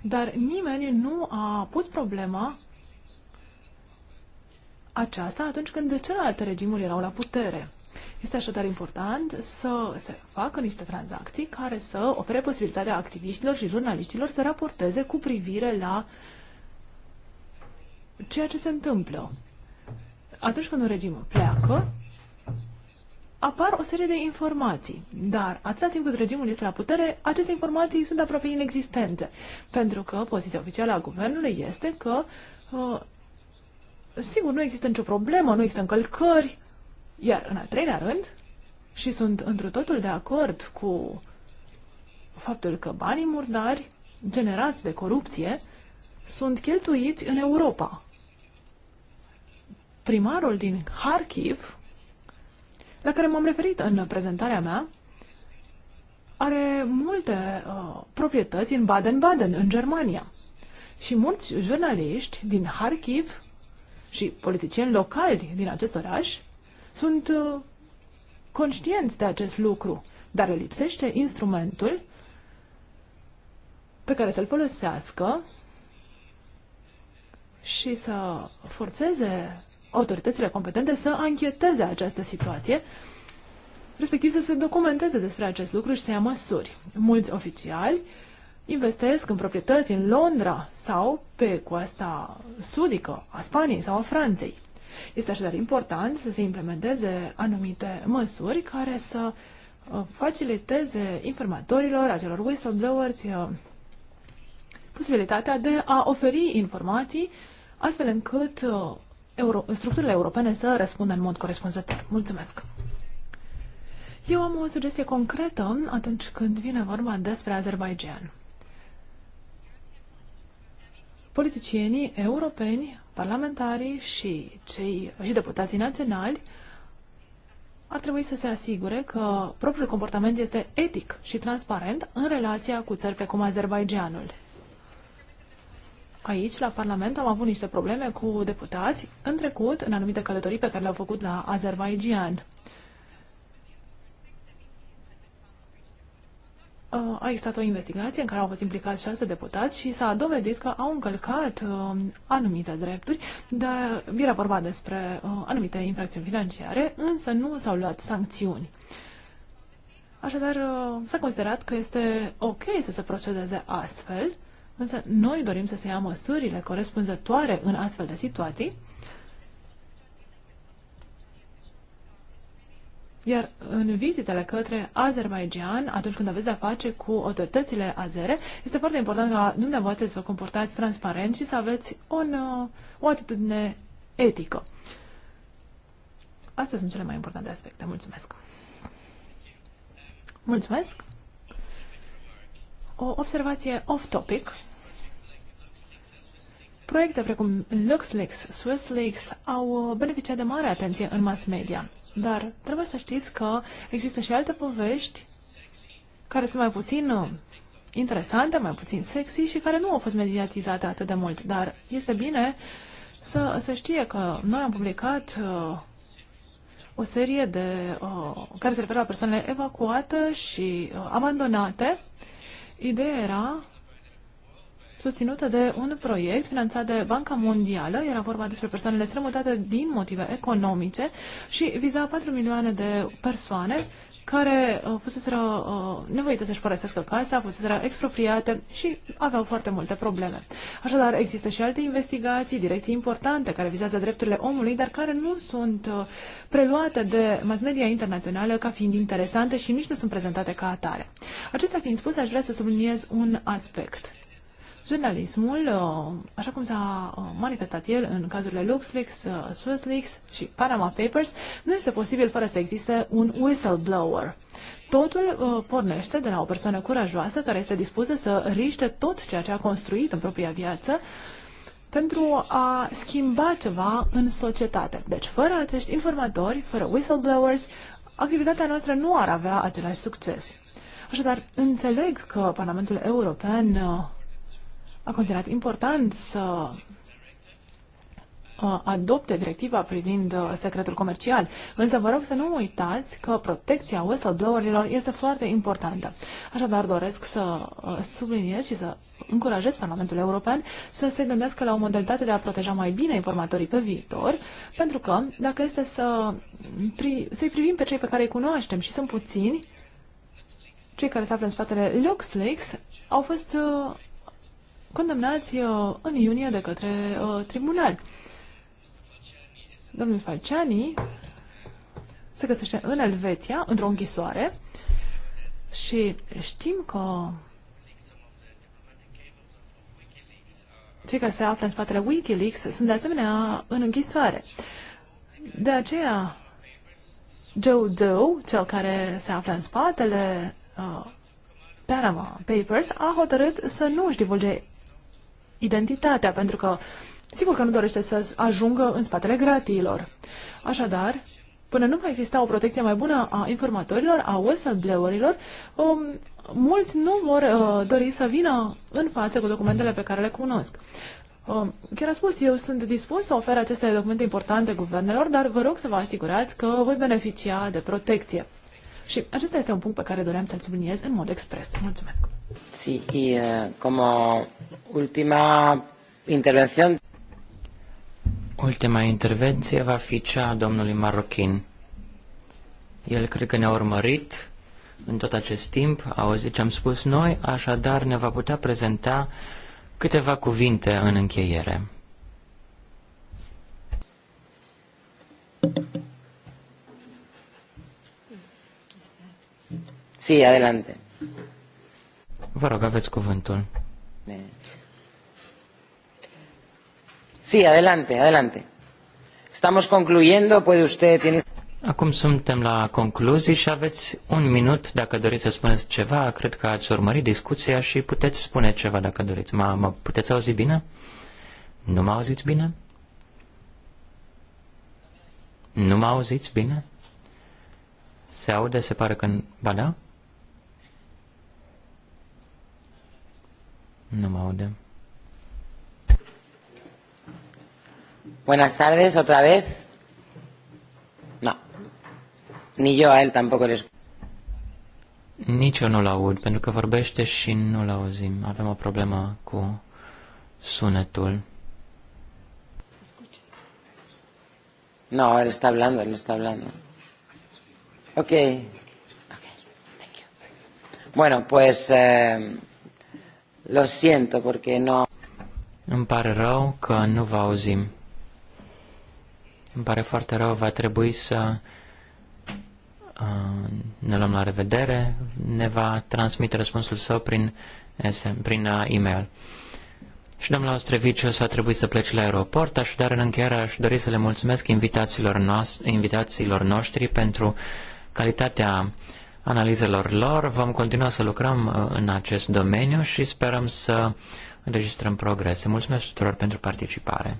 Speaker 5: dar nimeni nu a pus problema aceasta atunci când celelalte regimuri erau la putere. Este așadar important să se facă niște tranzacții care să ofere posibilitatea activiștilor și jurnaliștilor să raporteze cu privire la ceea ce se întâmplă. Atunci când un regim pleacă, apar o serie de informații, dar atâta timp cât regimul este la putere, aceste informații sunt aproape inexistente, pentru că poziția oficială a guvernului este că uh, sigur, nu există nicio problemă, nu există încălcări. Iar în al treilea rând, și sunt într totul de acord cu faptul că banii murdari generați de corupție sunt cheltuiți în Europa. Primarul din Kharkiv, la care m-am referit în prezentarea mea, are multe uh, proprietăți în Baden-Baden, în Germania. Și mulți jurnaliști din Kharkiv și politicieni locali din acest oraș sunt uh, conștienți de acest lucru, dar le lipsește instrumentul pe care să-l folosească și să forțeze autoritățile competente să ancheteze această situație, respectiv să se documenteze despre acest lucru și să ia măsuri. Mulți oficiali investesc în proprietăți în Londra sau pe coasta sudică a Spaniei sau a Franței. Este așadar important să se implementeze anumite măsuri care să uh, faciliteze informatorilor, acelor whistleblowers, uh, posibilitatea de a oferi informații astfel încât uh, euro, structurile europene să răspundă în mod corespunzător. Mulțumesc! Eu am o sugestie concretă atunci când vine vorba despre Azerbaijan politicienii europeni, parlamentarii și, cei, și deputații naționali ar trebui să se asigure că propriul comportament este etic și transparent în relația cu țări precum Azerbaidjanul. Aici, la Parlament, am avut niște probleme cu deputați în trecut, în anumite călătorii pe care le-au făcut la Azerbaidjan. a existat o investigație în care au fost implicați șase deputați și s-a dovedit că au încălcat uh, anumite drepturi, dar era vorba despre uh, anumite infracțiuni financiare, însă nu s-au luat sancțiuni. Așadar, uh, s-a considerat că este ok să se procedeze astfel, însă noi dorim să se ia măsurile corespunzătoare în astfel de situații Iar în vizitele către Azerbaijan, atunci când aveți de-a face cu autoritățile azere, este foarte important ca dumneavoastră să vă comportați transparent și să aveți un, uh, o atitudine etică. Astea sunt cele mai importante aspecte. Mulțumesc! Mulțumesc! O observație off-topic Proiecte precum LuxLeaks, SwissLeaks au uh, beneficiat de mare atenție în mass media, dar trebuie să știți că există și alte povești care sunt mai puțin uh, interesante, mai puțin sexy și care nu au fost mediatizate atât de mult. Dar este bine să să știe că noi am publicat uh, o serie de uh, care se referă la persoanele evacuate și uh, abandonate. Ideea era susținută de un proiect finanțat de Banca Mondială. Era vorba despre persoanele strămutate din motive economice și viza 4 milioane de persoane care uh, fuseseră uh, nevoite să-și părăsească casa, fuseseră expropriate și aveau foarte multe probleme. Așadar, există și alte investigații, direcții importante care vizează drepturile omului, dar care nu sunt uh, preluate de mass media internațională ca fiind interesante și nici nu sunt prezentate ca atare. Acestea fiind spus, aș vrea să subliniez un aspect. Jurnalismul, uh, așa cum s-a uh, manifestat el în cazurile LuxLeaks, uh, SwissLeaks și Panama Papers, nu este posibil fără să existe un whistleblower. Totul pornește de la o persoană curajoasă care este dispusă să riște tot ceea ce a construit în propria viață pentru a schimba ceva în societate. Deci, fără acești informatori, fără whistleblowers, activitatea noastră nu ar avea același succes. Așadar, înțeleg că Parlamentul European a considerat important să uh, adopte directiva privind uh, secretul comercial. Însă vă rog să nu uitați că protecția whistleblowerilor este foarte importantă. Așadar doresc să uh, subliniez și să încurajez Parlamentul European să se gândească la o modalitate de a proteja mai bine informatorii pe viitor, pentru că dacă este să pri, să-i privim pe cei pe care îi cunoaștem și sunt puțini, cei care se află în spatele LuxLeaks au fost uh, condamnați uh, în iunie de către uh, tribunal. Domnul Falciani se găsește în Elveția, într-o închisoare, și știm că cei care se află în spatele Wikileaks sunt de asemenea în închisoare. De aceea, Joe Doe, cel care se află în spatele uh, Panama Papers, a hotărât să nu își divulge identitatea, pentru că sigur că nu dorește să ajungă în spatele gratiilor. Așadar, până nu va exista o protecție mai bună a informatorilor, a whistleblowerilor, um, mulți nu vor uh, dori să vină în față cu documentele pe care le cunosc. Um, chiar a spus, eu sunt dispus să ofer aceste documente importante guvernelor, dar vă rog să vă asigurați că voi beneficia de protecție. Și acesta este un punct pe care doream să-l subliniez în mod expres.
Speaker 1: Mulțumesc. Sí, y uh, como última intervención.
Speaker 2: Ultima intervenție va fi cea a domnului Marochin. El cred că ne-a urmărit în tot acest timp, a auzit ce am spus noi, așadar ne va putea prezenta câteva cuvinte în încheiere.
Speaker 1: Sí, adelante.
Speaker 2: Vă rog, aveți cuvântul.
Speaker 1: Sí, adelante, adelante. Estamos concluyendo, puede usted... Tiene...
Speaker 2: Acum suntem la concluzii și aveți un minut dacă doriți să spuneți ceva. Cred că ați urmărit discuția și puteți spune ceva dacă doriți. Mă, puteți auzi bine? Nu mă auziți bine? Nu mă auziți bine? Se aude, se pare că... Ba da?
Speaker 1: No me aude. Buenas tardes, otra vez. No. Ni yo a él tampoco le
Speaker 2: Nici eu nu-l aud, pentru că vorbește și nu-l auzim. Avem o problemă cu sunetul.
Speaker 1: No, el está hablando, él está hablando. Ok. okay. Thank you. Bueno, pues... Eh... Lo siento porque no...
Speaker 2: Îmi pare rău că nu vă auzim. Îmi pare foarte rău, va trebui să uh, ne luăm la revedere. Ne va transmite răspunsul său prin, SM, prin uh, e-mail. Și domnul Ostreviciu s-a trebuit să plece la aeroport, așadar în încheiere aș dori să le mulțumesc invitațiilor, noastr- invitațiilor noștri pentru calitatea analizelor lor. Vom continua să lucrăm uh, în acest domeniu și sperăm să înregistrăm progrese. Mulțumesc tuturor pentru participare.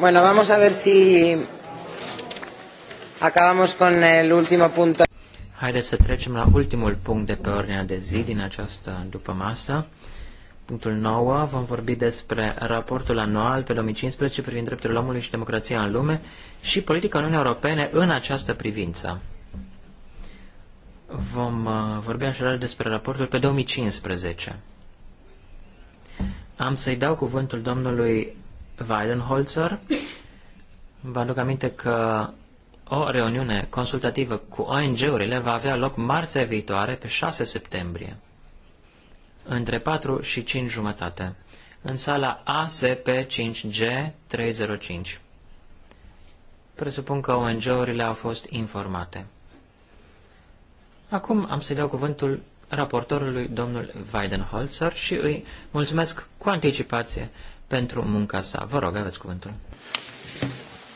Speaker 1: Bueno, vamos a ver si acabamos con el último punto.
Speaker 2: Haideți să trecem la ultimul punct de pe ordinea de zi din această dupămasă. Punctul 9, vom vorbi despre raportul anual pe 2015 privind drepturile omului și democrația în lume și politica Uniunii Europene în această privință. Vom uh, vorbi așadar despre raportul pe 2015. Am să-i dau cuvântul domnului Weidenholzer. Vă aduc aminte că o reuniune consultativă cu ONG-urile va avea loc marțea viitoare, pe 6 septembrie, între 4 și 5 jumătate, în sala ASP5G305. Presupun că ONG-urile au fost informate. Acum am să-i dau cuvântul raportorului domnul Weidenholzer și îi mulțumesc cu anticipație pentru munca sa. Vă rog, aveți cuvântul.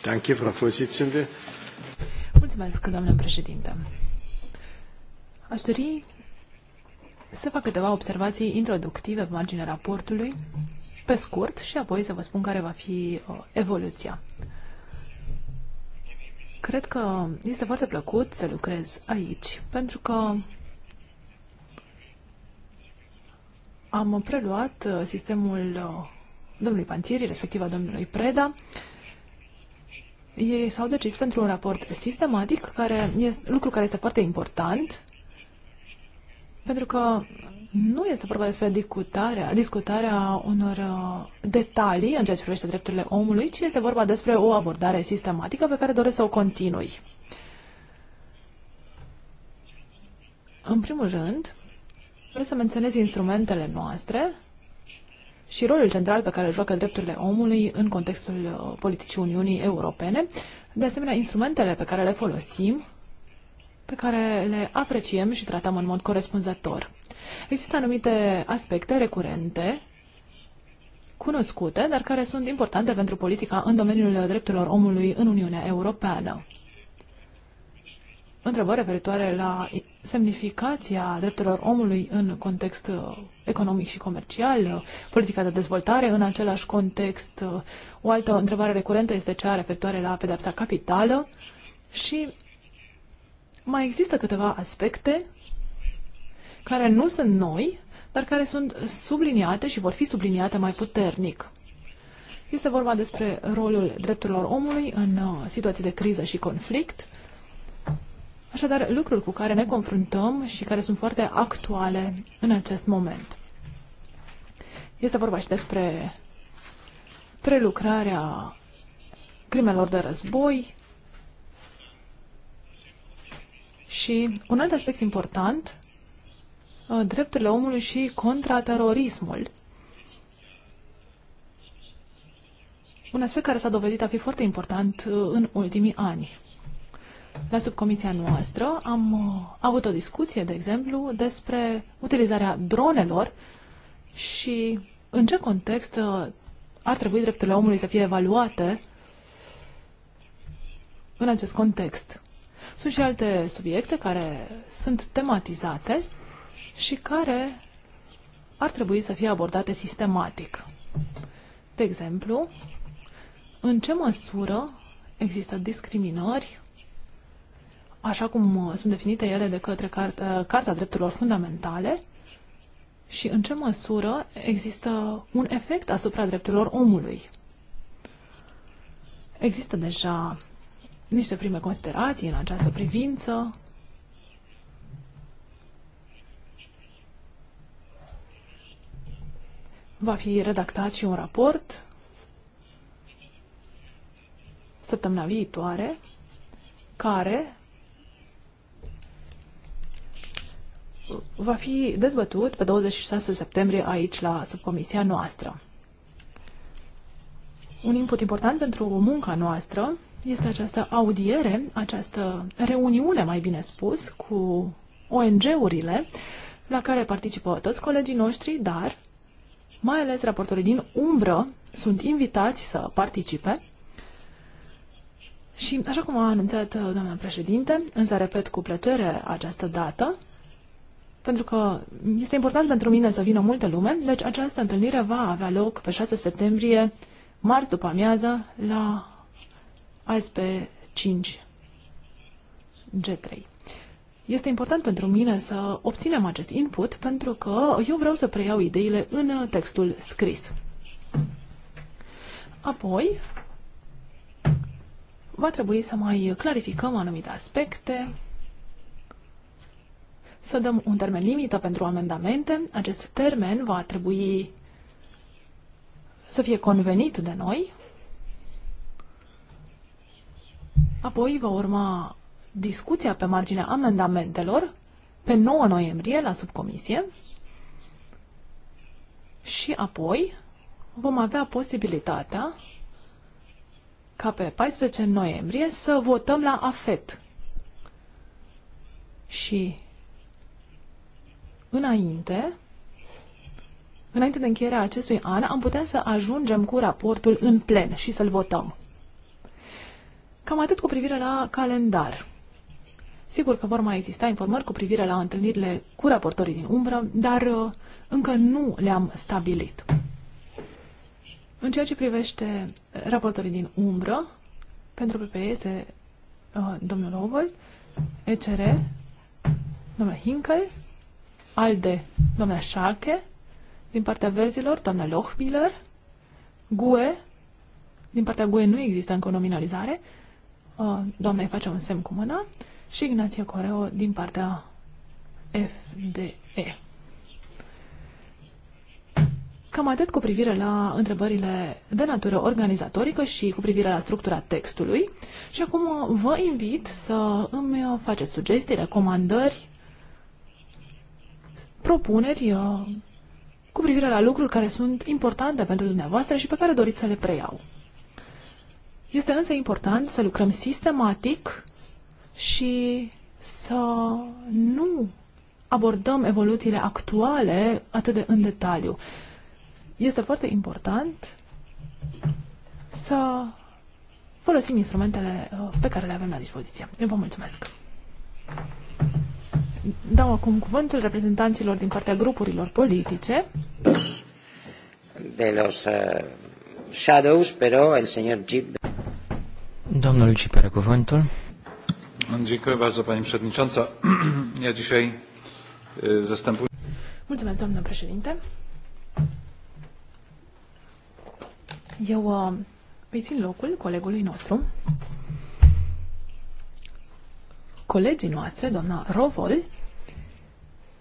Speaker 2: Danke, Frau Vorsitzende.
Speaker 5: Mulțumesc, doamnă președinte. Aș dori să fac câteva observații introductive pe marginea raportului, pe scurt, și apoi să vă spun care va fi uh, evoluția. Cred că este foarte plăcut să lucrez aici, pentru că am preluat uh, sistemul uh, domnului Panțirii, respectiv a domnului Preda. Ei s-au decis pentru un raport sistematic, care este, lucru care este foarte important, pentru că nu este vorba despre discutarea, discutarea unor uh, detalii în ceea ce privește drepturile omului, ci este vorba despre o abordare sistematică pe care doresc să o continui. În primul rând, vreau să menționez instrumentele noastre și rolul central pe care îl joacă drepturile omului în contextul uh, politicii Uniunii Europene, de asemenea instrumentele pe care le folosim, pe care le apreciem și tratăm în mod corespunzător. Există anumite aspecte recurente cunoscute, dar care sunt importante pentru politica în domeniul drepturilor omului în Uniunea Europeană întrebări referitoare la semnificația drepturilor omului în context uh, economic și comercial, uh, politica de dezvoltare în același context. Uh, o altă întrebare recurentă este cea referitoare la pedepsa capitală și mai există câteva aspecte care nu sunt noi, dar care sunt subliniate și vor fi subliniate mai puternic. Este vorba despre rolul drepturilor omului în situații de criză și conflict, Așadar, lucruri cu care ne confruntăm și care sunt foarte actuale în acest moment. Este vorba și despre prelucrarea crimelor de război și un alt aspect important, uh, drepturile omului și contraterorismul. Un aspect care s-a dovedit a fi foarte important uh, în ultimii ani la subcomisia noastră am uh, avut o discuție, de exemplu, despre utilizarea dronelor și în ce context uh, ar trebui drepturile omului să fie evaluate în acest context. Sunt și alte subiecte care sunt tematizate și care ar trebui să fie abordate sistematic. De exemplu, în ce măsură există discriminări așa cum uh, sunt definite ele de către uh, Carta, Drepturilor Fundamentale și în ce măsură există un efect asupra drepturilor omului. Există deja niște prime considerații în această privință. Va fi redactat și un raport săptămâna viitoare care va fi dezbătut pe 26 septembrie aici la subcomisia noastră. Un input important pentru munca noastră este această audiere, această reuniune, mai bine spus, cu ONG-urile la care participă toți colegii noștri, dar mai ales raportorii din umbră sunt invitați să participe. Și, așa cum a anunțat uh, doamna președinte, însă repet cu plăcere această dată, pentru că este important pentru mine să vină multă lume, deci această întâlnire va avea loc pe 6 septembrie, marți după amiază, la ASP5 G3. Este important pentru mine să obținem acest input pentru că eu vreau să preiau ideile în textul scris. Apoi, va trebui să mai clarificăm anumite aspecte să dăm un termen limită pentru amendamente. Acest termen va trebui să fie convenit de noi. Apoi va urma discuția pe marginea amendamentelor pe 9 noiembrie la subcomisie și apoi vom avea posibilitatea ca pe 14 noiembrie să votăm la AFET. Și înainte, înainte de încheierea acestui an, am putea să ajungem cu raportul în plen și să-l votăm. Cam atât cu privire la calendar. Sigur că vor mai exista informări cu privire la întâlnirile cu raportorii din umbră, dar uh, încă nu le-am stabilit. În ceea ce privește raportorii din umbră, pentru PP este uh, domnul Ovol, ECR, domnul Hinkel, ALDE, doamna Schalke, din partea verzilor, doamna Lochmiller, GUE, din partea GUE nu există încă o nominalizare, uh, doamna îi face un semn cu mâna, și Ignația Coreo din partea FDE. Cam atât cu privire la întrebările de natură organizatorică și cu privire la structura textului. Și acum vă invit să îmi faceți sugestii, recomandări propuneri uh, cu privire la lucruri care sunt importante pentru dumneavoastră și pe care doriți să le preiau. Este însă important să lucrăm sistematic și să nu abordăm evoluțiile actuale atât de în detaliu. Este foarte important să folosim instrumentele uh, pe care le avem la dispoziție. Eu vă mulțumesc! Dau acum cuvântul reprezentanților din partea grupurilor politice.
Speaker 1: De los uh, shadows, pero el señor Jeep.
Speaker 2: Domnul Gip are cuvântul.
Speaker 1: Dziękuję bardzo, pani przewodnicząca. [clears throat]
Speaker 2: Ja dzisiaj zastępuję...
Speaker 5: Mulțumesc, doamnă președinte. Eu uh, îi țin locul colegului nostru, colegii noastre, doamna Rovol.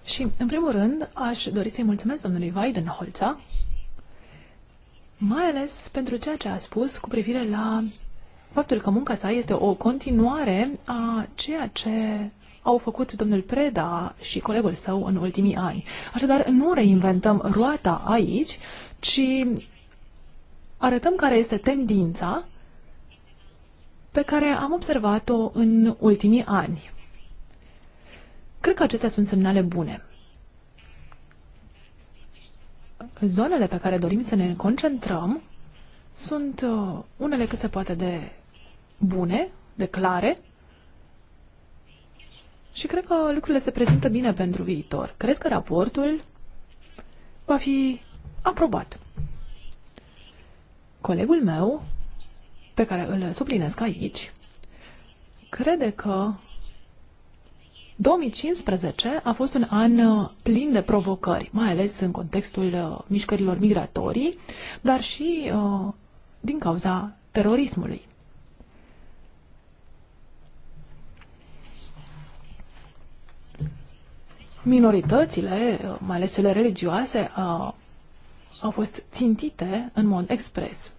Speaker 5: Și, în primul rând, aș dori să-i mulțumesc domnului Weidenholza, mai ales pentru ceea ce a spus cu privire la faptul că munca sa este o continuare a ceea ce au făcut domnul Preda și colegul său în ultimii ani. Așadar, nu reinventăm roata aici, ci arătăm care este tendința pe care am observat-o în ultimii ani. Cred că acestea sunt semnale bune. Zonele pe care dorim să ne concentrăm sunt uh, unele cât se poate de bune, de clare și cred că lucrurile se prezintă bine pentru viitor. Cred că raportul va fi aprobat. Colegul meu pe care îl sublinesc aici, crede că 2015 a fost un an uh, plin de provocări, mai ales în contextul uh, mișcărilor migratorii, dar și uh, din cauza terorismului. Minoritățile, mai ales cele religioase, au fost țintite în mod expres.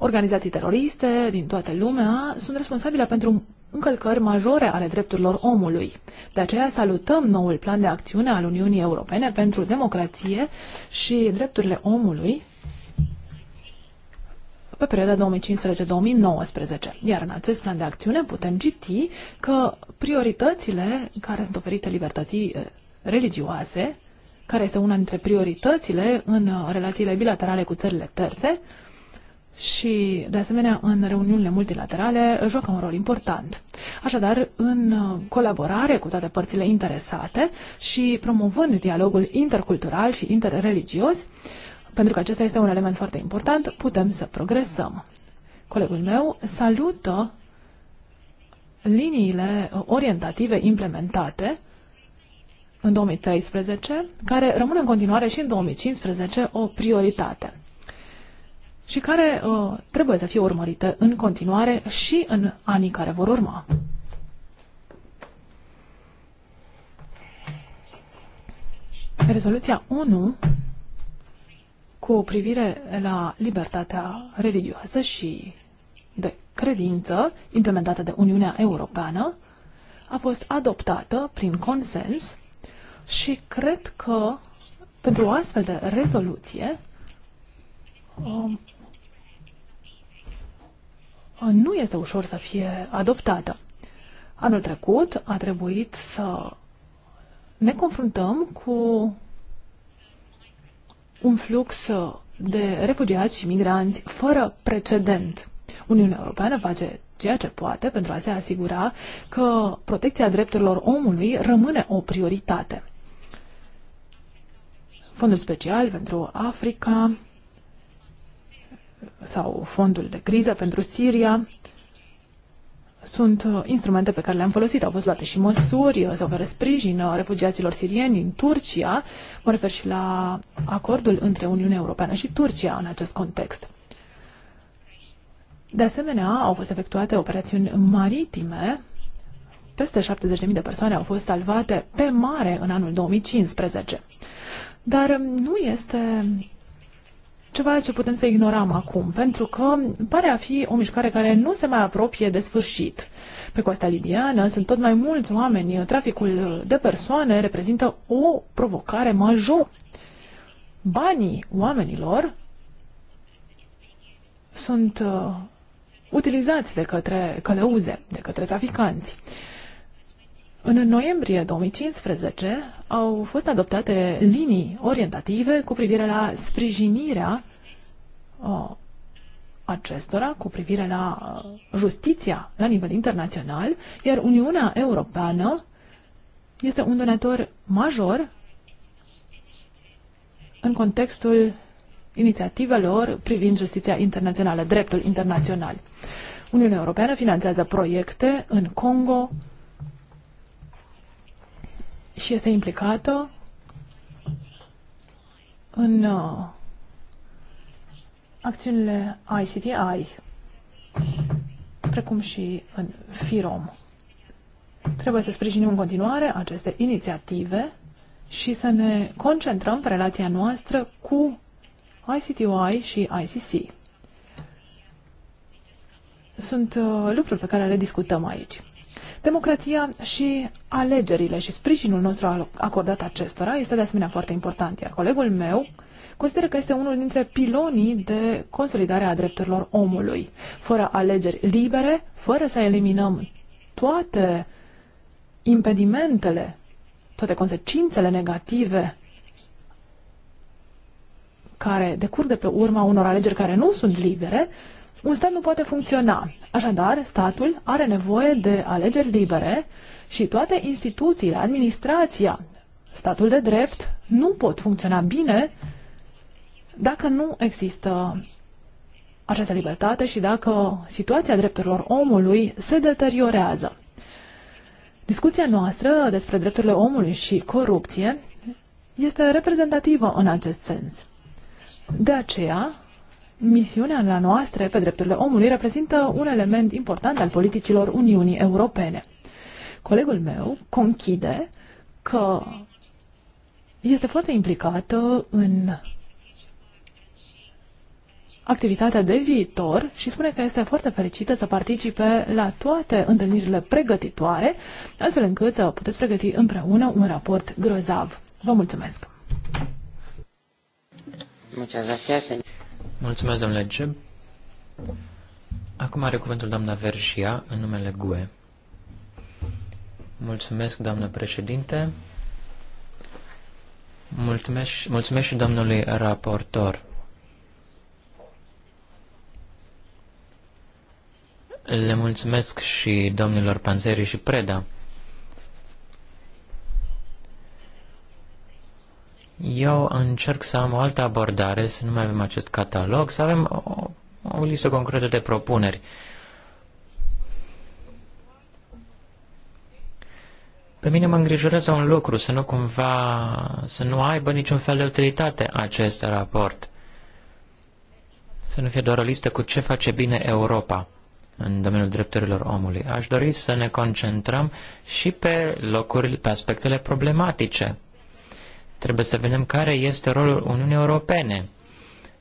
Speaker 5: Organizații teroriste din toată lumea sunt responsabile pentru încălcări majore ale drepturilor omului. De aceea salutăm noul plan de acțiune al Uniunii Europene pentru democrație și drepturile omului pe perioada 2015-2019. Iar în acest plan de acțiune putem citi că prioritățile care sunt oferite libertății eh, religioase, care este una dintre prioritățile în eh, relațiile bilaterale cu țările terțe, și, de asemenea, în reuniunile multilaterale joacă un rol important. Așadar, în uh, colaborare cu toate părțile interesate și promovând dialogul intercultural și interreligios, pentru că acesta este un element foarte important, putem să progresăm. Colegul meu salută liniile orientative implementate în 2013, care rămân în continuare și în 2015 o prioritate și care uh, trebuie să fie urmărite în continuare și în anii care vor urma. Rezoluția 1 cu privire la libertatea religioasă și de credință implementată de Uniunea Europeană a fost adoptată prin consens și cred că pentru o astfel de rezoluție um, nu este ușor să fie adoptată. Anul trecut a trebuit să ne confruntăm cu un flux de refugiați și migranți fără precedent. Uniunea Europeană face ceea ce poate pentru a se asigura că protecția drepturilor omului rămâne o prioritate. Fondul special pentru Africa sau fondul de criză pentru Siria sunt uh, instrumente pe care le-am folosit. Au fost luate și măsuri, uh, se oferă sprijin uh, refugiaților sirieni în Turcia. Mă refer și la acordul între Uniunea Europeană și Turcia în acest context. De asemenea, au fost efectuate operațiuni maritime. Peste 70.000 de persoane au fost salvate pe mare în anul 2015. Dar um, nu este ceva ce putem să ignorăm acum, pentru că pare a fi o mișcare care nu se mai apropie de sfârșit. Pe coasta libiană sunt tot mai mulți oameni, traficul de persoane reprezintă o provocare majoră. Banii oamenilor sunt uh, utilizați de către căleuze, de către traficanți. Uh, în noiembrie 2015 au fost adoptate linii orientative cu privire la sprijinirea uh, acestora, cu privire la uh, justiția la nivel internațional, iar Uniunea Europeană este un donator major în contextul inițiativelor privind justiția internațională, dreptul internațional. Uniunea Europeană finanțează proiecte în Congo, și este implicată în uh, acțiunile ICTI, precum și în FIROM. Trebuie să sprijinim în continuare aceste inițiative și să ne concentrăm pe relația noastră cu ICTY și ICC. Sunt uh, lucruri pe care le discutăm aici. Democrația și alegerile și sprijinul nostru acordat acestora este de asemenea foarte important, iar colegul meu consideră că este unul dintre pilonii de consolidare a drepturilor omului. Fără alegeri libere, fără să eliminăm toate impedimentele, toate consecințele negative care decurg de pe urma unor alegeri care nu sunt libere, un stat nu poate funcționa. Așadar, statul are nevoie de alegeri libere și toate instituțiile, administrația, statul de drept nu pot funcționa bine dacă nu există această libertate și dacă situația drepturilor omului se deteriorează. Discuția noastră despre drepturile omului și corupție este reprezentativă în acest sens. De aceea, misiunea la noastră pe drepturile omului reprezintă un element important al politicilor Uniunii Europene. Colegul meu conchide că este foarte implicată în activitatea de viitor și spune că este foarte fericită să participe la toate întâlnirile pregătitoare, astfel încât să puteți pregăti împreună un raport grozav. Vă mulțumesc!
Speaker 1: Muchas gracias, señor.
Speaker 2: Mulțumesc, domnule Geb. Acum are cuvântul doamna Verșia în numele GUE. Mulțumesc, doamnă președinte. Mulțumesc, mulțumesc și domnului raportor. Le mulțumesc și domnilor Panzeri și Preda. Eu încerc să am o altă abordare, să nu mai avem acest catalog, să avem o, o listă concretă de propuneri. Pe mine mă îngrijorează un lucru, să nu cumva, să nu aibă niciun fel de utilitate acest raport. Să nu fie doar o listă cu ce face bine Europa în domeniul drepturilor omului. Aș dori să ne concentrăm și pe locuri, pe aspectele problematice Trebuie să vedem care este rolul Uniunii Europene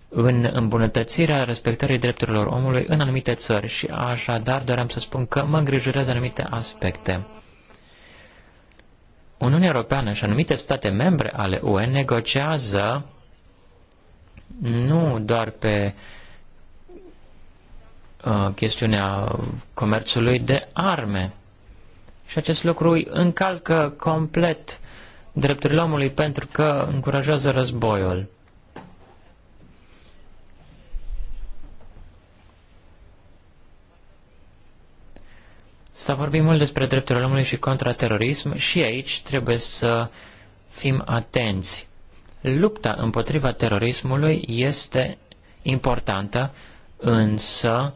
Speaker 2: în îmbunătățirea respectării drepturilor omului în anumite țări și așadar doream să spun că mă îngrijorează anumite aspecte. Uniunea Europeană și anumite state membre ale UE negociază nu doar pe uh, chestiunea comerțului de arme. Și acest lucru îi încalcă complet drepturile omului pentru că încurajează războiul. S-a vorbit mult despre drepturile omului și contraterorism și aici trebuie să fim atenți. Lupta împotriva terorismului este importantă, însă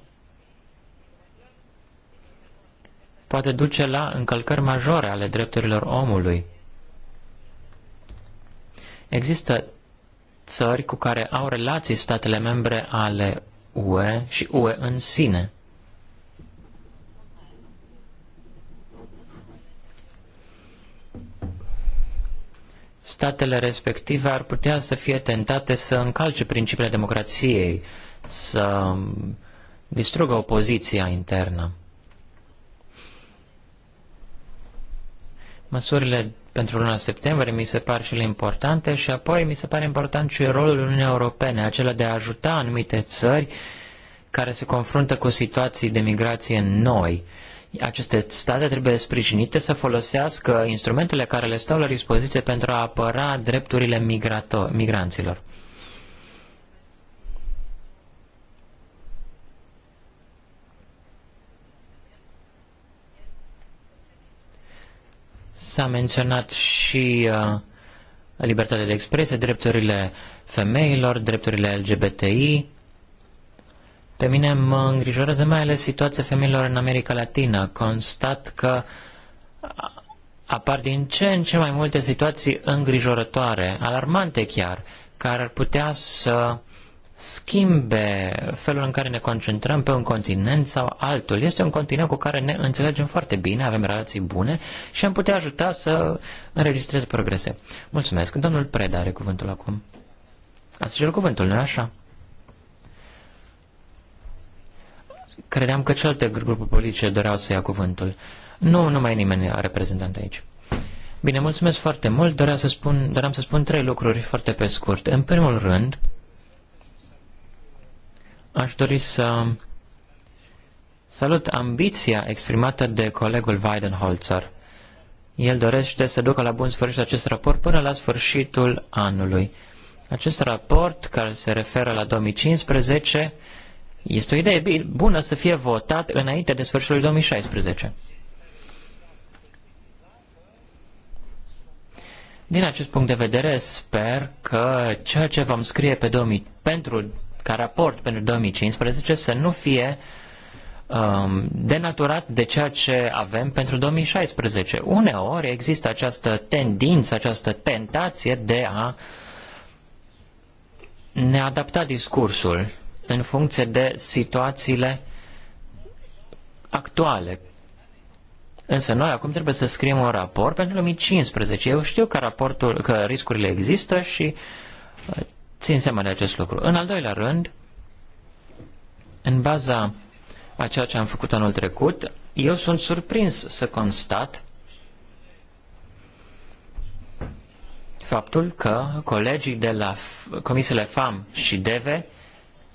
Speaker 2: poate duce la încălcări majore ale drepturilor omului. Există țări cu care au relații statele membre ale UE și UE în sine. Statele respective ar putea să fie tentate să încalce principiile democrației, să distrugă opoziția internă. Măsurile pentru luna septembrie mi se par și ele importante și apoi mi se pare important și rolul Uniunii Europene, acela de a ajuta anumite țări care se confruntă cu situații de migrație noi. Aceste state trebuie sprijinite să folosească instrumentele care le stau la dispoziție pentru a apăra drepturile migranților. S-a menționat și uh, libertatea de expresie, drepturile femeilor, drepturile LGBTI. Pe mine mă îngrijorează mai ales situația femeilor în America Latină. Constat că apar din ce în ce mai multe situații îngrijorătoare, alarmante chiar, care ar putea să schimbe felul în care ne concentrăm pe un continent sau altul. Este un continent cu care ne înțelegem foarte bine, avem relații bune și am putea ajuta să înregistrez progrese. Mulțumesc. Domnul Preda are cuvântul acum. Ați cerut cuvântul, nu așa? Credeam că celelalte grupuri politice doreau să ia cuvântul. Nu, nu mai e nimeni reprezentant aici. Bine, mulțumesc foarte mult. Doream să spun, doream să spun trei lucruri foarte pe scurt. În primul rând, Aș dori să salut ambiția exprimată de colegul Weidenholzer. El dorește să ducă la bun sfârșit acest raport până la sfârșitul anului. Acest raport, care se referă la 2015, este o idee bună să fie votat înainte de sfârșitul 2016. Din acest punct de vedere, sper că ceea ce vom scrie pe 2000, pentru ca raport pentru 2015 să nu fie um, denaturat de ceea ce avem pentru 2016. Uneori există această tendință, această tentație de a ne adapta discursul în funcție de situațiile actuale. Însă noi acum trebuie să scriem un raport pentru 2015. Eu știu că, raportul, că riscurile există și uh, țin seama de acest lucru. În al doilea rând, în baza a ceea ce am făcut anul trecut, eu sunt surprins să constat faptul că colegii de la comisiile FAM și DEVE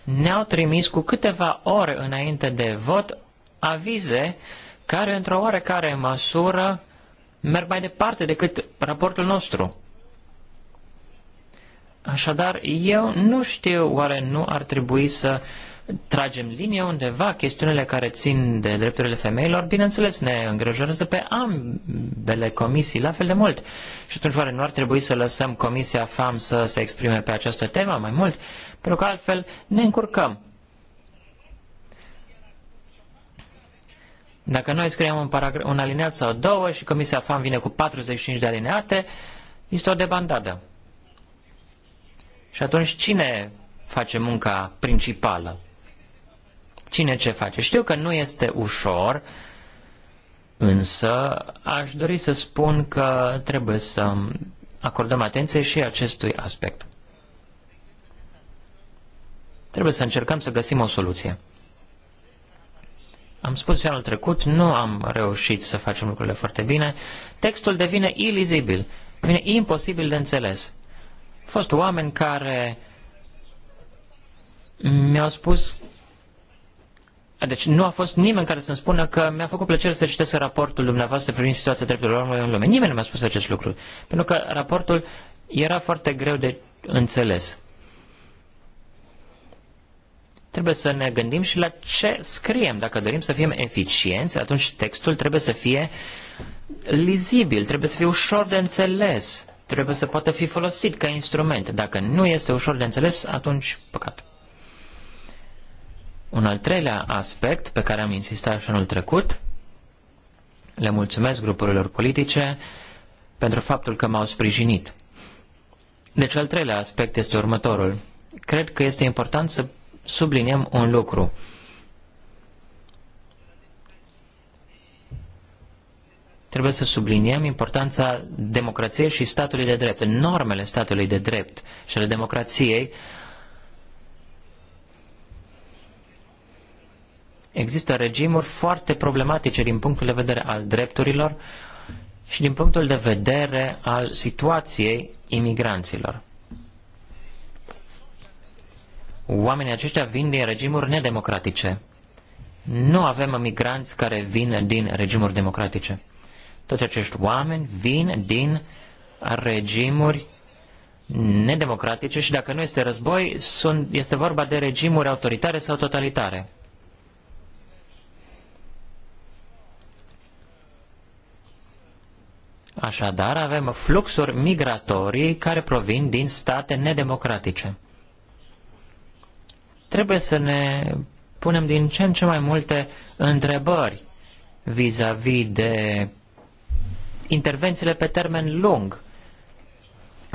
Speaker 2: ne-au trimis cu câteva ore înainte de vot avize care, într-o oarecare măsură, merg mai departe decât raportul nostru. Așadar, eu nu știu, oare nu ar trebui să tragem linie undeva, chestiunile care țin de drepturile femeilor, bineînțeles, ne îngrijorează pe ambele comisii la fel de mult. Și atunci oare nu ar trebui să lăsăm Comisia FAM să se exprime pe această temă mai mult? Pentru că altfel ne încurcăm. Dacă noi scriem un, un alineat sau două și Comisia FAM vine cu 45 de alineate, este o debandadă. Și atunci cine face munca principală? Cine ce face? Știu că nu este ușor, însă aș dori să spun că trebuie să acordăm atenție și acestui aspect. Trebuie să încercăm să găsim o soluție. Am spus și anul trecut, nu am reușit să facem lucrurile foarte bine. Textul devine ilizibil, devine imposibil de înțeles. Au fost oameni care mi-au spus deci nu a fost nimeni care să-mi spună că mi-a făcut plăcere să citesc raportul dumneavoastră privind situația drepturilor omului în lume. Nimeni nu mi-a spus acest lucru, pentru că raportul era foarte greu de înțeles. Trebuie să ne gândim și la ce scriem. Dacă dorim să fim eficienți, atunci textul trebuie să fie lizibil, trebuie să fie ușor de înțeles trebuie să poată fi folosit ca instrument. Dacă nu este ușor de înțeles, atunci păcat. Un al treilea aspect pe care am insistat și anul trecut, le mulțumesc grupurilor politice pentru faptul că m-au sprijinit. Deci al treilea aspect este următorul. Cred că este important să subliniem un lucru. trebuie să subliniem importanța democrației și statului de drept, normele statului de drept și ale democrației. Există regimuri foarte problematice din punctul de vedere al drepturilor și din punctul de vedere al situației imigranților. Oamenii aceștia vin din regimuri nedemocratice. Nu avem migranți care vin din regimuri democratice. Toți acești oameni vin din regimuri nedemocratice și dacă nu este război, sunt, este vorba de regimuri autoritare sau totalitare. Așadar, avem fluxuri migratorii care provin din state nedemocratice. Trebuie să ne punem din ce în ce mai multe întrebări vis-a-vis -vis de intervențiile pe termen lung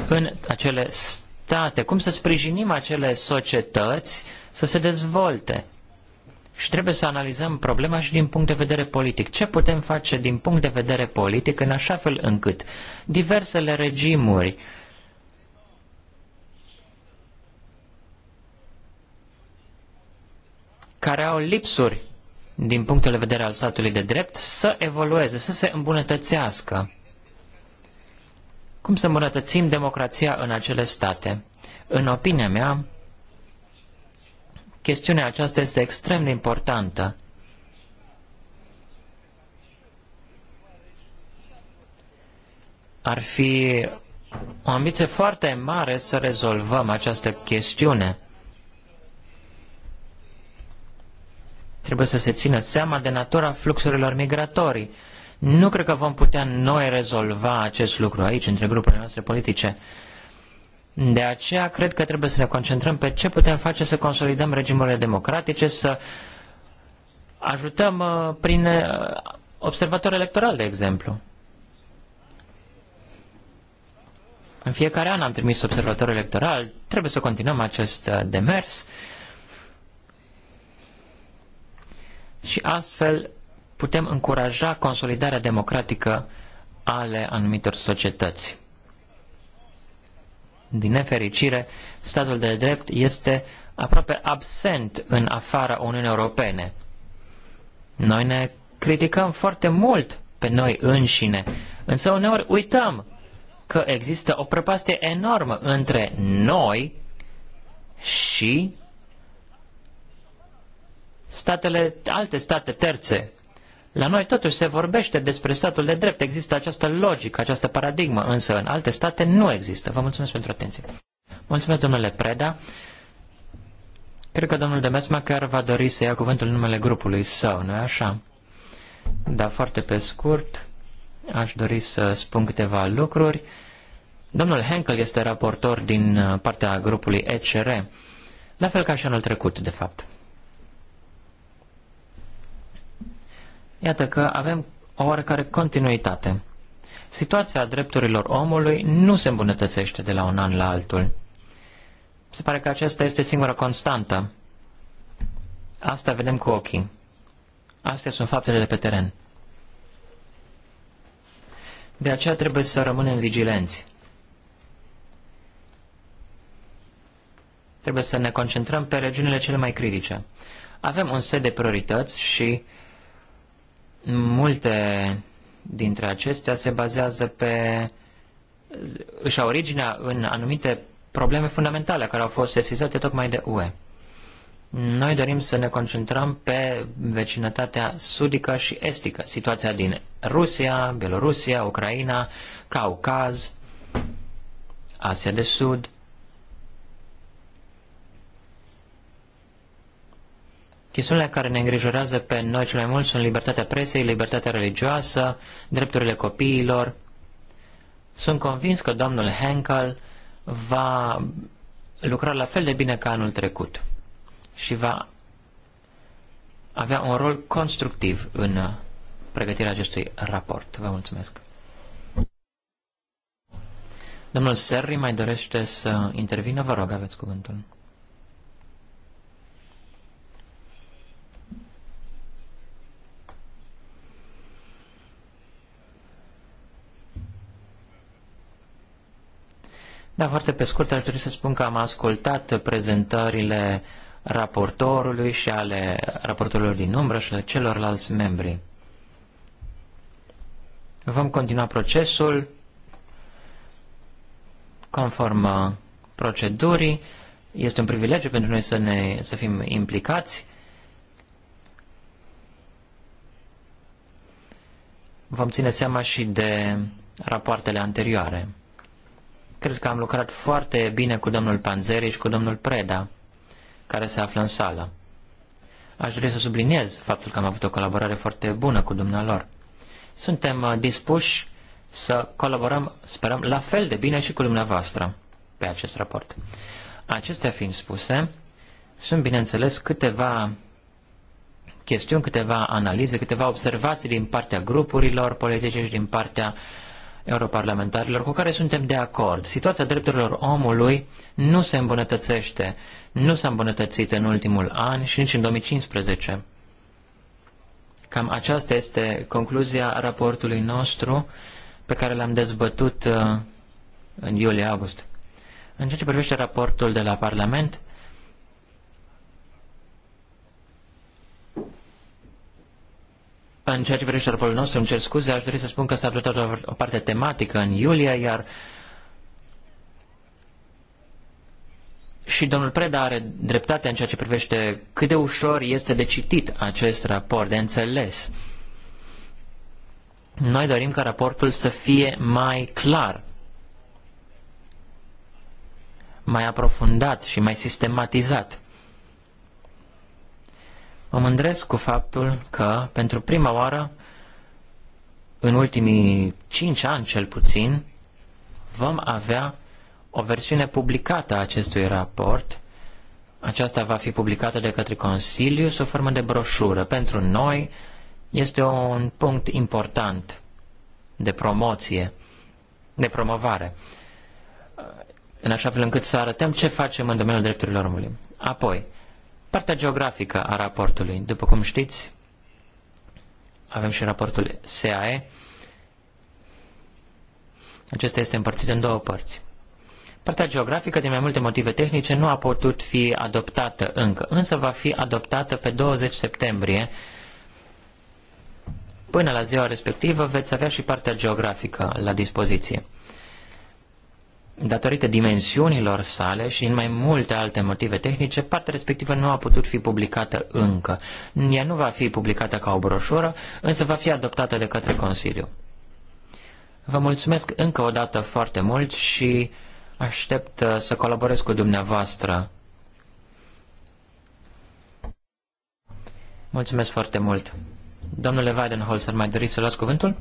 Speaker 2: în acele state, cum să sprijinim acele societăți să se dezvolte. Și trebuie să analizăm problema și din punct de vedere politic. Ce putem face din punct de vedere politic în așa fel încât diversele regimuri care au lipsuri din punctul de vedere al statului de drept, să evolueze, să se îmbunătățească. Cum să îmbunătățim democrația în acele state? În opinia mea, chestiunea aceasta este extrem de importantă. Ar fi o ambiție foarte mare să rezolvăm această chestiune. Trebuie să se țină seama de natura fluxurilor migratorii. Nu cred că vom putea noi rezolva acest lucru aici, între grupurile noastre politice. De aceea, cred că trebuie să ne concentrăm pe ce putem face să consolidăm regimurile democratice, să ajutăm uh, prin uh, observator electoral, de exemplu. În fiecare an am trimis observator electoral, trebuie să continuăm acest uh, demers. Uh, și astfel putem încuraja consolidarea democratică ale anumitor societăți. Din nefericire, statul de drept este aproape absent în afara Uniunii Europene. Noi ne criticăm foarte mult pe noi înșine, însă uneori uităm că există o prăpastie enormă între noi și statele, alte state terțe. La noi totuși se vorbește despre statul de drept, există această logică, această paradigmă, însă în alte state nu există. Vă mulțumesc pentru atenție. Mulțumesc, domnule Preda. Cred că domnul Demesmacher va dori să ia cuvântul în numele grupului său, nu așa? Da, foarte pe scurt, aș dori să spun câteva lucruri. Domnul Henkel este raportor din partea grupului ECR, la fel ca și anul trecut, de fapt. Iată că avem o oarecare continuitate. Situația drepturilor omului nu se îmbunătățește de la un an la altul. Se pare că aceasta este singura constantă. Asta vedem cu ochii. Astea sunt faptele de pe teren. De aceea trebuie să rămânem vigilenți. Trebuie să ne concentrăm pe regiunile cele mai critice. Avem un set de priorități și uh, Multe dintre acestea se bazează pe își au originea în anumite probleme fundamentale care au fost sesizate tocmai de UE. Noi dorim să ne concentrăm pe vecinătatea sudică și estică, situația din Rusia, Belorusia, Ucraina, Caucaz, Asia de Sud, Chestiunile care ne îngrijorează pe noi cel mai mult sunt libertatea presei, libertatea religioasă, drepturile copiilor. Sunt convins că domnul Henkel va lucra la fel de bine ca anul trecut și va avea un rol constructiv în pregătirea acestui raport. Vă mulțumesc. Domnul Serri mai dorește să intervină? Vă rog, aveți cuvântul. Da, foarte pe scurt aș dori să spun că am ascultat prezentările raportorului și ale raportorilor din umbră și ale celorlalți membri. Vom continua procesul conform uh, procedurii. Este un privilegiu pentru noi să, ne, să fim implicați. Vom ține seama și de rapoartele anterioare. Cred că am lucrat foarte bine cu domnul Panzeri și cu domnul Preda, care se află în sală. Aș dori să subliniez faptul că am avut o colaborare foarte bună cu dumnealor. Suntem uh, dispuși să colaborăm, sperăm, la fel de bine și cu dumneavoastră pe acest raport. Acestea fiind spuse, sunt, bineînțeles, câteva chestiuni, câteva analize, câteva observații din partea grupurilor politice și din partea uh, europarlamentarilor, cu care suntem de acord. Situația drepturilor omului nu se îmbunătățește, nu s-a îmbunătățit în ultimul an și nici în 2015. Cam aceasta este concluzia raportului nostru pe care l-am dezbătut uh, în iulie-august. În ceea ce privește raportul de la Parlament, În ceea ce privește raportul nostru, îmi cer scuze, aș dori să spun că s-a adoptat o parte tematică în iulie, iar și domnul Preda are dreptate în ceea ce privește cât de ușor este de citit acest raport, de înțeles. Noi dorim ca raportul să fie mai clar, mai aprofundat și mai sistematizat. Mă mândresc cu faptul că, pentru prima oară, în ultimii cinci ani cel puțin, vom avea o versiune publicată a acestui raport. Aceasta va fi publicată de către Consiliu sub formă de broșură. Pentru noi este un punct important de promoție, de promovare, în așa fel încât să arătăm ce facem în domeniul drepturilor omului. Apoi, Partea geografică a raportului. După cum știți, avem și raportul SAE. Acesta este împărțit în două părți. Partea geografică, din mai multe motive tehnice, nu a putut fi adoptată încă, însă va fi adoptată pe 20 septembrie. Până la ziua respectivă veți avea și partea geografică la dispoziție datorită dimensiunilor sale și în mai multe alte motive tehnice, partea respectivă nu a putut fi publicată încă. Ea nu va fi publicată ca o broșură, însă va fi adoptată de către Consiliu. Vă mulțumesc încă o dată foarte mult și aștept uh, să colaborez cu dumneavoastră. Mulțumesc foarte mult. Domnule Weidenholzer, mai doriți să luați cuvântul?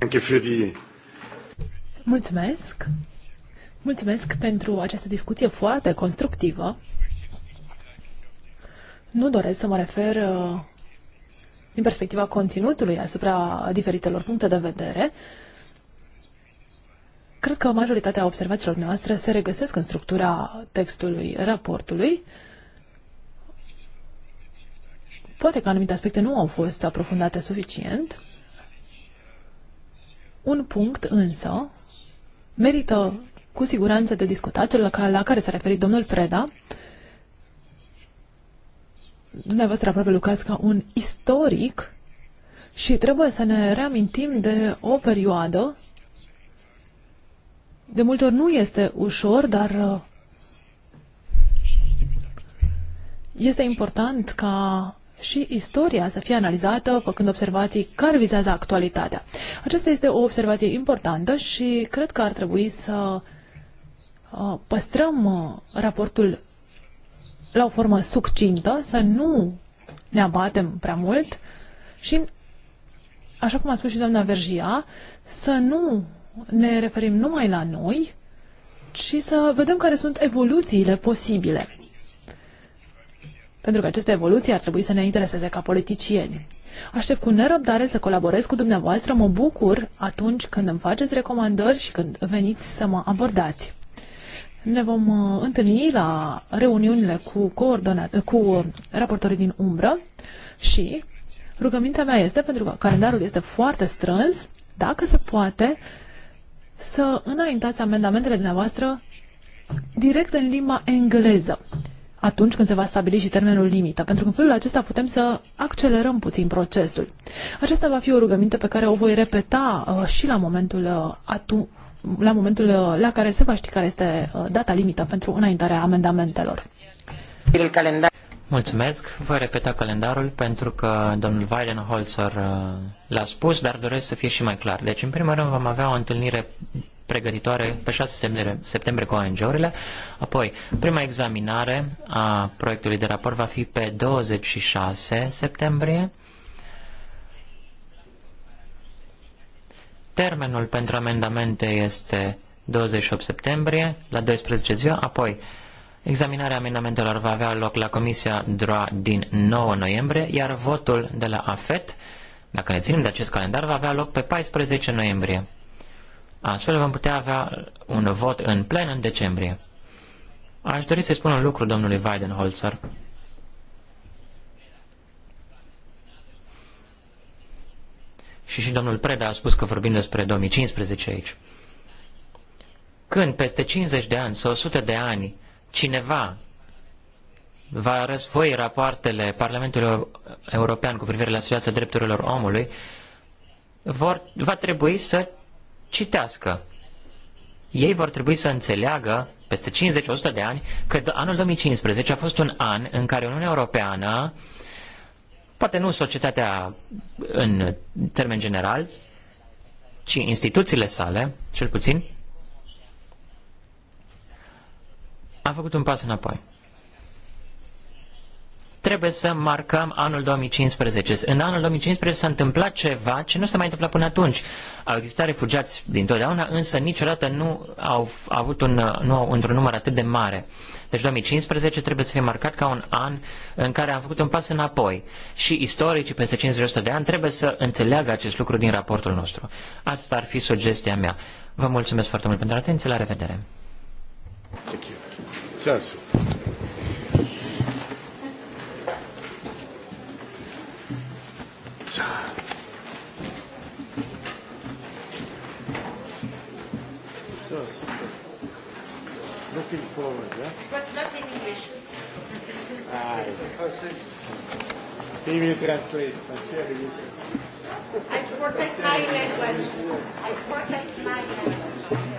Speaker 5: Mulțumesc Mulțumesc pentru această discuție foarte constructivă. Nu doresc să mă refer uh, din perspectiva conținutului asupra diferitelor puncte de vedere. Cred că majoritatea observațiilor noastre se regăsesc în structura textului raportului. Poate că anumite aspecte nu au fost aprofundate suficient. Un punct însă merită cu siguranță de discutat, cel la care s-a referit domnul Preda. Dumneavoastră aproape lucrați ca un istoric și trebuie să ne reamintim de o perioadă. De multe ori nu este ușor, dar uh, este important ca și istoria să fie analizată făcând observații care vizează actualitatea. Aceasta este o observație importantă și cred că ar trebui să Uh, păstrăm uh, raportul la o formă succintă, să nu ne abatem prea mult și, așa cum a spus și doamna Vergia, să nu ne referim numai la noi, ci să vedem care sunt evoluțiile posibile. Pentru că aceste evoluții ar trebui să ne intereseze ca politicieni. Aștept cu nerăbdare să colaborez cu dumneavoastră, mă bucur atunci când îmi faceți recomandări și când veniți să mă abordați. Ne vom uh, întâlni la reuniunile cu, coordonat, uh, cu raportorii din umbră și rugămintea mea este, pentru că calendarul este foarte strâns, dacă se poate, să înaintați amendamentele dumneavoastră direct în limba engleză atunci când se va stabili și termenul limită, pentru că în felul acesta putem să accelerăm puțin procesul. Aceasta va fi o rugăminte pe care o voi repeta uh, și la momentul uh, atunci, la momentul uh, la care se va ști care este uh, data limită pentru înaintarea amendamentelor.
Speaker 2: Mulțumesc. Voi repeta calendarul pentru că domnul Weidenholzer uh, l-a spus, dar doresc să fie și mai clar. Deci, în primul rând, vom avea o întâlnire pregătitoare pe 6 septembrie, septembrie cu ONG-urile. Apoi, prima examinare a proiectului de raport va fi pe 26 septembrie Termenul pentru amendamente este 28 septembrie, la 12 ziua, apoi examinarea amendamentelor va avea loc la Comisia DROA din 9 noiembrie, iar votul de la AFET, dacă ne ținem de acest calendar, va avea loc pe 14 noiembrie. Astfel vom putea avea un vot în plen în decembrie. Aș dori să-i spun un lucru domnului Weidenholzer. și și domnul Preda a spus că vorbim despre 2015 aici. Când peste 50 de ani sau 100 de ani cineva va răsfoi rapoartele Parlamentului European cu privire la situația drepturilor omului, vor, va trebui să citească. Ei vor trebui să înțeleagă peste 50-100 de ani că anul 2015 a fost un an în care Uniunea Europeană uh, poate nu societatea în termen general, ci instituțiile sale, cel puțin, a făcut un pas înapoi. Trebuie să marcăm anul 2015. În anul 2015 s-a întâmplat ceva ce nu s-a mai întâmplat până atunci. Au existat refugiați dintotdeauna, însă niciodată nu au avut un, nu au, într-un număr atât de mare. Uh, deci 2015 trebuie să fie marcat ca un an în care am făcut un pas înapoi. Și istoricii peste 50 de ani trebuie să înțeleagă acest lucru din raportul nostru. Asta ar fi sugestia mea. Vă mulțumesc foarte mult pentru atenție. La revedere! Thank you.
Speaker 1: Looking forward, yeah? But not in English.
Speaker 2: Ah, he will translate.
Speaker 4: I forgot my language. I forgot my language.